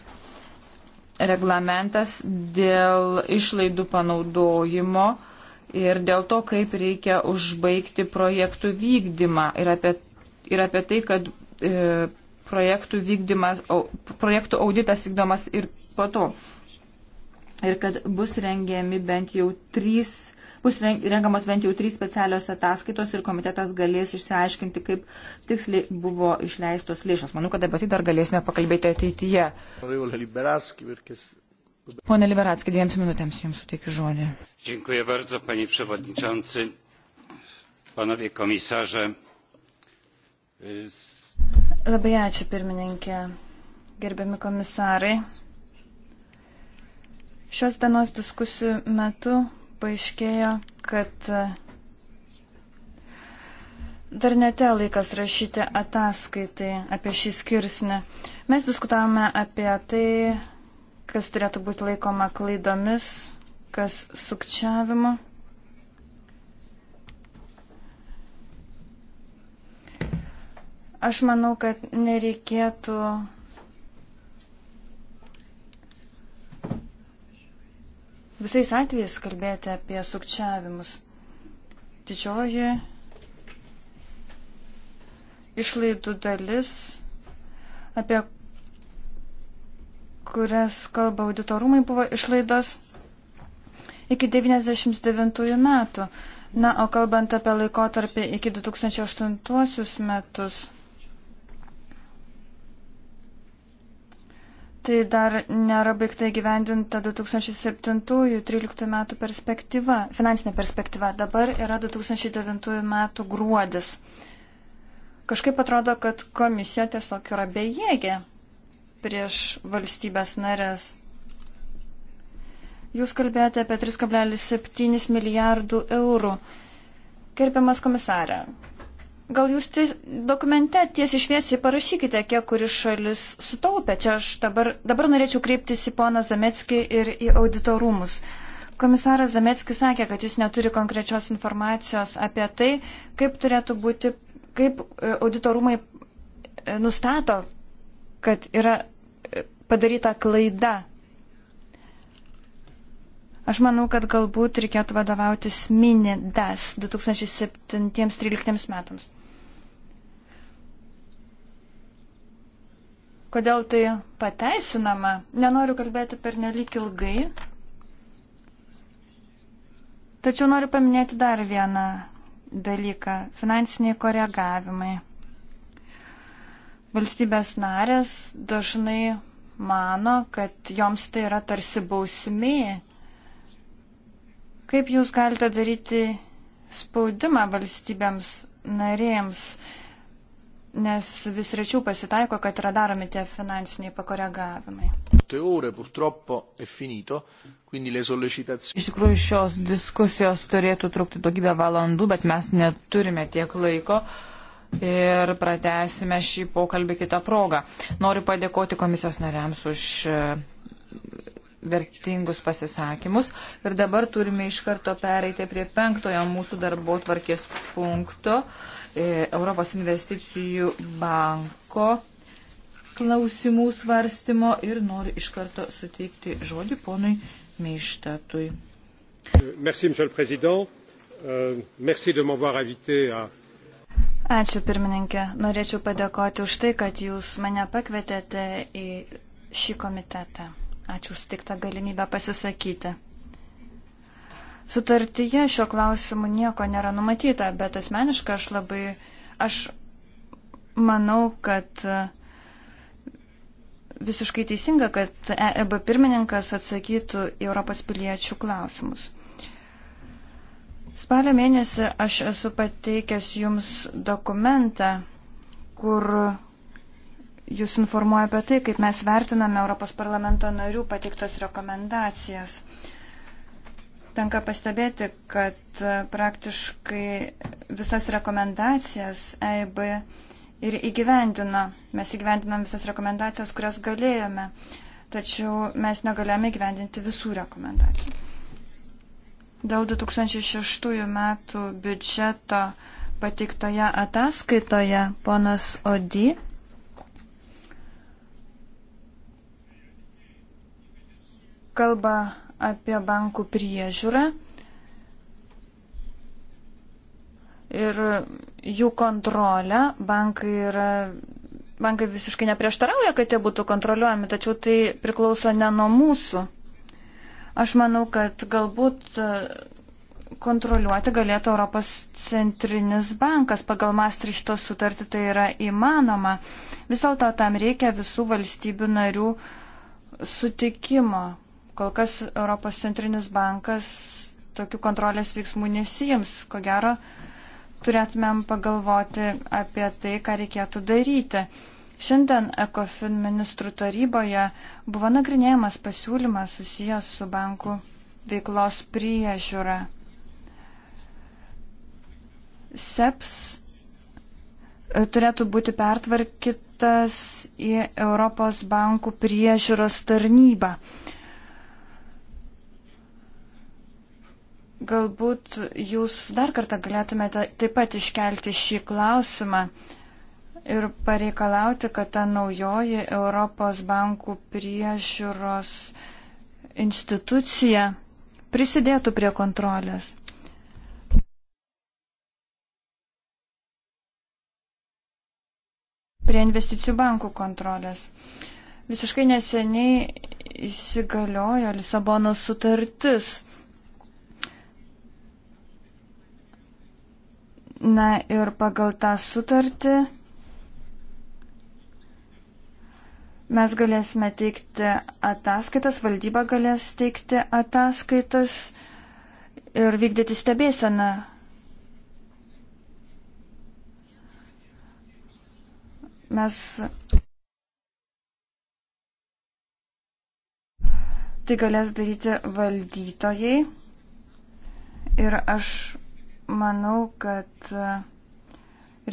reglamentas dėl išlaidų panaudojimo. E, ir dėl to, kaip reikia užbaigti projektų vykdymą ir apie, ir apie tai, kad e, projektų, vykdymas, au, projektų auditas vykdomas ir po to. Ir kad bus rengiami bent jau trys bus rengamos bent jau trys specialios ataskaitos ir komitetas galės išsiaiškinti, kaip tiksliai buvo išleistos lėšos. Manau, kad apie tai dar galėsime pakalbėti ateityje. Pone Liberatski, dviems minutėms jums suteikiu žodį. Dziękuję bardzo, panie przewodniczący, panowie komisarze. Labai ačiū, pirmininkė, gerbiami komisarai. Šios dienos diskusijų metu paaiškėjo, kad dar netė laikas rašyti ataskaitai apie šį skirsnį. Mes diskutavome apie tai, kas turėtų būti laikoma klaidomis, kas sukčiavimu. Aš manau, kad nereikėtų visais atvejais kalbėti apie sukčiavimus. Didžioji išlaidų dalis, apie kurias kalba auditorumai, buvo išlaidos iki 99 metų. Na, o kalbant apie laikotarpį iki 2008 metus, tai dar nėra baigtai gyvendinta 2007-2013 metų perspektyva, finansinė perspektyva. Dabar yra 2009 metų gruodis. Kažkaip atrodo, kad komisija tiesiog yra bejėgė prieš valstybės narės. Jūs kalbėjote apie 3,7 milijardų eurų. Gerbiamas komisarė, gal jūs ties, dokumente tiesiai šviesiai parašykite, kiek kuri šalis sutaupė. Čia aš dabar, dabar norėčiau kreiptis į poną Zametskį ir į auditorumus. Komisaras Zametskis sakė, kad jis neturi konkrečios informacijos apie tai, kaip turėtų būti, kaip e, auditorumai e, nustato, kad yra padaryta klaida. Aš manau, kad galbūt reikėtų vadovautis mini DAS 2007-2013 metams. Kodėl tai pateisinama? Nenoriu kalbėti per nelik ilgai, tačiau noriu paminėti dar vieną dalyką - finansiniai koregavimai valstybės narės dažnai mano, kad joms tai yra tarsi bausmė. Kaip jūs galite daryti spaudimą valstybėms narėms, nes vis rečiau pasitaiko, kad yra daromi tie finansiniai pakoregavimai. Iš tikrųjų šios diskusijos turėtų trukti daugybę valandų, bet mes neturime tiek laiko. Uh, ir pratesime šį pokalbį kitą progą. Noriu padėkoti komisijos nariams už e, vertingus pasisakymus. Ir dabar turime iš karto pereiti prie penktojo mūsų darbo tvarkės punkto e, Europos investicijų banko klausimų svarstymo ir noriu iš karto suteikti žodį ponui Meištatui. Merci, monsieur le président. Euh, merci de m'avoir invité à Ačiū pirmininkė. Norėčiau padėkoti už tai, kad jūs mane pakvietėte į šį komitetą. Ačiū už sutiktą galimybę pasisakyti. Sutartyje šio klausimu nieko nėra numatyta, bet asmeniškai aš labai, aš manau, kad e, visiškai teisinga, kad EEB pirmininkas atsakytų į Europos piliečių klausimus. Spalio mėnesį aš esu pateikęs jums dokumentą, kur jūs informuoja apie tai, kaip mes vertiname Europos parlamento narių pateiktas rekomendacijas. Tenka pastebėti, kad praktiškai visas rekomendacijas EIB ir įgyvendino. Mes įgyvendinom visas rekomendacijas, kurias galėjome, tačiau mes negalėjome įgyvendinti visų rekomendacijų. Dėl 2006 metų biudžeto pateiktoje ataskaitoje ponas Odi kalba apie bankų priežiūrą ir jų kontrolę. Bankai, yra, bankai visiškai neprieštarauja, kad jie būtų kontroliuojami, tačiau tai priklauso ne nuo mūsų. Aš manau, kad galbūt e, kontroliuoti galėtų Europos centrinis bankas. Pagal Maastrichto sutartį tai yra įmanoma. Vis dėlto tam reikia visų valstybių narių sutikimo. Kol kas Europos centrinis bankas tokių kontrolės veiksmų nesijims. Ko gero, turėtumėm pagalvoti apie tai, ką reikėtų daryti. Šiandien ECOFIN ministrų taryboje buvo nagrinėjamas pasiūlymas susijęs su bankų veiklos priežiūra. SEPS e e, turėtų būti pertvarkytas į Europos bankų priežiūros tarnybą. Galbūt jūs dar kartą galėtumėte taip pat iškelti šį klausimą ir pareikalauti, kad ta naujoji Europos bankų priežiūros institucija prisidėtų prie kontrolės. Prie investicijų bankų kontrolės. Visiškai neseniai įsigaliojo Lisabonos sutartis. Na ir pagal tą sutartį mes galėsime teikti ataskaitas, valdyba galės teikti ataskaitas ir vykdyti stebėseną. Mes tai galės daryti valdytojai ir aš manau, kad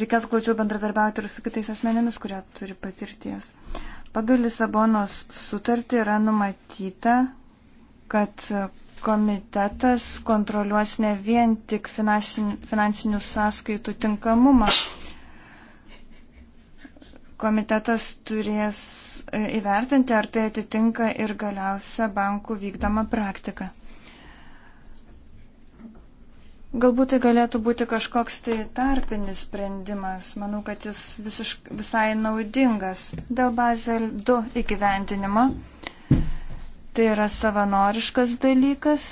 reikės glaudžiau bendradarbiauti ir su kitais asmenėmis, kurie turi patirties. Uh, Pagal Lisabonos sutartį yra numatyta, kad komitetas kontroliuos ne vien tik finansinių, finansinių sąskaitų tinkamumą. Komitetas turės e, įvertinti, ar tai atitinka ir galiausia bankų vykdoma praktika. Galbūt tai galėtų būti kažkoks tai tarpinis sprendimas. Manau, kad jis visišk, visai naudingas dėl Bazel 2 įgyvendinimo. Tai yra savanoriškas dalykas.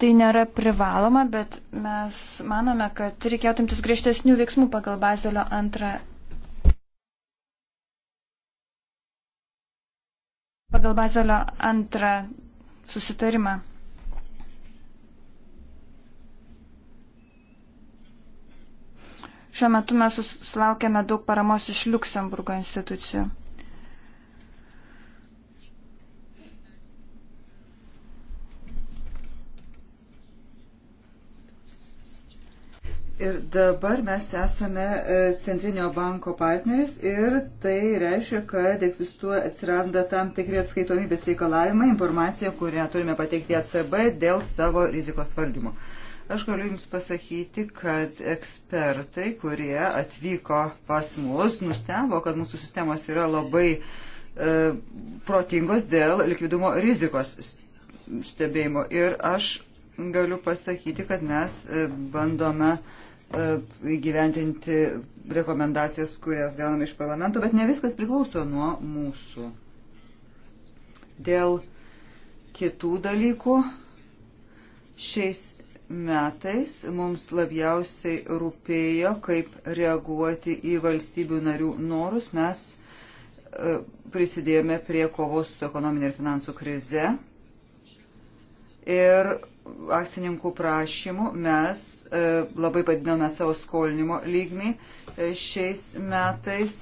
Tai nėra privaloma, bet mes manome, kad reikėtų imtis griežtesnių veiksmų pagal Bazelio antrą. Pagal Bazelio antrą susitarimą. Šiuo metu mes sulaukėme daug paramos iš Luksemburgo institucijų. Ir dabar mes esame e, Centrinio banko partneris ir tai reiškia, kad egzistuoja, atsiranda tam tikri atskaitomybės reikalavimai, informacija, kurią turime pateikti ECB dėl savo rizikos valdymo. Aš galiu Jums pasakyti, kad ekspertai, kurie atvyko pas mus, nustebo, kad mūsų sistemos yra labai e, protingos dėl likvidumo rizikos stebėjimo. Ir aš galiu pasakyti, kad mes e, bandome e, įgyventinti rekomendacijas, kurias gauname iš parlamento, bet ne viskas priklauso nuo mūsų. Dėl kitų dalykų šiais metais mums labiausiai rūpėjo, kaip reaguoti į valstybių narių norus. Mes e, prisidėjome prie kovos su ekonominė ir finansų krize. Ir akcininkų prašymų mes e, labai padidinome savo skolinimo lygmį. E, šiais metais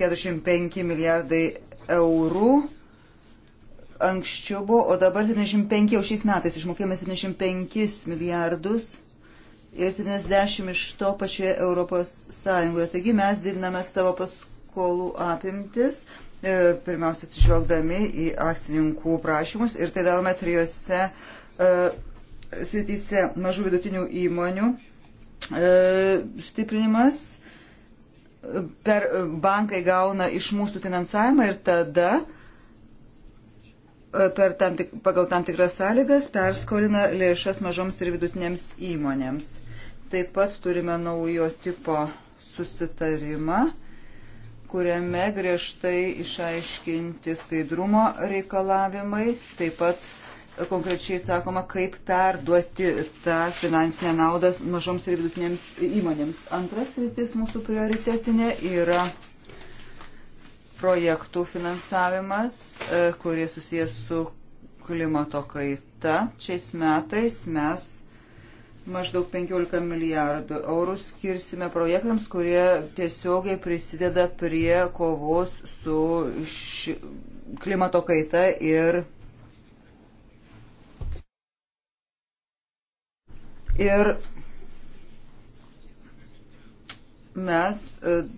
45 milijardai eurų anksčiau buvo, o dabar 75 jau šiais metais išmokėjome 75 milijardus ir 70 iš to pačioje Europos Sąjungoje. Taigi mes didiname savo paskolų apimtis, e, pirmiausia atsižvelgdami į akcininkų prašymus ir tai darome trijose uh, srityse mažų vidutinių įmonių uh, stiprinimas. Per bankai gauna iš mūsų finansavimą ir tada uh, E, per tam tik, pagal tam tikras sąlygas perskolina lėšas mažoms ir vidutinėms įmonėms. Taip pat turime naujo tipo susitarimą, kuriame griežtai išaiškinti skaidrumo reikalavimai, taip pat e, konkrečiai sakoma, kaip perduoti tą finansinę naudą mažoms ir vidutinėms įmonėms. Antras rytis mūsų prioritetinė yra projektų finansavimas, e, kurie susijęs su klimato kaita. Šiais metais mes maždaug 15 milijardų eurų skirsime projektams, kurie tiesiogiai prisideda prie kovos su š... klimato kaita ir, ir mes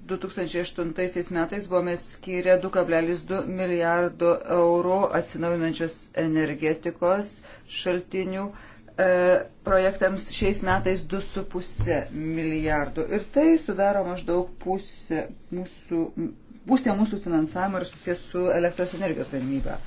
2008 e, metais buvome skyrę 2,2 milijardo eurų atsinaujinančios energetikos šaltinių e, projektams šiais metais 2,5 milijardo. Ir tai sudaro maždaug pusę mūsų, pusę mūsų finansavimo ir susijęs su elektros energijos gamyba.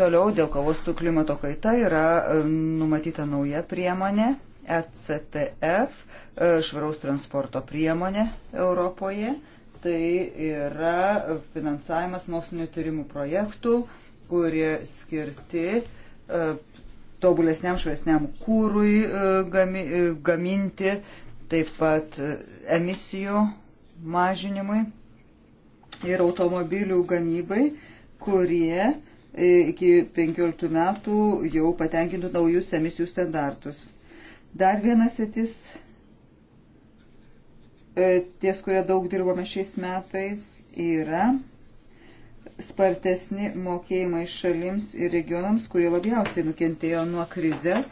Toliau dėl kovos su klimato kaita yra e, numatyta nauja priemonė ECTF, e, švaraus transporto priemonė Europoje. Tai yra finansavimas mokslinio tyrimų projektų, kurie skirti e, tobulesniam švaresniam kūrui e, gami, gaminti, taip pat emisijų mažinimui ir automobilių gamybai, kurie iki 15 metų jau patenkintų naujus emisijų standartus. Dar vienas sėtis, e, ties kurie daug dirbome šiais metais, yra spartesni mokėjimai šalims ir regionams, kurie labiausiai nukentėjo nuo krizės.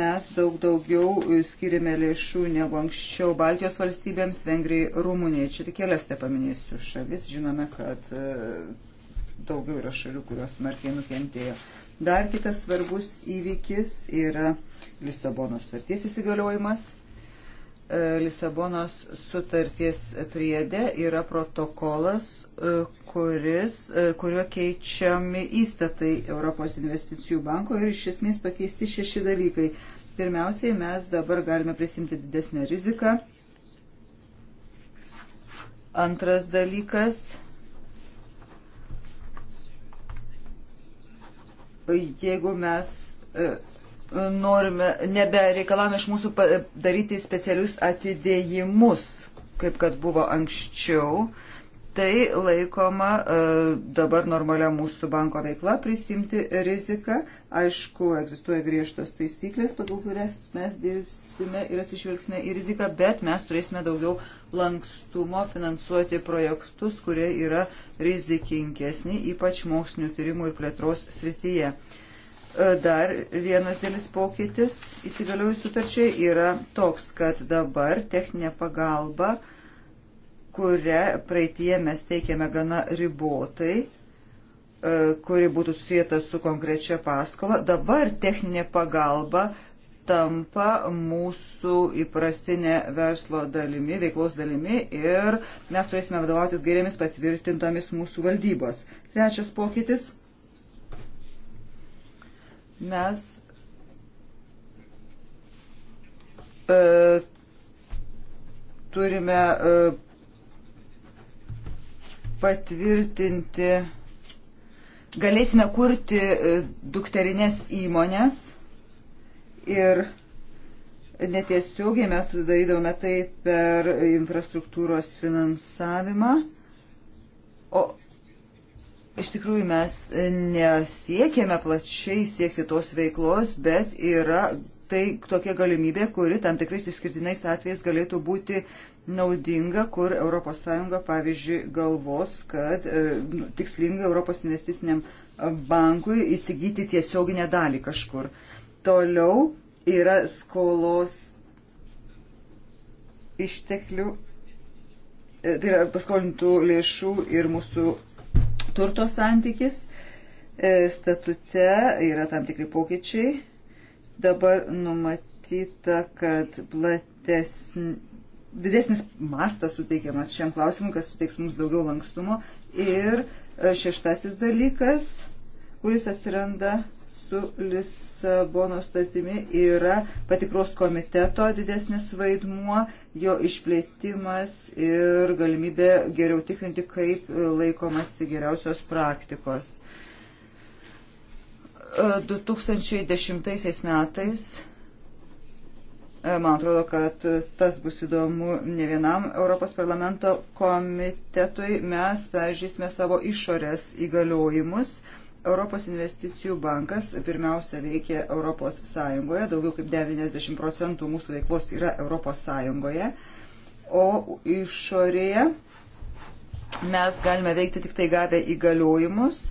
Mes daug daugiau e, skiriame lėšų negu anksčiau Baltijos valstybėms, Vengrijai, Rumunijai. Čia tik kelias te paminėsiu šalis. Žinome, kad e, daugiau yra šalių, kurios smarkiai nukentėjo. Dar kitas svarbus įvykis yra Lisabonos sutarties įsigaliojimas. E, Lisabonos sutarties priede yra protokolas, e, kuris, e, kuriuo keičiami įstatai Europos investicijų banko ir iš esmės pakeisti šeši dalykai. Pirmiausiai mes dabar galime prisimti didesnę riziką. Antras dalykas jeigu mes e, norime, nebereikalame iš mūsų daryti specialius atidėjimus, kaip kad buvo anksčiau, tai laikoma e, dabar normalia mūsų banko veikla prisimti riziką. Aišku, egzistuoja griežtos taisyklės, pagal kurias mes dirbsime ir atsižvelgsime į riziką, bet mes turėsime daugiau lankstumo finansuoti projektus, kurie yra rizikinkesni, ypač mokslinių tyrimų ir plėtros srityje. E, dar vienas dėlis pokytis įsigaliojus sutarčiai yra toks, kad dabar techninė pagalba uh, kurią praeitie mes teikėme gana ribotai, e, kuri būtų susijęta su konkrečia paskola. Dabar techninė pagalba tampa mūsų įprastinė verslo dalimi, veiklos dalimi ir mes turėsime vadovautis gairėmis patvirtintomis mūsų valdybos. Trečias pokytis. Mes e, turime e, patvirtinti, galėsime kurti e, dukterinės įmonės ir netiesiogiai mes darydavome tai per infrastruktūros finansavimą, o iš tikrųjų mes nesiekėme plačiai siekti tos veiklos, bet yra tai tokia galimybė, kuri tam tikrais išskirtinais atvejais galėtų būti naudinga, kur ES, pavyzdžiui, galvos, kad e, nu, tikslinga Europos investiciniam e, bankui įsigyti tiesioginę dalį kažkur. Toliau yra skolos išteklių, e, tai yra paskolintų lėšų ir mūsų turto santykis. Statute yra tam tikri pokyčiai. Dabar numatyta, kad platesnė didesnis mastas suteikiamas šiam klausimui, kas suteiks mums daugiau lankstumo. Ir e, šeštasis dalykas, kuris atsiranda su Lisabono statimi, yra patikros komiteto didesnis vaidmuo, jo išplėtimas ir galimybė geriau tikrinti, kaip e, laikomasi geriausios praktikos. 2010 e, metais E, man atrodo, kad tas bus įdomu ne vienam Europos parlamento komitetui. Mes peržiūrėsime savo išorės įgaliojimus. Europos investicijų bankas pirmiausia veikia Europos Sąjungoje, daugiau kaip 90 procentų mūsų veiklos yra Europos Sąjungoje, o išorėje mes galime veikti tik tai gavę įgaliojimus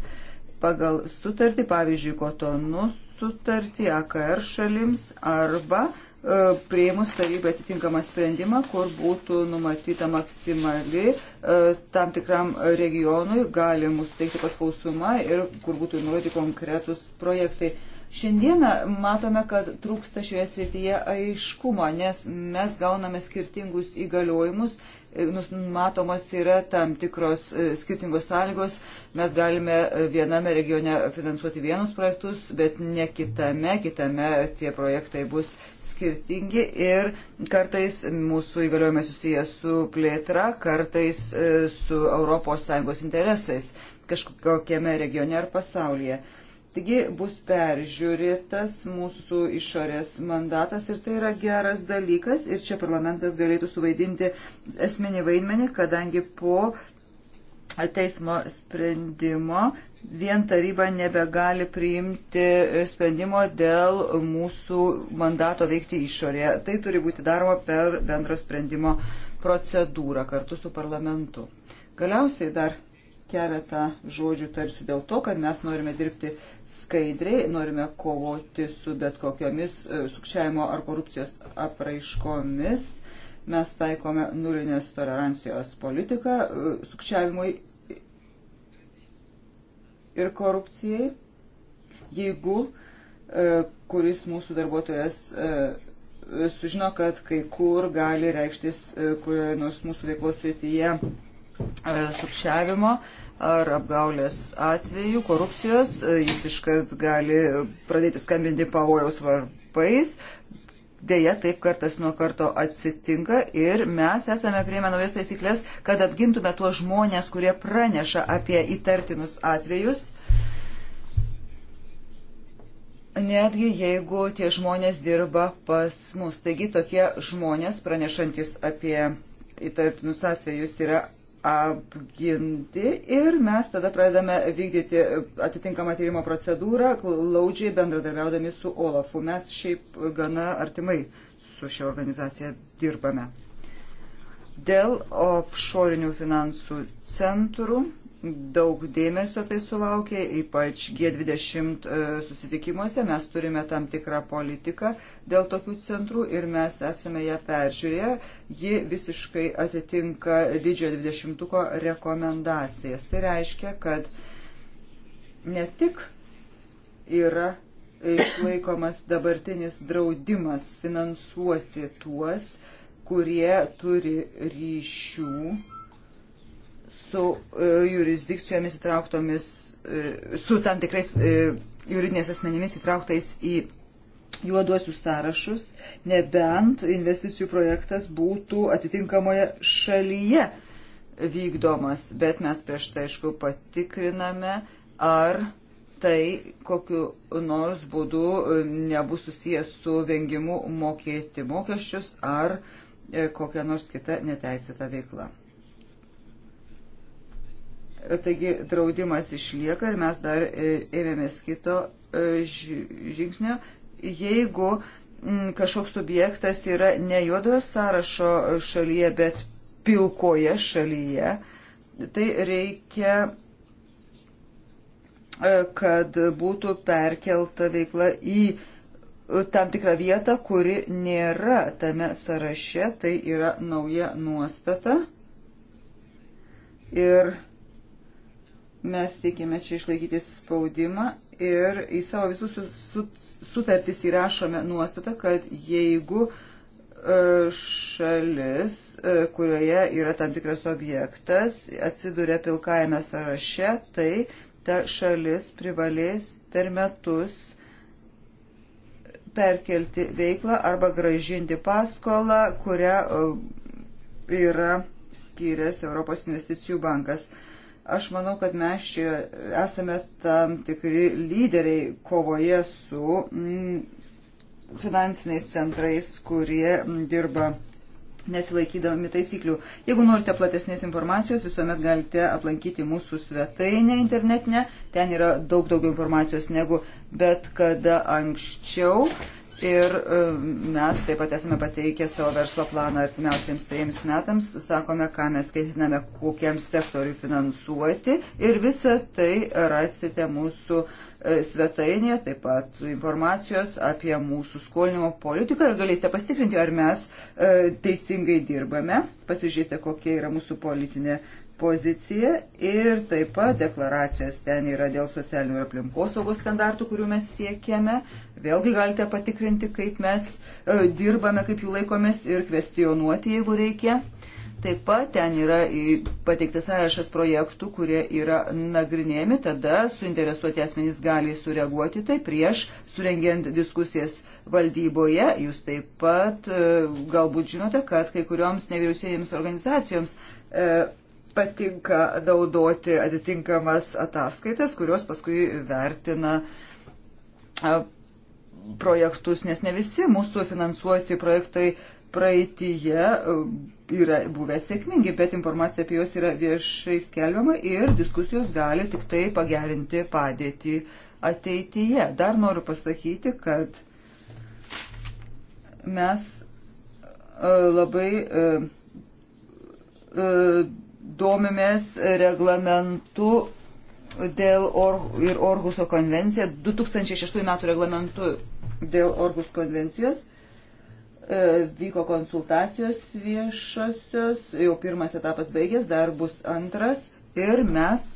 pagal sutartį, pavyzdžiui, kotonų sutartį AKR šalims arba E, prieimus tarybą atitinkamą sprendimą, kur būtų numatyta maksimali e, tam tikram regionui galimų suteikti paspausumą ir kur būtų nurodyti konkretus projektai. Šiandieną matome, kad trūksta šioje srityje aiškumo, nes mes gauname skirtingus įgaliojimus, e, numatomos yra tam tikros skirtingos sąlygos, mes galime viename regione finansuoti vienus projektus, bet ne kitame, kitame tie projektai bus skirtingi ir kartais mūsų įgaliojimai susiję su plėtra, kartais e, su ES interesais kažkokiame regione ar pasaulyje. Taigi bus peržiūrėtas mūsų išorės mandatas ir tai yra geras dalykas ir čia parlamentas galėtų suvaidinti esminį vaidmenį, kadangi po teismo sprendimo vien taryba nebegali priimti sprendimo dėl mūsų mandato veikti išorėje. Tai turi būti daroma per bendro sprendimo procedūrą kartu su parlamentu. Galiausiai dar keletą žodžių tarsiu dėl to, kad mes norime dirbti skaidriai, norime kovoti su bet kokiomis e, sukčiavimo ar korupcijos apraiškomis. Mes taikome nulinės tolerancijos politiką e, sukčiavimui ir korupcijai, jeigu e, kuris mūsų darbuotojas e, sužino, kad kai kur gali reikštis e, kurioje nors mūsų veiklos srityje e, sukčiavimo ar apgaulės atveju, korupcijos, e, jis iškart gali pradėti skambinti pavojaus varpais, Deja, taip kartas nuo karto atsitinka ir mes esame prieimę naujas taisyklės, kad apgintume tuos žmonės, kurie praneša apie įtartinus atvejus. Netgi jeigu tie žmonės dirba pas mus. Taigi tokie žmonės pranešantis apie įtartinus atvejus yra apginti ir mes tada pradedame vykdyti atitinkamą tyrimo procedūrą, glaudžiai bendradarbiaudami su Olafu. Mes šiaip gana artimai su šia organizacija dirbame. Dėl offshore finansų centrų daug dėmesio tai sulaukė, ypač G20 e, susitikimuose. Mes turime tam tikrą politiką dėl tokių centrų ir mes esame ją peržiūrėję. Ji visiškai atitinka didžiojo 20-ko rekomendacijas. Tai reiškia, kad ne tik yra išlaikomas dabartinis draudimas finansuoti tuos, kurie turi ryšių su e, jurisdikcijomis įtrauktomis, e, su tam tikrais e, juridinės asmenimis įtrauktais į juoduosius sąrašus, nebent investicijų projektas būtų atitinkamoje šalyje vykdomas, bet mes prieš tai, aišku, patikriname, ar tai kokiu nors būdu nebus susijęs su vengimu mokėti mokesčius ar kokia nors kita neteisėta veikla. Taigi draudimas išlieka ir mes dar e, ėmėmės kito e, žingsnio. Jeigu kažkoks subjektas yra ne juodojo sąrašo šalyje, bet pilkoje šalyje, tai reikia, e, kad būtų perkelta veikla į tam tikrą vietą, kuri nėra tame sąraše, tai yra nauja nuostata. Ir Mes siekime čia išlaikyti spaudimą ir į savo visus sutartis įrašome nuostatą, kad jeigu e, šalis, e, kurioje yra tam tikras objektas, atsiduria pilkajame sąraše, tai ta šalis privalės per metus perkelti veiklą arba gražinti paskolą, kurią e, yra skyręs Europos investicijų bankas. Aš manau, kad mes čia esame tam tikri lyderiai kovoje su mm, finansiniais centrais, kurie mm, dirba nesilaikydami taisyklių. Jeigu norite platesnės informacijos, visuomet galite aplankyti mūsų svetainę internetinę. Ten yra daug daugiau informacijos negu bet kada anksčiau. Ir e, mes taip pat esame pateikę savo verslo planą artimiausiems trejiems metams, sakome, ką mes ketiname kokiam sektoriui finansuoti ir visą tai rasite mūsų e, svetainėje, taip pat informacijos apie mūsų skolinimo politiką ir galėsite pasitikrinti, ar mes e, teisingai dirbame, pasižiūrėsite, kokia yra mūsų politinė poziciją ir taip pat deklaracijos ten yra dėl socialinių ir aplinkosaugos standartų, kurių mes siekiame. Vėlgi galite patikrinti, kaip mes e, dirbame, kaip jų laikomės ir kvestionuoti, jeigu reikia. Taip pat ten yra pateiktas sąrašas projektų, kurie yra nagrinėjami, tada suinteresuoti asmenys gali sureaguoti tai prieš, surengiant diskusijas valdyboje. Jūs taip pat e, galbūt žinote, kad kai kurioms nevyriausybėms organizacijoms e, patinka naudoti atitinkamas ataskaitas, kurios paskui vertina projektus, nes ne visi mūsų finansuoti projektai praeitįje yra buvę sėkmingi, bet informacija apie juos yra viešai skelbiama ir diskusijos gali tik tai pagerinti padėtį ateityje. Dar noriu pasakyti, kad mes labai domimės reglamentu dėl Or ir Orguso konvencija, 2006 metų reglamentu dėl Orgus konvencijos. E, vyko konsultacijos viešosios, jau pirmas etapas baigės, dar bus antras ir mes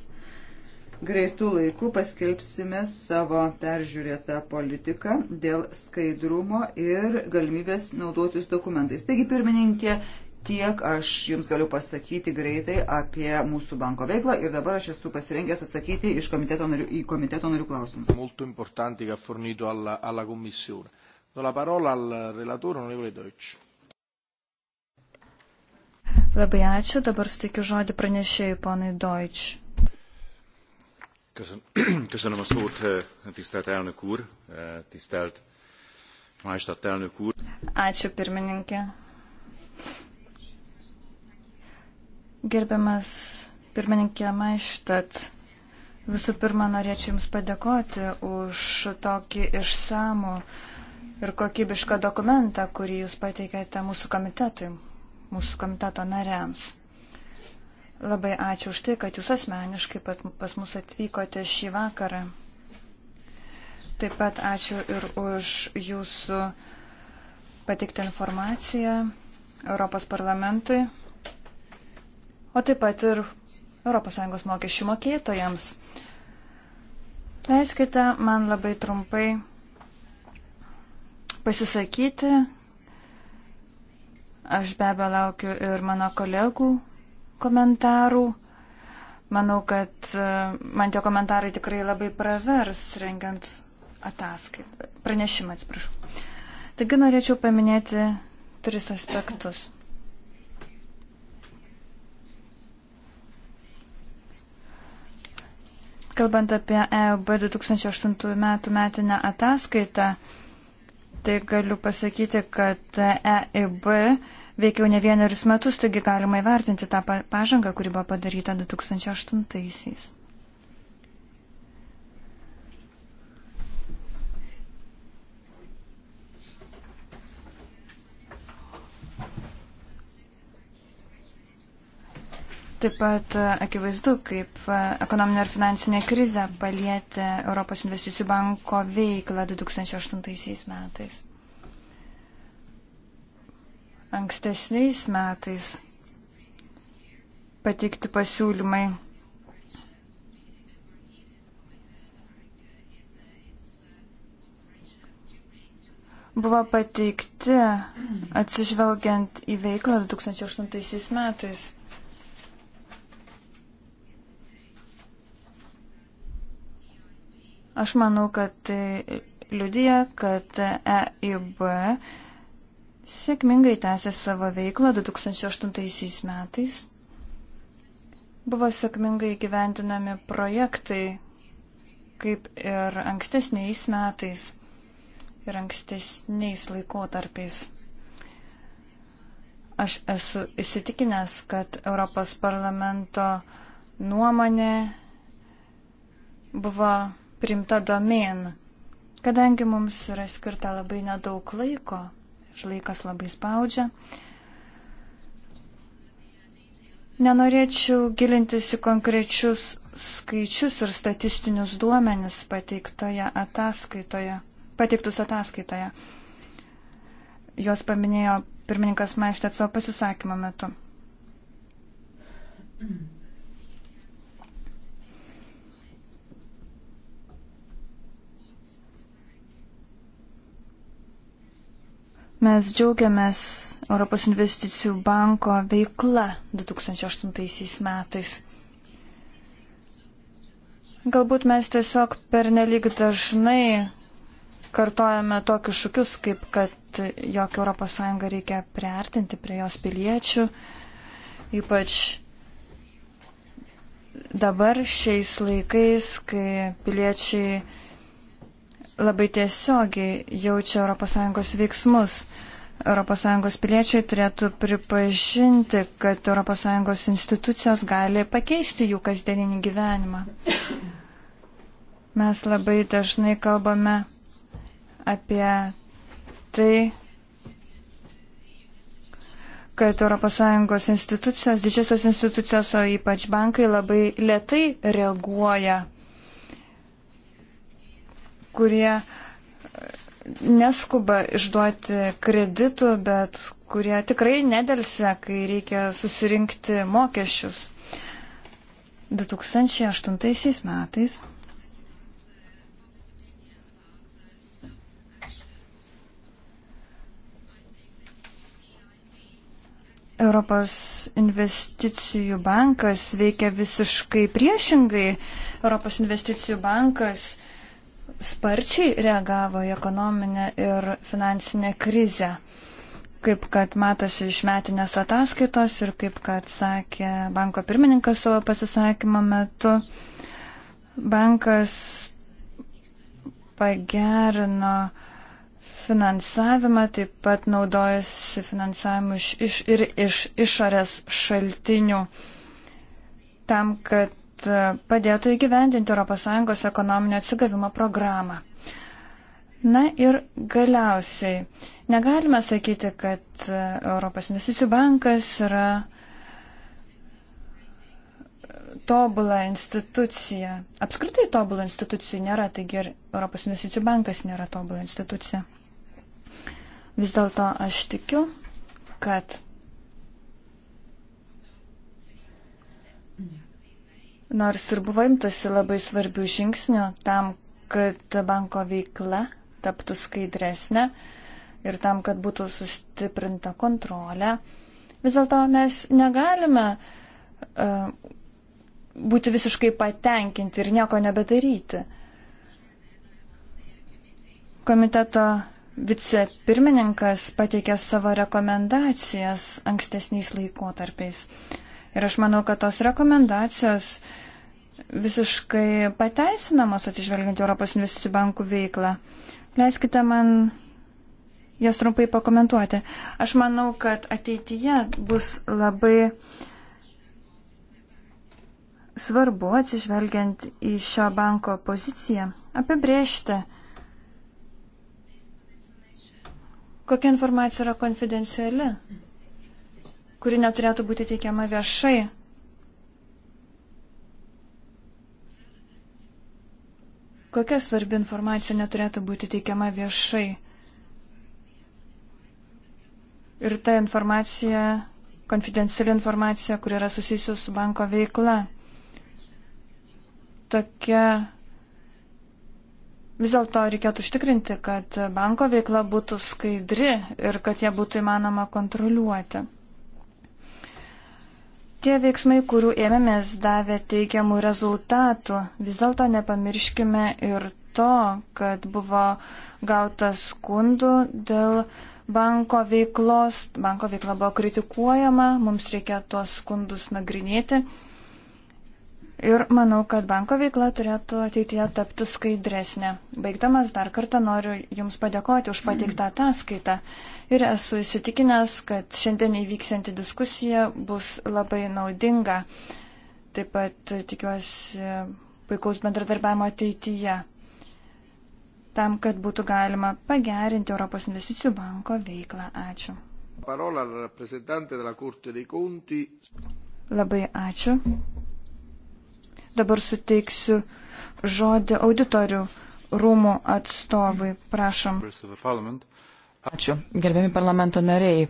greitų laikų paskelbsime savo peržiūrėtą politiką dėl skaidrumo ir galimybės naudotis dokumentais. Taigi, pirmininkė, Tiek aš Jums galiu pasakyti greitai apie mūsų banko veiklą ir dabar aš esu pasirengęs atsakyti iš komiteto narių, į komiteto narių klausimus. Molto importanti che ha fornito alla, alla Commissione. Do la parola al relatore, onorevole Deutsch. Labai ačiū, dabar suteikiu žodį pranešėjai ponai Deutsch. Köszönöm a szót, eh, tisztelt elnök úr, eh, tisztelt Maistat elnök úr. Ačiū pirmininkė. Gerbiamas pirmininkė Maištat, visų pirma norėčiau Jums padėkoti už tokį išsamų ir kokybišką dokumentą, kurį Jūs pateikėte mūsų komitetui, mūsų komiteto nariams. Labai ačiū už tai, kad Jūs asmeniškai pas mus atvykote šį vakarą. Taip pat ačiū ir už Jūsų pateiktą informaciją Europos parlamentui o taip pat ir ES mokesčių mokėtojams. Leiskite man labai trumpai pasisakyti. Aš be abejo laukiu ir mano kolegų komentarų. Manau, kad e, man tie komentarai tikrai labai pravers rengiant ataskaitą. Pranešimą, atsiprašau. Taigi norėčiau paminėti tris aspektus. Kalbant apie EB 2008 metų metinę ataskaitą, tai galiu pasakyti, kad EIB veikiau ne vienerius metus, taigi galima įvertinti tą pažangą, kuri buvo padaryta 2008-aisiais. Taip pat e, akivaizdu, kaip e, ekonominė ir finansinė krizė palietė Europos investicijų banko veiklą 2008 metais. Ankstesniais metais pateikti pasiūlymai buvo pateikti atsižvelgiant į veiklą 2008 metais. Aš manau, kad tai liudija, kad EIB sėkmingai tęsė savo veiklą 2008 metais. Buvo sėkmingai gyventinami projektai, kaip ir ankstesniais metais ir ankstesniais laikotarpiais. Aš esu įsitikinęs, kad Europos parlamento nuomonė buvo primta domen. Kadangi mums yra skirta labai nedaug laiko, laikas labai spaudžia, nenorėčiau gilintis į konkrečius skaičius ir statistinius duomenis pateiktoje ataskaitoje, pateiktus ataskaitoje. Jos paminėjo pirmininkas Maištė savo pasisakymo metu. Mm. Mes džiaugiamės Europos investicijų banko veikla 2008 metais. Galbūt mes tiesiog pernelyg dažnai kartojame tokius šūkius, kaip kad jog ES reikia priartinti prie jos piliečių, ypač dabar šiais laikais, kai piliečiai labai tiesiogiai jaučia ES veiksmus. ES piliečiai turėtų pripažinti, kad ES institucijos gali pakeisti jų kasdieninį gyvenimą. Mes labai dažnai kalbame apie tai, kad ES institucijos, didžiosios institucijos, o ypač bankai labai lietai reaguoja kurie neskuba išduoti kreditų, bet kurie tikrai nedelsia, kai reikia susirinkti mokesčius. 2008 metais Europos investicijų bankas veikia visiškai priešingai. Europos investicijų bankas sparčiai reagavo į ekonominę ir finansinę krizę, kaip kad matosi iš metinės ataskaitos ir kaip kad sakė banko pirmininkas savo pasisakymo metu, bankas pagerino finansavimą, taip pat naudojasi finansavimu iš, iš, ir iš išorės šaltinių tam, kad padėtų įgyvendinti ES ekonominio atsigavimo programą. Na ir galiausiai, negalime sakyti, kad Europos investicijų bankas yra tobulą instituciją. Apskritai tobulą institucijų nėra, taigi ir Europos investicijų bankas nėra tobulą institucija. Vis dėlto aš tikiu, kad Nors ir buvo imtasi labai svarbių žingsnių tam, kad banko veikla taptų skaidresnė ir tam, kad būtų sustiprinta kontrolė, vis dėlto mes negalime uh, būti visiškai patenkinti ir nieko nebedaryti. Komiteto vicepirmininkas pateikė savo rekomendacijas ankstesniais laikotarpiais. Uh, Ir aš manau, kad tos rekomendacijos visiškai pateisinamos atsižvelgiant Europos investicijų bankų veiklą. Leiskite man jas trumpai pakomentuoti. Aš manau, kad ateityje bus labai svarbu, atsižvelgiant į šio banko poziciją, apibriežti, kokia informacija yra konfidenciali kuri neturėtų būti teikiama viešai. Kokia svarbi informacija neturėtų būti teikiama viešai? Ir ta informacija, konfidenciali informacija, kuri yra susijusi su banko veikla. Tokia Vis dėlto reikėtų užtikrinti, kad banko veikla būtų skaidri ir kad ją būtų įmanoma kontroliuoti. Tie veiksmai, kurių ėmėmės, davė teigiamų rezultatų. Vis dėlto nepamirškime ir to, kad buvo gauta skundų dėl banko veiklos. Banko veikla buvo kritikuojama, mums reikia tuos skundus nagrinėti. Ir manau, kad banko veikla turėtų ateityje tapti skaidresnė. Baigdamas dar kartą noriu Jums padėkoti už pateiktą ataskaitą. Ir esu įsitikinęs, kad šiandien įvyksianti diskusija bus labai naudinga. Taip pat tikiuosi puikaus bendradarbiavimo ateityje. Tam, kad būtų galima pagerinti Europos investicijų banko veiklą. Ačiū. Parola, Labai ačiū. Dabar suteiksiu žodį auditorių rūmų atstovui. Prašom. Ačiū, gerbiami parlamento nariai.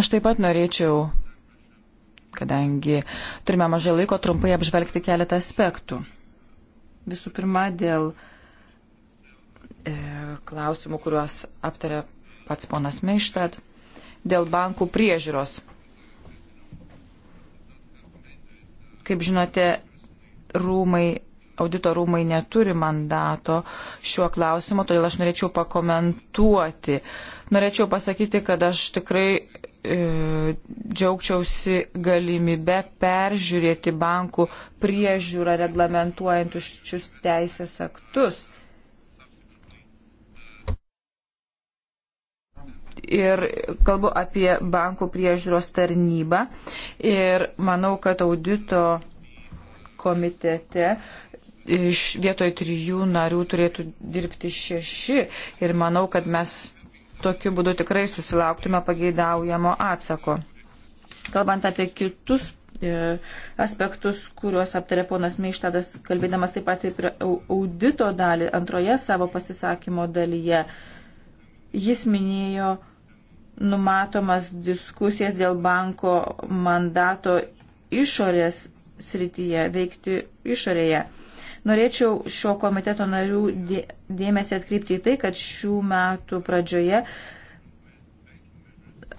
Aš taip pat norėčiau, kadangi turime mažai laiko, trumpai apžvelgti keletą aspektų. Visų pirma, dėl e, klausimų, kuriuos aptarė pats ponas Meištad, dėl bankų priežiūros Kaip žinote, rūmai, audito rūmai neturi mandato šiuo klausimu, todėl aš norėčiau pakomentuoti. Norėčiau pasakyti, kad aš tikrai e, džiaugčiausi galimybę peržiūrėti bankų priežiūrą reglamentuojant užčius teisės aktus. ir kalbu apie bankų priežiūros tarnybą. Ir manau, kad audito komitete iš vietoj trijų narių turėtų dirbti šeši. Ir manau, kad mes tokiu būdu tikrai susilauktume pageidaujamo atsako. Kalbant apie kitus e, aspektus, kuriuos aptarė ponas Meištadas, kalbėdamas taip pat ir audito dalį antroje savo pasisakymo dalyje. Jis minėjo numatomas diskusijas dėl banko mandato išorės srityje, veikti išorėje. Norėčiau šio komiteto narių dėmesį atkreipti į tai, kad šių metų pradžioje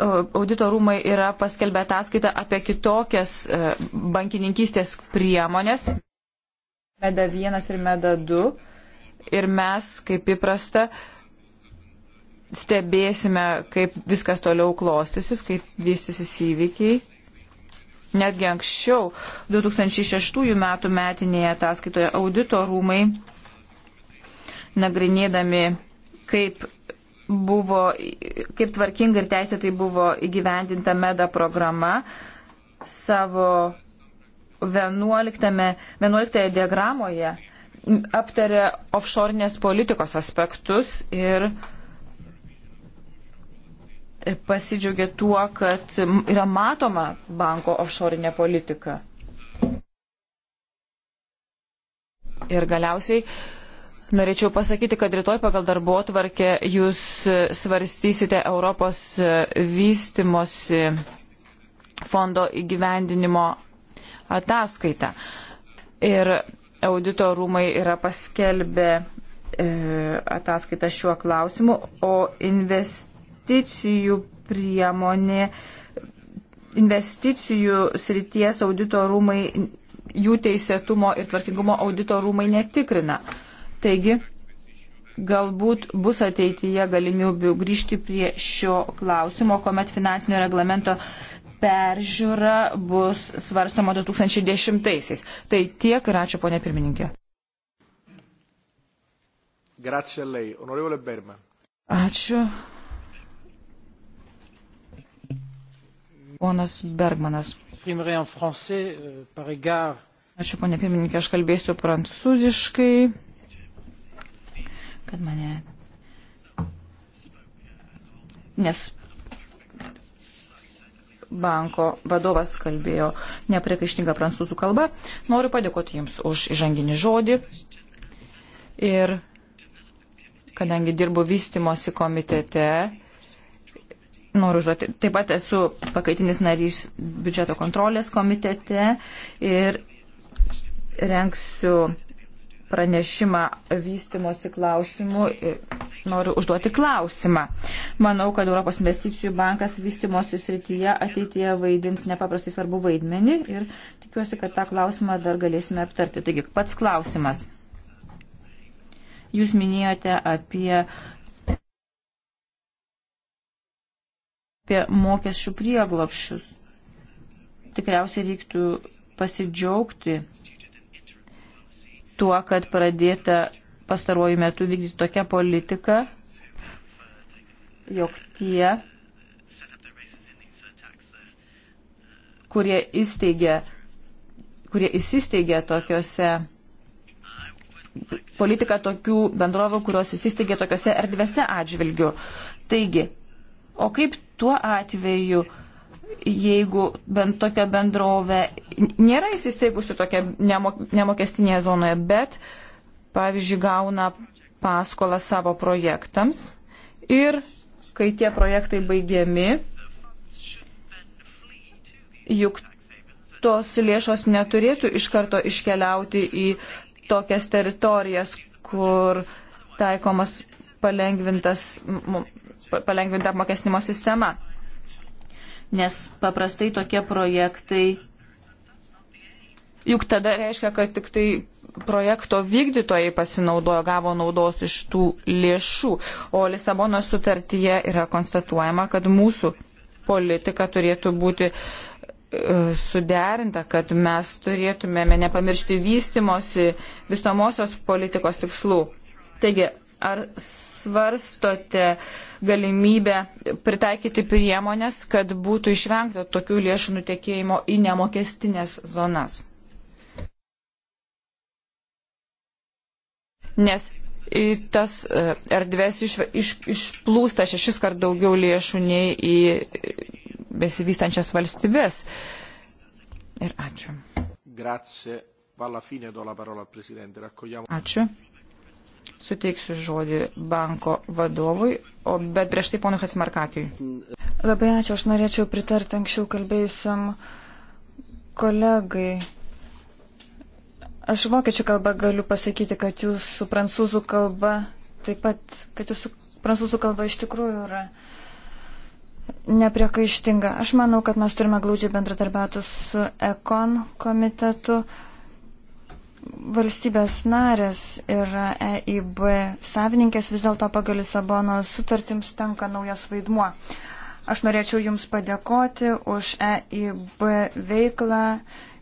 audito rūmai yra paskelbę ataskaitą apie kitokias e, bankininkystės priemonės, meda 1 ir meda 2. Ir mes, kaip įprasta, uh, stebėsime, kaip viskas toliau klostysis, kaip vystysis įvykiai. Netgi anksčiau, 2006 metų metinėje ataskaitoje audito rūmai, nagrinėdami, kaip, buvo, kaip tvarkingai ir teisėtai buvo įgyvendinta MEDA programa, savo 11, 11 diagramoje aptarė offshore'nės politikos aspektus ir pasidžiaugia tuo, kad yra matoma banko offshore'inė politika. Ir galiausiai norėčiau pasakyti, kad rytoj pagal darbo tvarkę jūs svarstysite Europos vystimosi fondo įgyvendinimo ataskaitą. Ir audito rūmai yra paskelbę e, ataskaitą šiuo klausimu, o invest investicijų priemonė, investicijų srities audito rūmai, jų teisėtumo ir tvarkingumo audito rūmai netikrina. Taigi, galbūt bus ateityje galimybių grįžti prie šio klausimo, kuomet finansinio reglamento peržiūra bus svarstama 2010-aisiais. Tai tiek ir ačiū, ponė pirmininkė. Grazie a lei. Onorevole Berman. Ačiū. Ponas Bergmanas. Euh, Ačiū, ponė pirmininkė, aš kalbėsiu prancūziškai, kad mane. Nes banko vadovas kalbėjo nepriekaištinga prancūzų kalba. Noriu padėkoti Jums už įžanginį žodį. Ir kadangi dirbu vystimosi komitete, Noriu žodžiu, taip pat esu pakaitinis narys biudžeto kontrolės komitete ir renksiu pranešimą vystimosi klausimų. Noriu užduoti klausimą. Manau, kad Europos investicijų bankas vystimosi srityje ateityje vaidins nepaprastai svarbu vaidmenį ir tikiuosi, kad tą klausimą dar galėsime aptarti. Taigi, pats klausimas. Jūs minėjote apie apie mokesčių prieglopšius. Tikriausiai reiktų pasidžiaugti tuo, kad pradėta pastaruoju metu vykdyti tokią politiką, jog tie, kurie įsteigia, kurie įsisteigia tokiuose politika tokių bendrovių, kurios įsisteigė tokiuose erdvėse atžvilgiu. Taigi, o kaip tuo atveju, jeigu bent tokia bendrovė nėra įsisteigusi tokia nemok, nemokestinėje zonoje, bet, pavyzdžiui, gauna paskolą savo projektams ir kai tie projektai baigiami, juk tos lėšos neturėtų iš karto iškeliauti į tokias teritorijas, kur taikomas palengvintas palengvinta apmokestinimo sistema. Nes paprastai tokie projektai, juk tada reiškia, kad tik tai projekto vykdytojai pasinaudojo, gavo naudos iš tų lėšų. O Lisabono sutartyje yra konstatuojama, kad mūsų politika turėtų būti e, suderinta, kad mes turėtumėme nepamiršti vystimosi vystomosios politikos tikslų. Taigi, ar svarstote uh, galimybę pritaikyti priemonės, kad būtų išvengta tokių lėšų nutekėjimo į nemokestinės zonas. Nes į tas e, erdves iš, iš, išplūsta šešis kart daugiau lėšų nei į e, besivystančias valstybės. Ir ačiū. Grazie. Alla fine do la parola al Presidente. Raccogliamo... Ačiū suteiksiu žodį banko vadovui, o bet prieš tai ponui Hatsimarkakiui. Labai ačiū, aš norėčiau pritarti anksčiau kalbėjusiam kolegai. Aš vokiečių kalbą galiu pasakyti, kad jūsų prancūzų kalba taip pat, kad jūsų prancūzų kalba iš tikrųjų yra nepriekaištinga. Aš manau, kad mes turime glaudžiai bendradarbiauti su ECON komitetu. Uh, valstybės narės yra EIB savininkės, vis dėlto pagal Lisabono sutartims tenka naujas vaidmuo. Aš norėčiau Jums padėkoti už EIB veiklą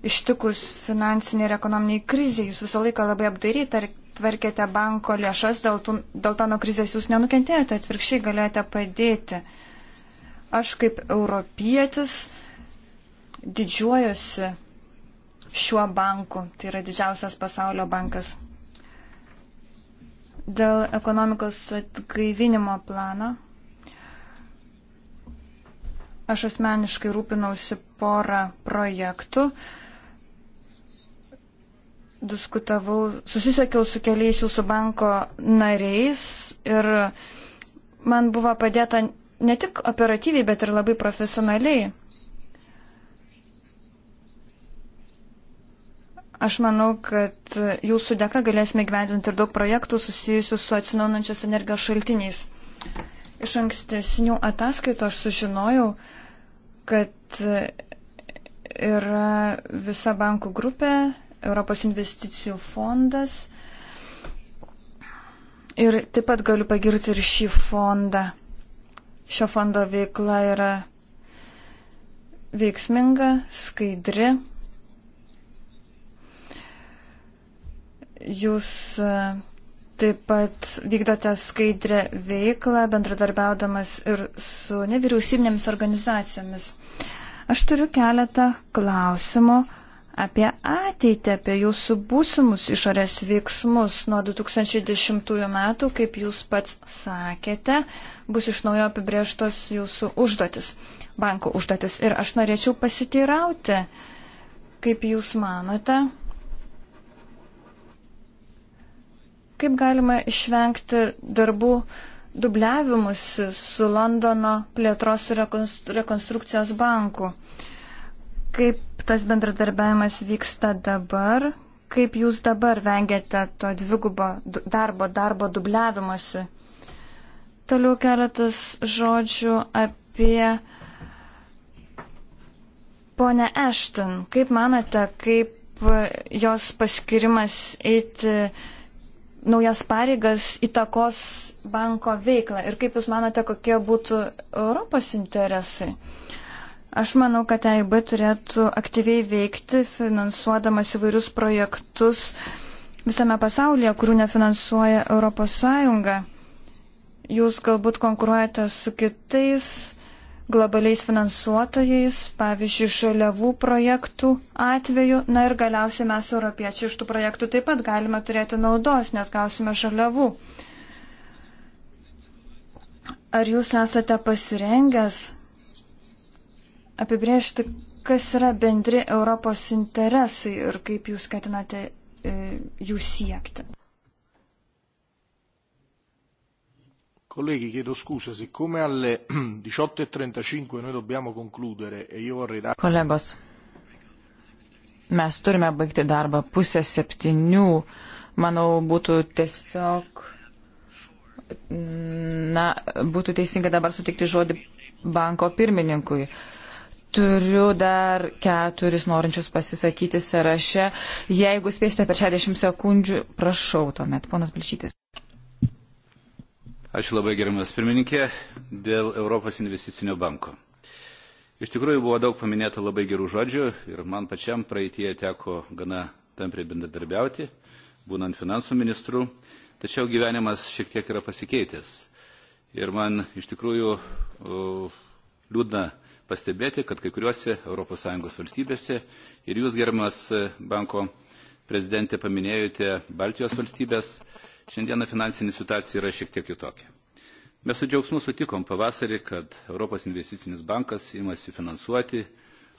ištikus finansiniai ir ekonominiai kriziai. Jūs visą laiką labai apdairyt ar tvarkėte banko lėšas, dėl, tų, dėl to nuo krizės Jūs nenukentėjote, atvirkščiai galėjote padėti. Aš kaip europietis didžiuojosi šiuo banku. Tai yra didžiausias pasaulio bankas. Dėl ekonomikos atgaivinimo plano. Aš asmeniškai rūpinausi porą projektų. Diskutavau, susisiekiau su keliais jūsų banko nariais ir man buvo padėta ne tik operatyviai, bet ir labai profesionaliai. Aš manau, kad jūsų dėka galėsime gyvendinti ir daug projektų susijusių su atsinaujančios energijos šaltiniais. Iš ankstesnių ataskaitų aš sužinojau, kad yra visa bankų grupė, Europos investicijų fondas. Ir taip pat galiu pagirti ir šį fondą. Šio fondo veikla yra veiksminga, skaidri, Jūs e, taip pat vykdote skaidrę veiklą, bendradarbiaudamas ir su nevyriausybinėmis organizacijomis. Aš turiu keletą klausimų apie ateitį, apie jūsų būsimus išorės veiksmus nuo 2010 metų, kaip jūs pats sakėte, bus iš naujo apibrieštos jūsų užduotis, banko užduotis. Ir aš norėčiau pasiteirauti, kaip jūs manote, Kaip galima išvengti darbų dubliavimus su Londono plėtros ir rekonstrukcijos banku? Kaip tas bendradarbiavimas vyksta dabar? Kaip jūs dabar vengiate to dvigubo darbo, darbo dubliavimuose? Toliau keletas žodžių apie ponę Ešton. Kaip manote, kaip jos paskirimas eiti naujas pareigas įtakos banko veiklą ir kaip Jūs manote, kokie būtų Europos interesai? Aš manau, kad EIB turėtų aktyviai veikti, finansuodamas įvairius projektus visame pasaulyje, kurių nefinansuoja ES. Jūs galbūt konkuruojate su kitais globaliais finansuotojais, pavyzdžiui, žaliavų projektų atveju. Na ir galiausiai mes, europiečiai, iš tų projektų taip pat galime turėti naudos, nes gausime žaliavų. Ar jūs esate pasirengęs apibriežti, kas yra bendri Europos interesai ir kaip jūs ketinate e, jų siekti? Colleghi, chiedo scusa, siccome alle 18.35 e noi dobbiamo concludere e io vorrei dare... Kolegos, mes turime baigti darbą pusę septynių. Manau, būtų tiesiog... Na, būtų teisinga dabar sutikti žodį banko pirmininkui. Turiu dar keturis norinčius pasisakyti sąraše. Jeigu spėsite per 60 sekundžių, prašau tuomet, ponas Balšytis. Ačiū labai gerimas pirmininkė dėl Europos investicinio banko. Iš tikrųjų buvo daug paminėta labai gerų žodžių ir man pačiam praeitie teko gana tampriai bendradarbiauti, būnant finansų ministru, tačiau gyvenimas šiek tiek yra pasikeitęs. Ir man iš tikrųjų liūdna pastebėti, kad kai kuriuose ES valstybėse ir jūs gerimas banko prezidentė paminėjote Baltijos valstybės, Šiandieną finansinė situacija yra šiek tiek kitokia. Mes su džiaugsmu sutikom pavasarį, kad Europos investicinis bankas imasi finansuoti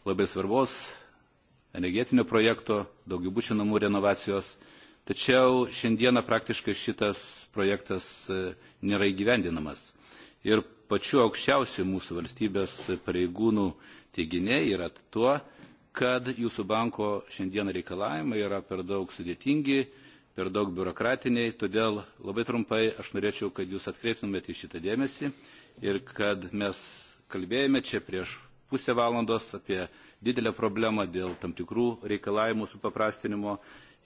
labai svarbos energetinio projekto, daugiabučių namų renovacijos, tačiau šiandieną praktiškai šitas projektas e, nėra įgyvendinamas. Ir pačiu aukščiausiu mūsų valstybės pareigūnų teiginiai yra tuo, kad jūsų banko šiandieną reikalavimai yra per daug sudėtingi, per daug biurokratiniai, todėl labai trumpai aš norėčiau, kad jūs atkreiptumėte į šitą dėmesį ir kad mes kalbėjome čia prieš pusę valandos apie didelę problemą dėl tam tikrų reikalavimų supaprastinimo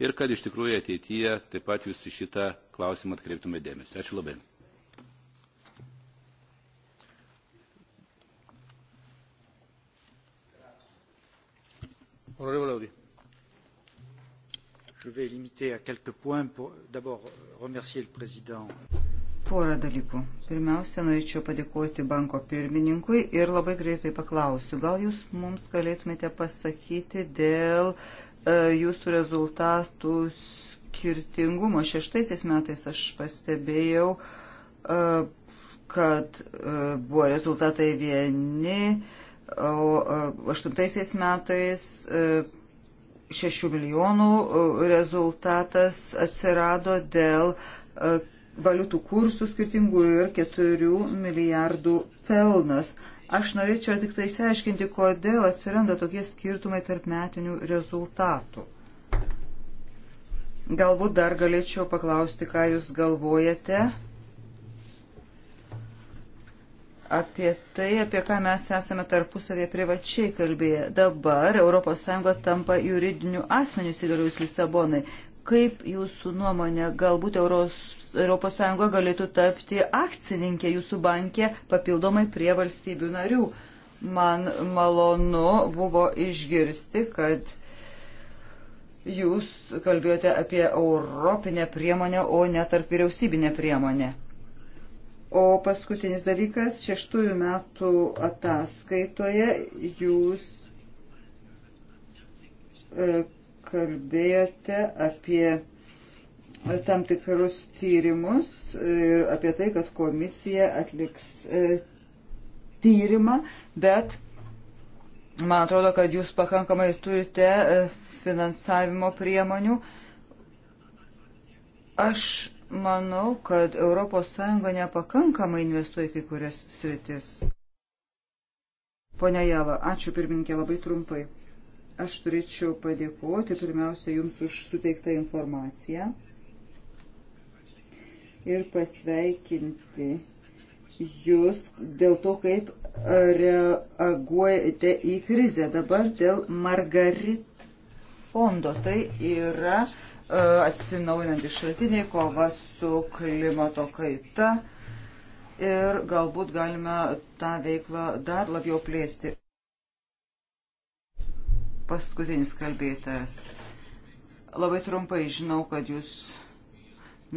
ir kad iš tikrųjų ateityje taip pat jūs į šitą klausimą atkreiptumėte dėmesį. Ačiū labai. Honorable Audi. Je vais limiter à quelques points pour d'abord remercier le président. Porą dalykų. Pirmiausia, norėčiau padėkoti banko pirmininkui ir labai greitai paklausiu, gal jūs mums galėtumėte pasakyti dėl e, jūsų rezultatų skirtingumo. Šeštaisiais metais aš pastebėjau, e, kad e, buvo rezultatai vieni, o e, aštuntaisiais metais. E, 6 milijonų e, rezultatas atsirado dėl e, valiutų kursų skirtingų ir 4 milijardų pelnas. Aš norėčiau tik tai išsiaiškinti, kodėl atsiranda tokie skirtumai tarp metinių rezultatų. Galbūt dar galėčiau paklausti, ką Jūs galvojate apie tai, apie ką mes esame tarpusavėje privačiai kalbėję. Dabar ES tampa juridiniu asmeniu įsigaliojus Lisabonai. Kaip jūsų nuomonė, galbūt Euros, ES galėtų tapti akcininkė jūsų bankė papildomai prie valstybių narių? Man malonu buvo išgirsti, kad jūs kalbėjote apie europinę priemonę, o ne tarp vyriausybinę priemonę O paskutinis dalykas, šeštųjų metų ataskaitoje jūs e, kalbėjote apie tam tikrus tyrimus ir apie tai, kad komisija atliks e, tyrimą, bet man atrodo, kad jūs pakankamai turite e, finansavimo priemonių. Aš Manau, kad ES nepakankamai investuoja kai kurias sritis. Pone Jala, ačiū pirmininkė labai trumpai. Aš turėčiau padėkoti pirmiausia Jums už suteiktą informaciją ir pasveikinti Jūs dėl to, kaip e, reaguojate į krizę. Dabar dėl Margarit fondo. Tai yra E, atsinaujinantys šaltiniai, kova su klimato kaita ir galbūt galime tą veiklą dar labiau plėsti. Paskutinis kalbėtas. Labai trumpai žinau, kad jūs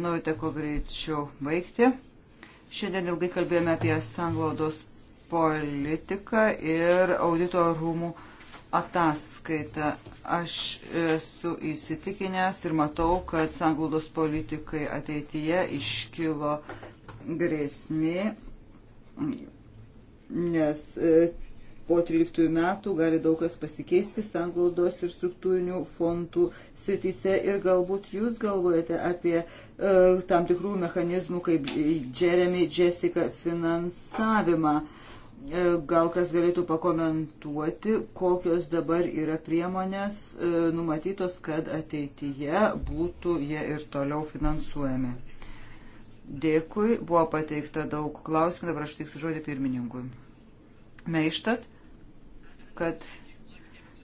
norite kuo greičiau baigti. Šiandien ilgai kalbėjome apie sanglaudos politiką ir audito rūmų ataskaitą. Aš esu įsitikinęs ir matau, kad sanglaudos politikai ateityje iškilo grėsmė, nes e, po 13 metų gali daug kas pasikeisti sanglaudos ir struktūrinių fondų srityse ir galbūt jūs galvojate apie e, tam tikrų mechanizmų kaip Jeremy Jessica finansavimą. E, E, gal kas galėtų pakomentuoti, kokios dabar yra priemonės e, numatytos, kad ateityje būtų jie ir toliau finansuojami. Dėkui, buvo pateikta daug klausimų, dabar aš teiksiu žodį pirmininkui. Meištat, kad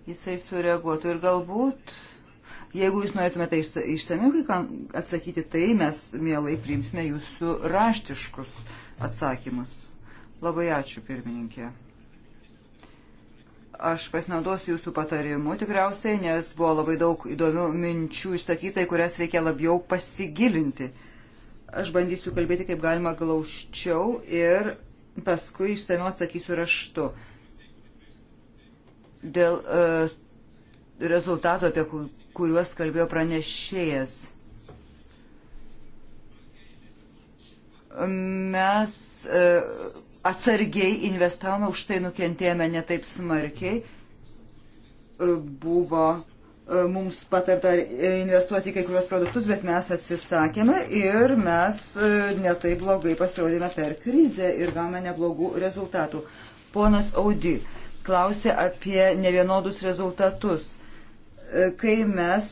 jisai sureaguotų ir galbūt, jeigu jūs norėtumėte tai išsamiau atsakyti, tai mes mielai priimsime jūsų raštiškus atsakymus. Labai ačiū, pirmininkė. Aš pasinaudosiu jūsų patarimu tikriausiai, nes buvo labai daug įdomių minčių išsakyta, į kurias reikia labiau pasigilinti. Aš bandysiu kalbėti kaip galima glaučiau ir paskui išsamiau atsakysiu raštu. Dėl uh, rezultatų, apie kuriuos kalbėjo pranešėjas. Mes uh, atsargiai investavome, už tai nukentėjome netaip smarkiai. E, buvo e, mums patarta investuoti kai kurios produktus, bet mes atsisakėme ir mes e, netai blogai pasirodėme per krizę ir gavome neblogų rezultatų. Ponas Audi klausė apie nevienodus rezultatus. Kai mes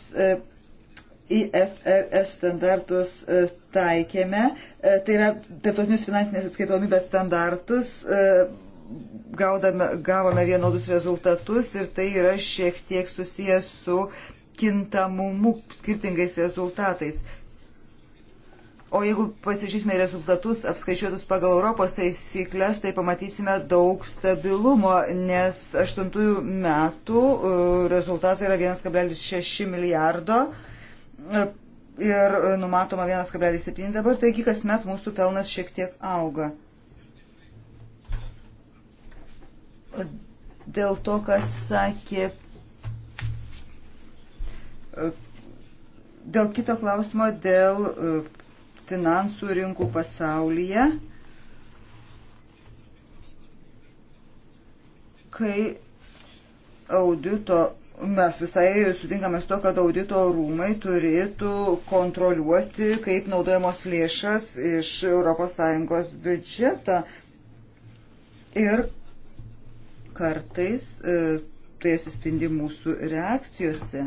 IFRS standartus taikėme, E, tai yra tarptautinius finansinės atskaitomybės standartus, e, gaudame, gavome vienodus rezultatus ir tai yra šiek tiek susijęs su kintamumu skirtingais rezultatais. O jeigu pasižiūrėsime rezultatus apskaičiuotus pagal Europos taisyklės, tai pamatysime daug stabilumo, nes 8 metų e, rezultatai yra 1,6 milijardo ir e, numatoma 1,7 dabar, taigi kasmet mūsų pelnas šiek tiek auga. Dėl to, kas sakė, e, dėl kito klausimo, dėl e, finansų rinkų pasaulyje, kai audito mes visai sutinkame su to, kad audito rūmai turėtų kontroliuoti, kaip naudojamos lėšas iš ES biudžeto. Ir kartais e, tai atsispindi mūsų reakcijose.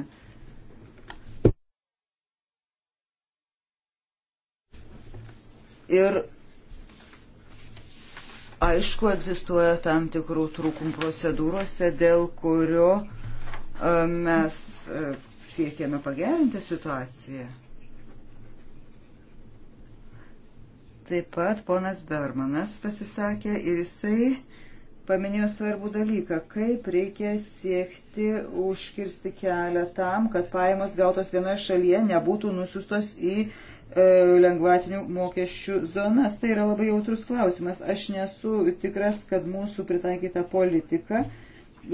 Ir aišku, egzistuoja tam tikrų trūkum procedūrose, dėl kurio E, mes e, siekiame pagerinti situaciją. Taip pat ponas Bermanas pasisakė ir jisai paminėjo svarbų dalyką, kaip reikia siekti užkirsti kelią tam, kad pajamos gautos vienoje šalyje nebūtų nusiustos į e, lengvatinių mokesčių zonas. Tai yra labai jautrus klausimas. Aš nesu tikras, kad mūsų pritaikyta politika e,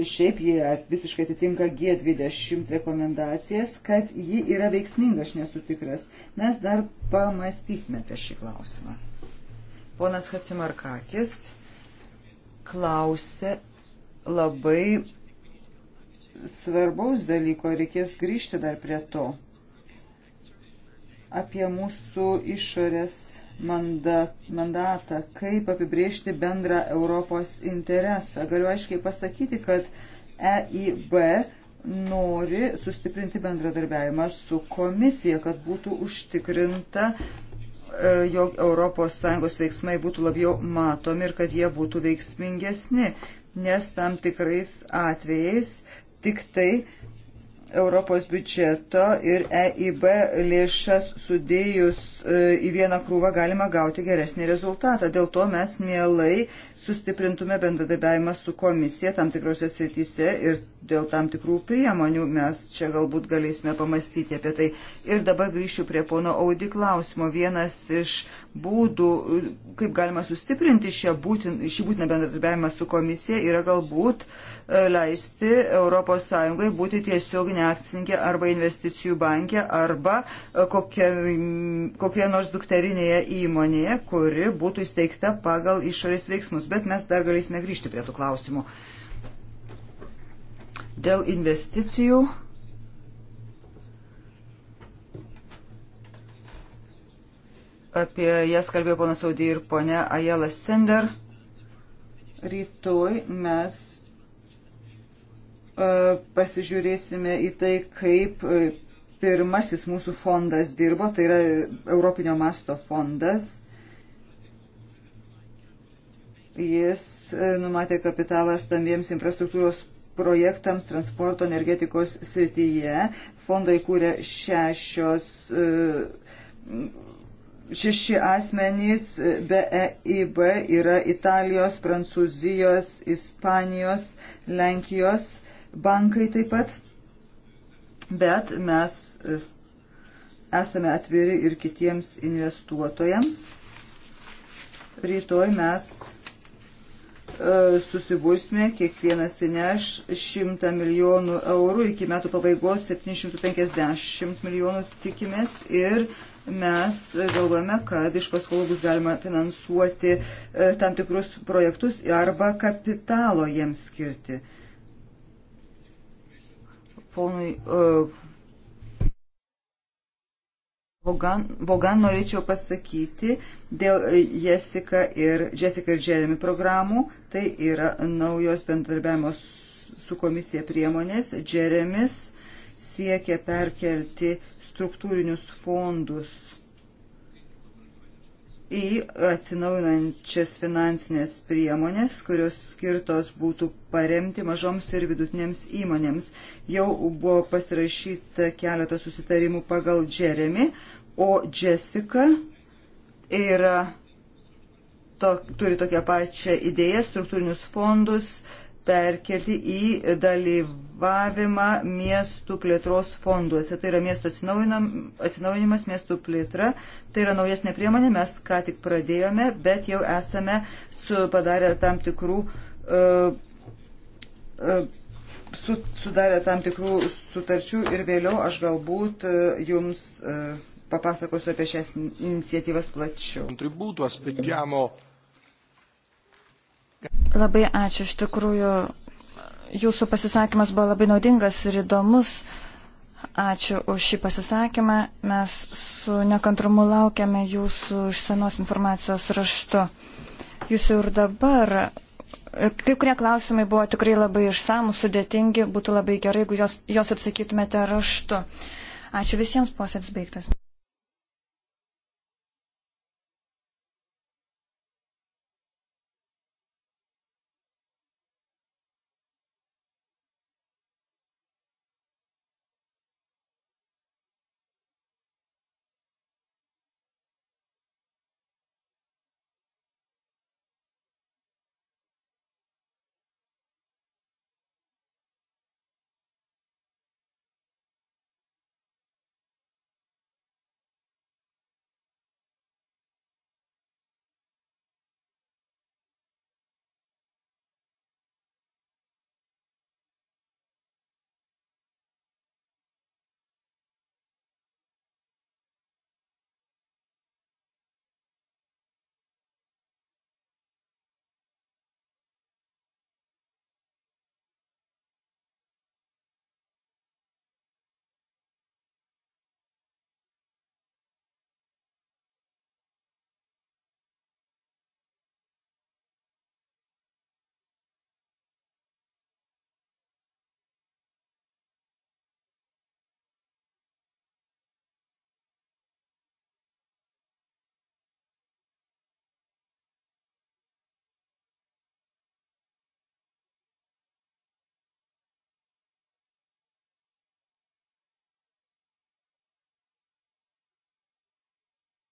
šiaip ji visiškai atitinka G20 rekomendacijas, kad ji yra veiksminga, aš nesu tikras. Mes dar pamastysime apie šį klausimą. Ponas Hatsimarkakis klausė labai svarbaus dalyko, reikės grįžti dar prie to, apie mūsų išorės mandatą, kaip apibriežti bendrą Europos interesą. Galiu aiškiai pasakyti, kad EIB nori sustiprinti bendradarbiavimą su komisija, kad būtų užtikrinta, e, jog ES veiksmai būtų labiau matomi ir kad jie būtų veiksmingesni, nes tam tikrais atvejais tik tai Europos biudžeto ir EIB lėšas sudėjus e, į vieną krūvą galima gauti geresnį rezultatą. Dėl to mes mielai sustiprintume bendradarbiavimą su komisija tam tikrose srityse ir dėl tam tikrų priemonių mes čia galbūt galėsime pamastyti apie tai. Ir dabar grįšiu prie pono Audi klausimo. Vienas iš būdų, kaip galima sustiprinti būtin, šį būtiną bendradarbiavimą su komisija, yra galbūt e, leisti ES būti tiesioginė akcininkė arba investicijų bankė arba e, kokia, kokie nors dukterinėje įmonėje, kuri būtų įsteigta pagal išorės veiksmus bet mes dar galėsime grįžti prie tų klausimų. Dėl investicijų. Apie jas kalbėjo ponas Saudy ir ponia Ajela Sender. Rytoj mes e, pasižiūrėsime į tai, kaip e, pirmasis mūsų fondas dirbo, tai yra Europinio masto fondas. Jis e, numatė kapitalą stambiems infrastruktūros projektams transporto energetikos srityje. Fondai kūrė šešios, e, šeši asmenys, BEIB e yra Italijos, Prancūzijos, Ispanijos, Lenkijos bankai taip pat. Bet mes esame atviri ir kitiems investuotojams. Rytoj mes susibursime, kiekvienas įneš 100 milijonų eurų, iki metų pabaigos 750 milijonų tikimės ir mes galvojame, kad iš paskolų bus galima finansuoti e, tam tikrus projektus arba kapitalo jiems skirti. Ponui e, Vogan, Vogan norėčiau pasakyti dėl e, Jessica ir Jessica ir Jeremy programų. Tai yra naujos bendarbiavimo su komisija priemonės. Jeremis siekia perkelti struktūrinius fondus į atsinaujinančias finansinės priemonės, kurios skirtos būtų paremti mažoms ir vidutinėms įmonėms. Jau buvo pasirašyta keletą susitarimų pagal Jeremy, o Jessica yra, to, turi tokią pačią idėją, struktūrinius fondus, uh, perkelti į dalyvavimą miestų plėtros fonduose. Tai yra miesto atsinaujinimas, miestų plėtra. Tai yra naujesnė priemonė, mes ką tik pradėjome, bet jau esame padarę tam tikrų, uh, uh, su, sudarę tam tikrų sutarčių ir vėliau aš galbūt uh, jums papasakosiu apie šias iniciatyvas plačiau. Contributo, aspettiamo... Labai ačiū. Iš tikrųjų, jūsų pasisakymas buvo labai naudingas ir įdomus. Ačiū už šį pasisakymą. Mes su nekantrumu laukiame jūsų išsamos informacijos raštu. Jūs jau ir dabar, e, kai kurie klausimai buvo tikrai labai išsamų, sudėtingi, būtų labai gerai, jeigu jos, jos atsakytumėte raštu. Ačiū visiems, posėdis baigtas.